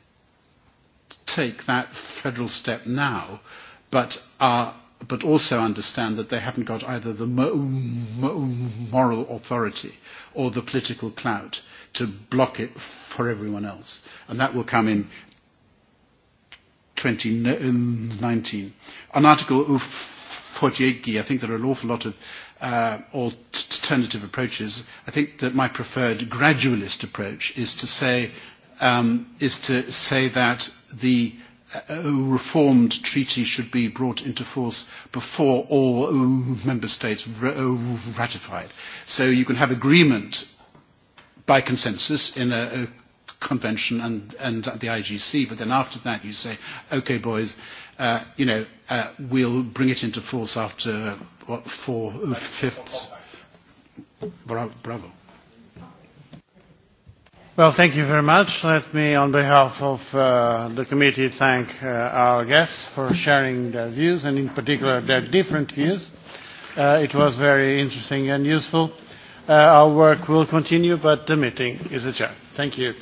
take that federal step now, but are but also understand that they haven't got either the mo mo moral authority or the political clout to block it for everyone else. And that will come in 2019. On Article 48, I think there are an awful lot of uh, alternative approaches. I think that my preferred gradualist approach is to say um, is to say that the uh, uh, reformed treaty should be brought into force before all uh, member states ratify it. So you can have agreement by consensus in a, convention and, and the IGC, but then after that you say, okay, boys, you know, uh, we'll bring it into force after what, four fifths. Bravo. bravo. Well, thank you very much. Let me, on behalf of uh, the committee, thank uh, our guests for sharing their views and, in particular, their different views. Uh, it was very interesting and useful. Uh, our work will continue, but the meeting is adjourned. Thank you.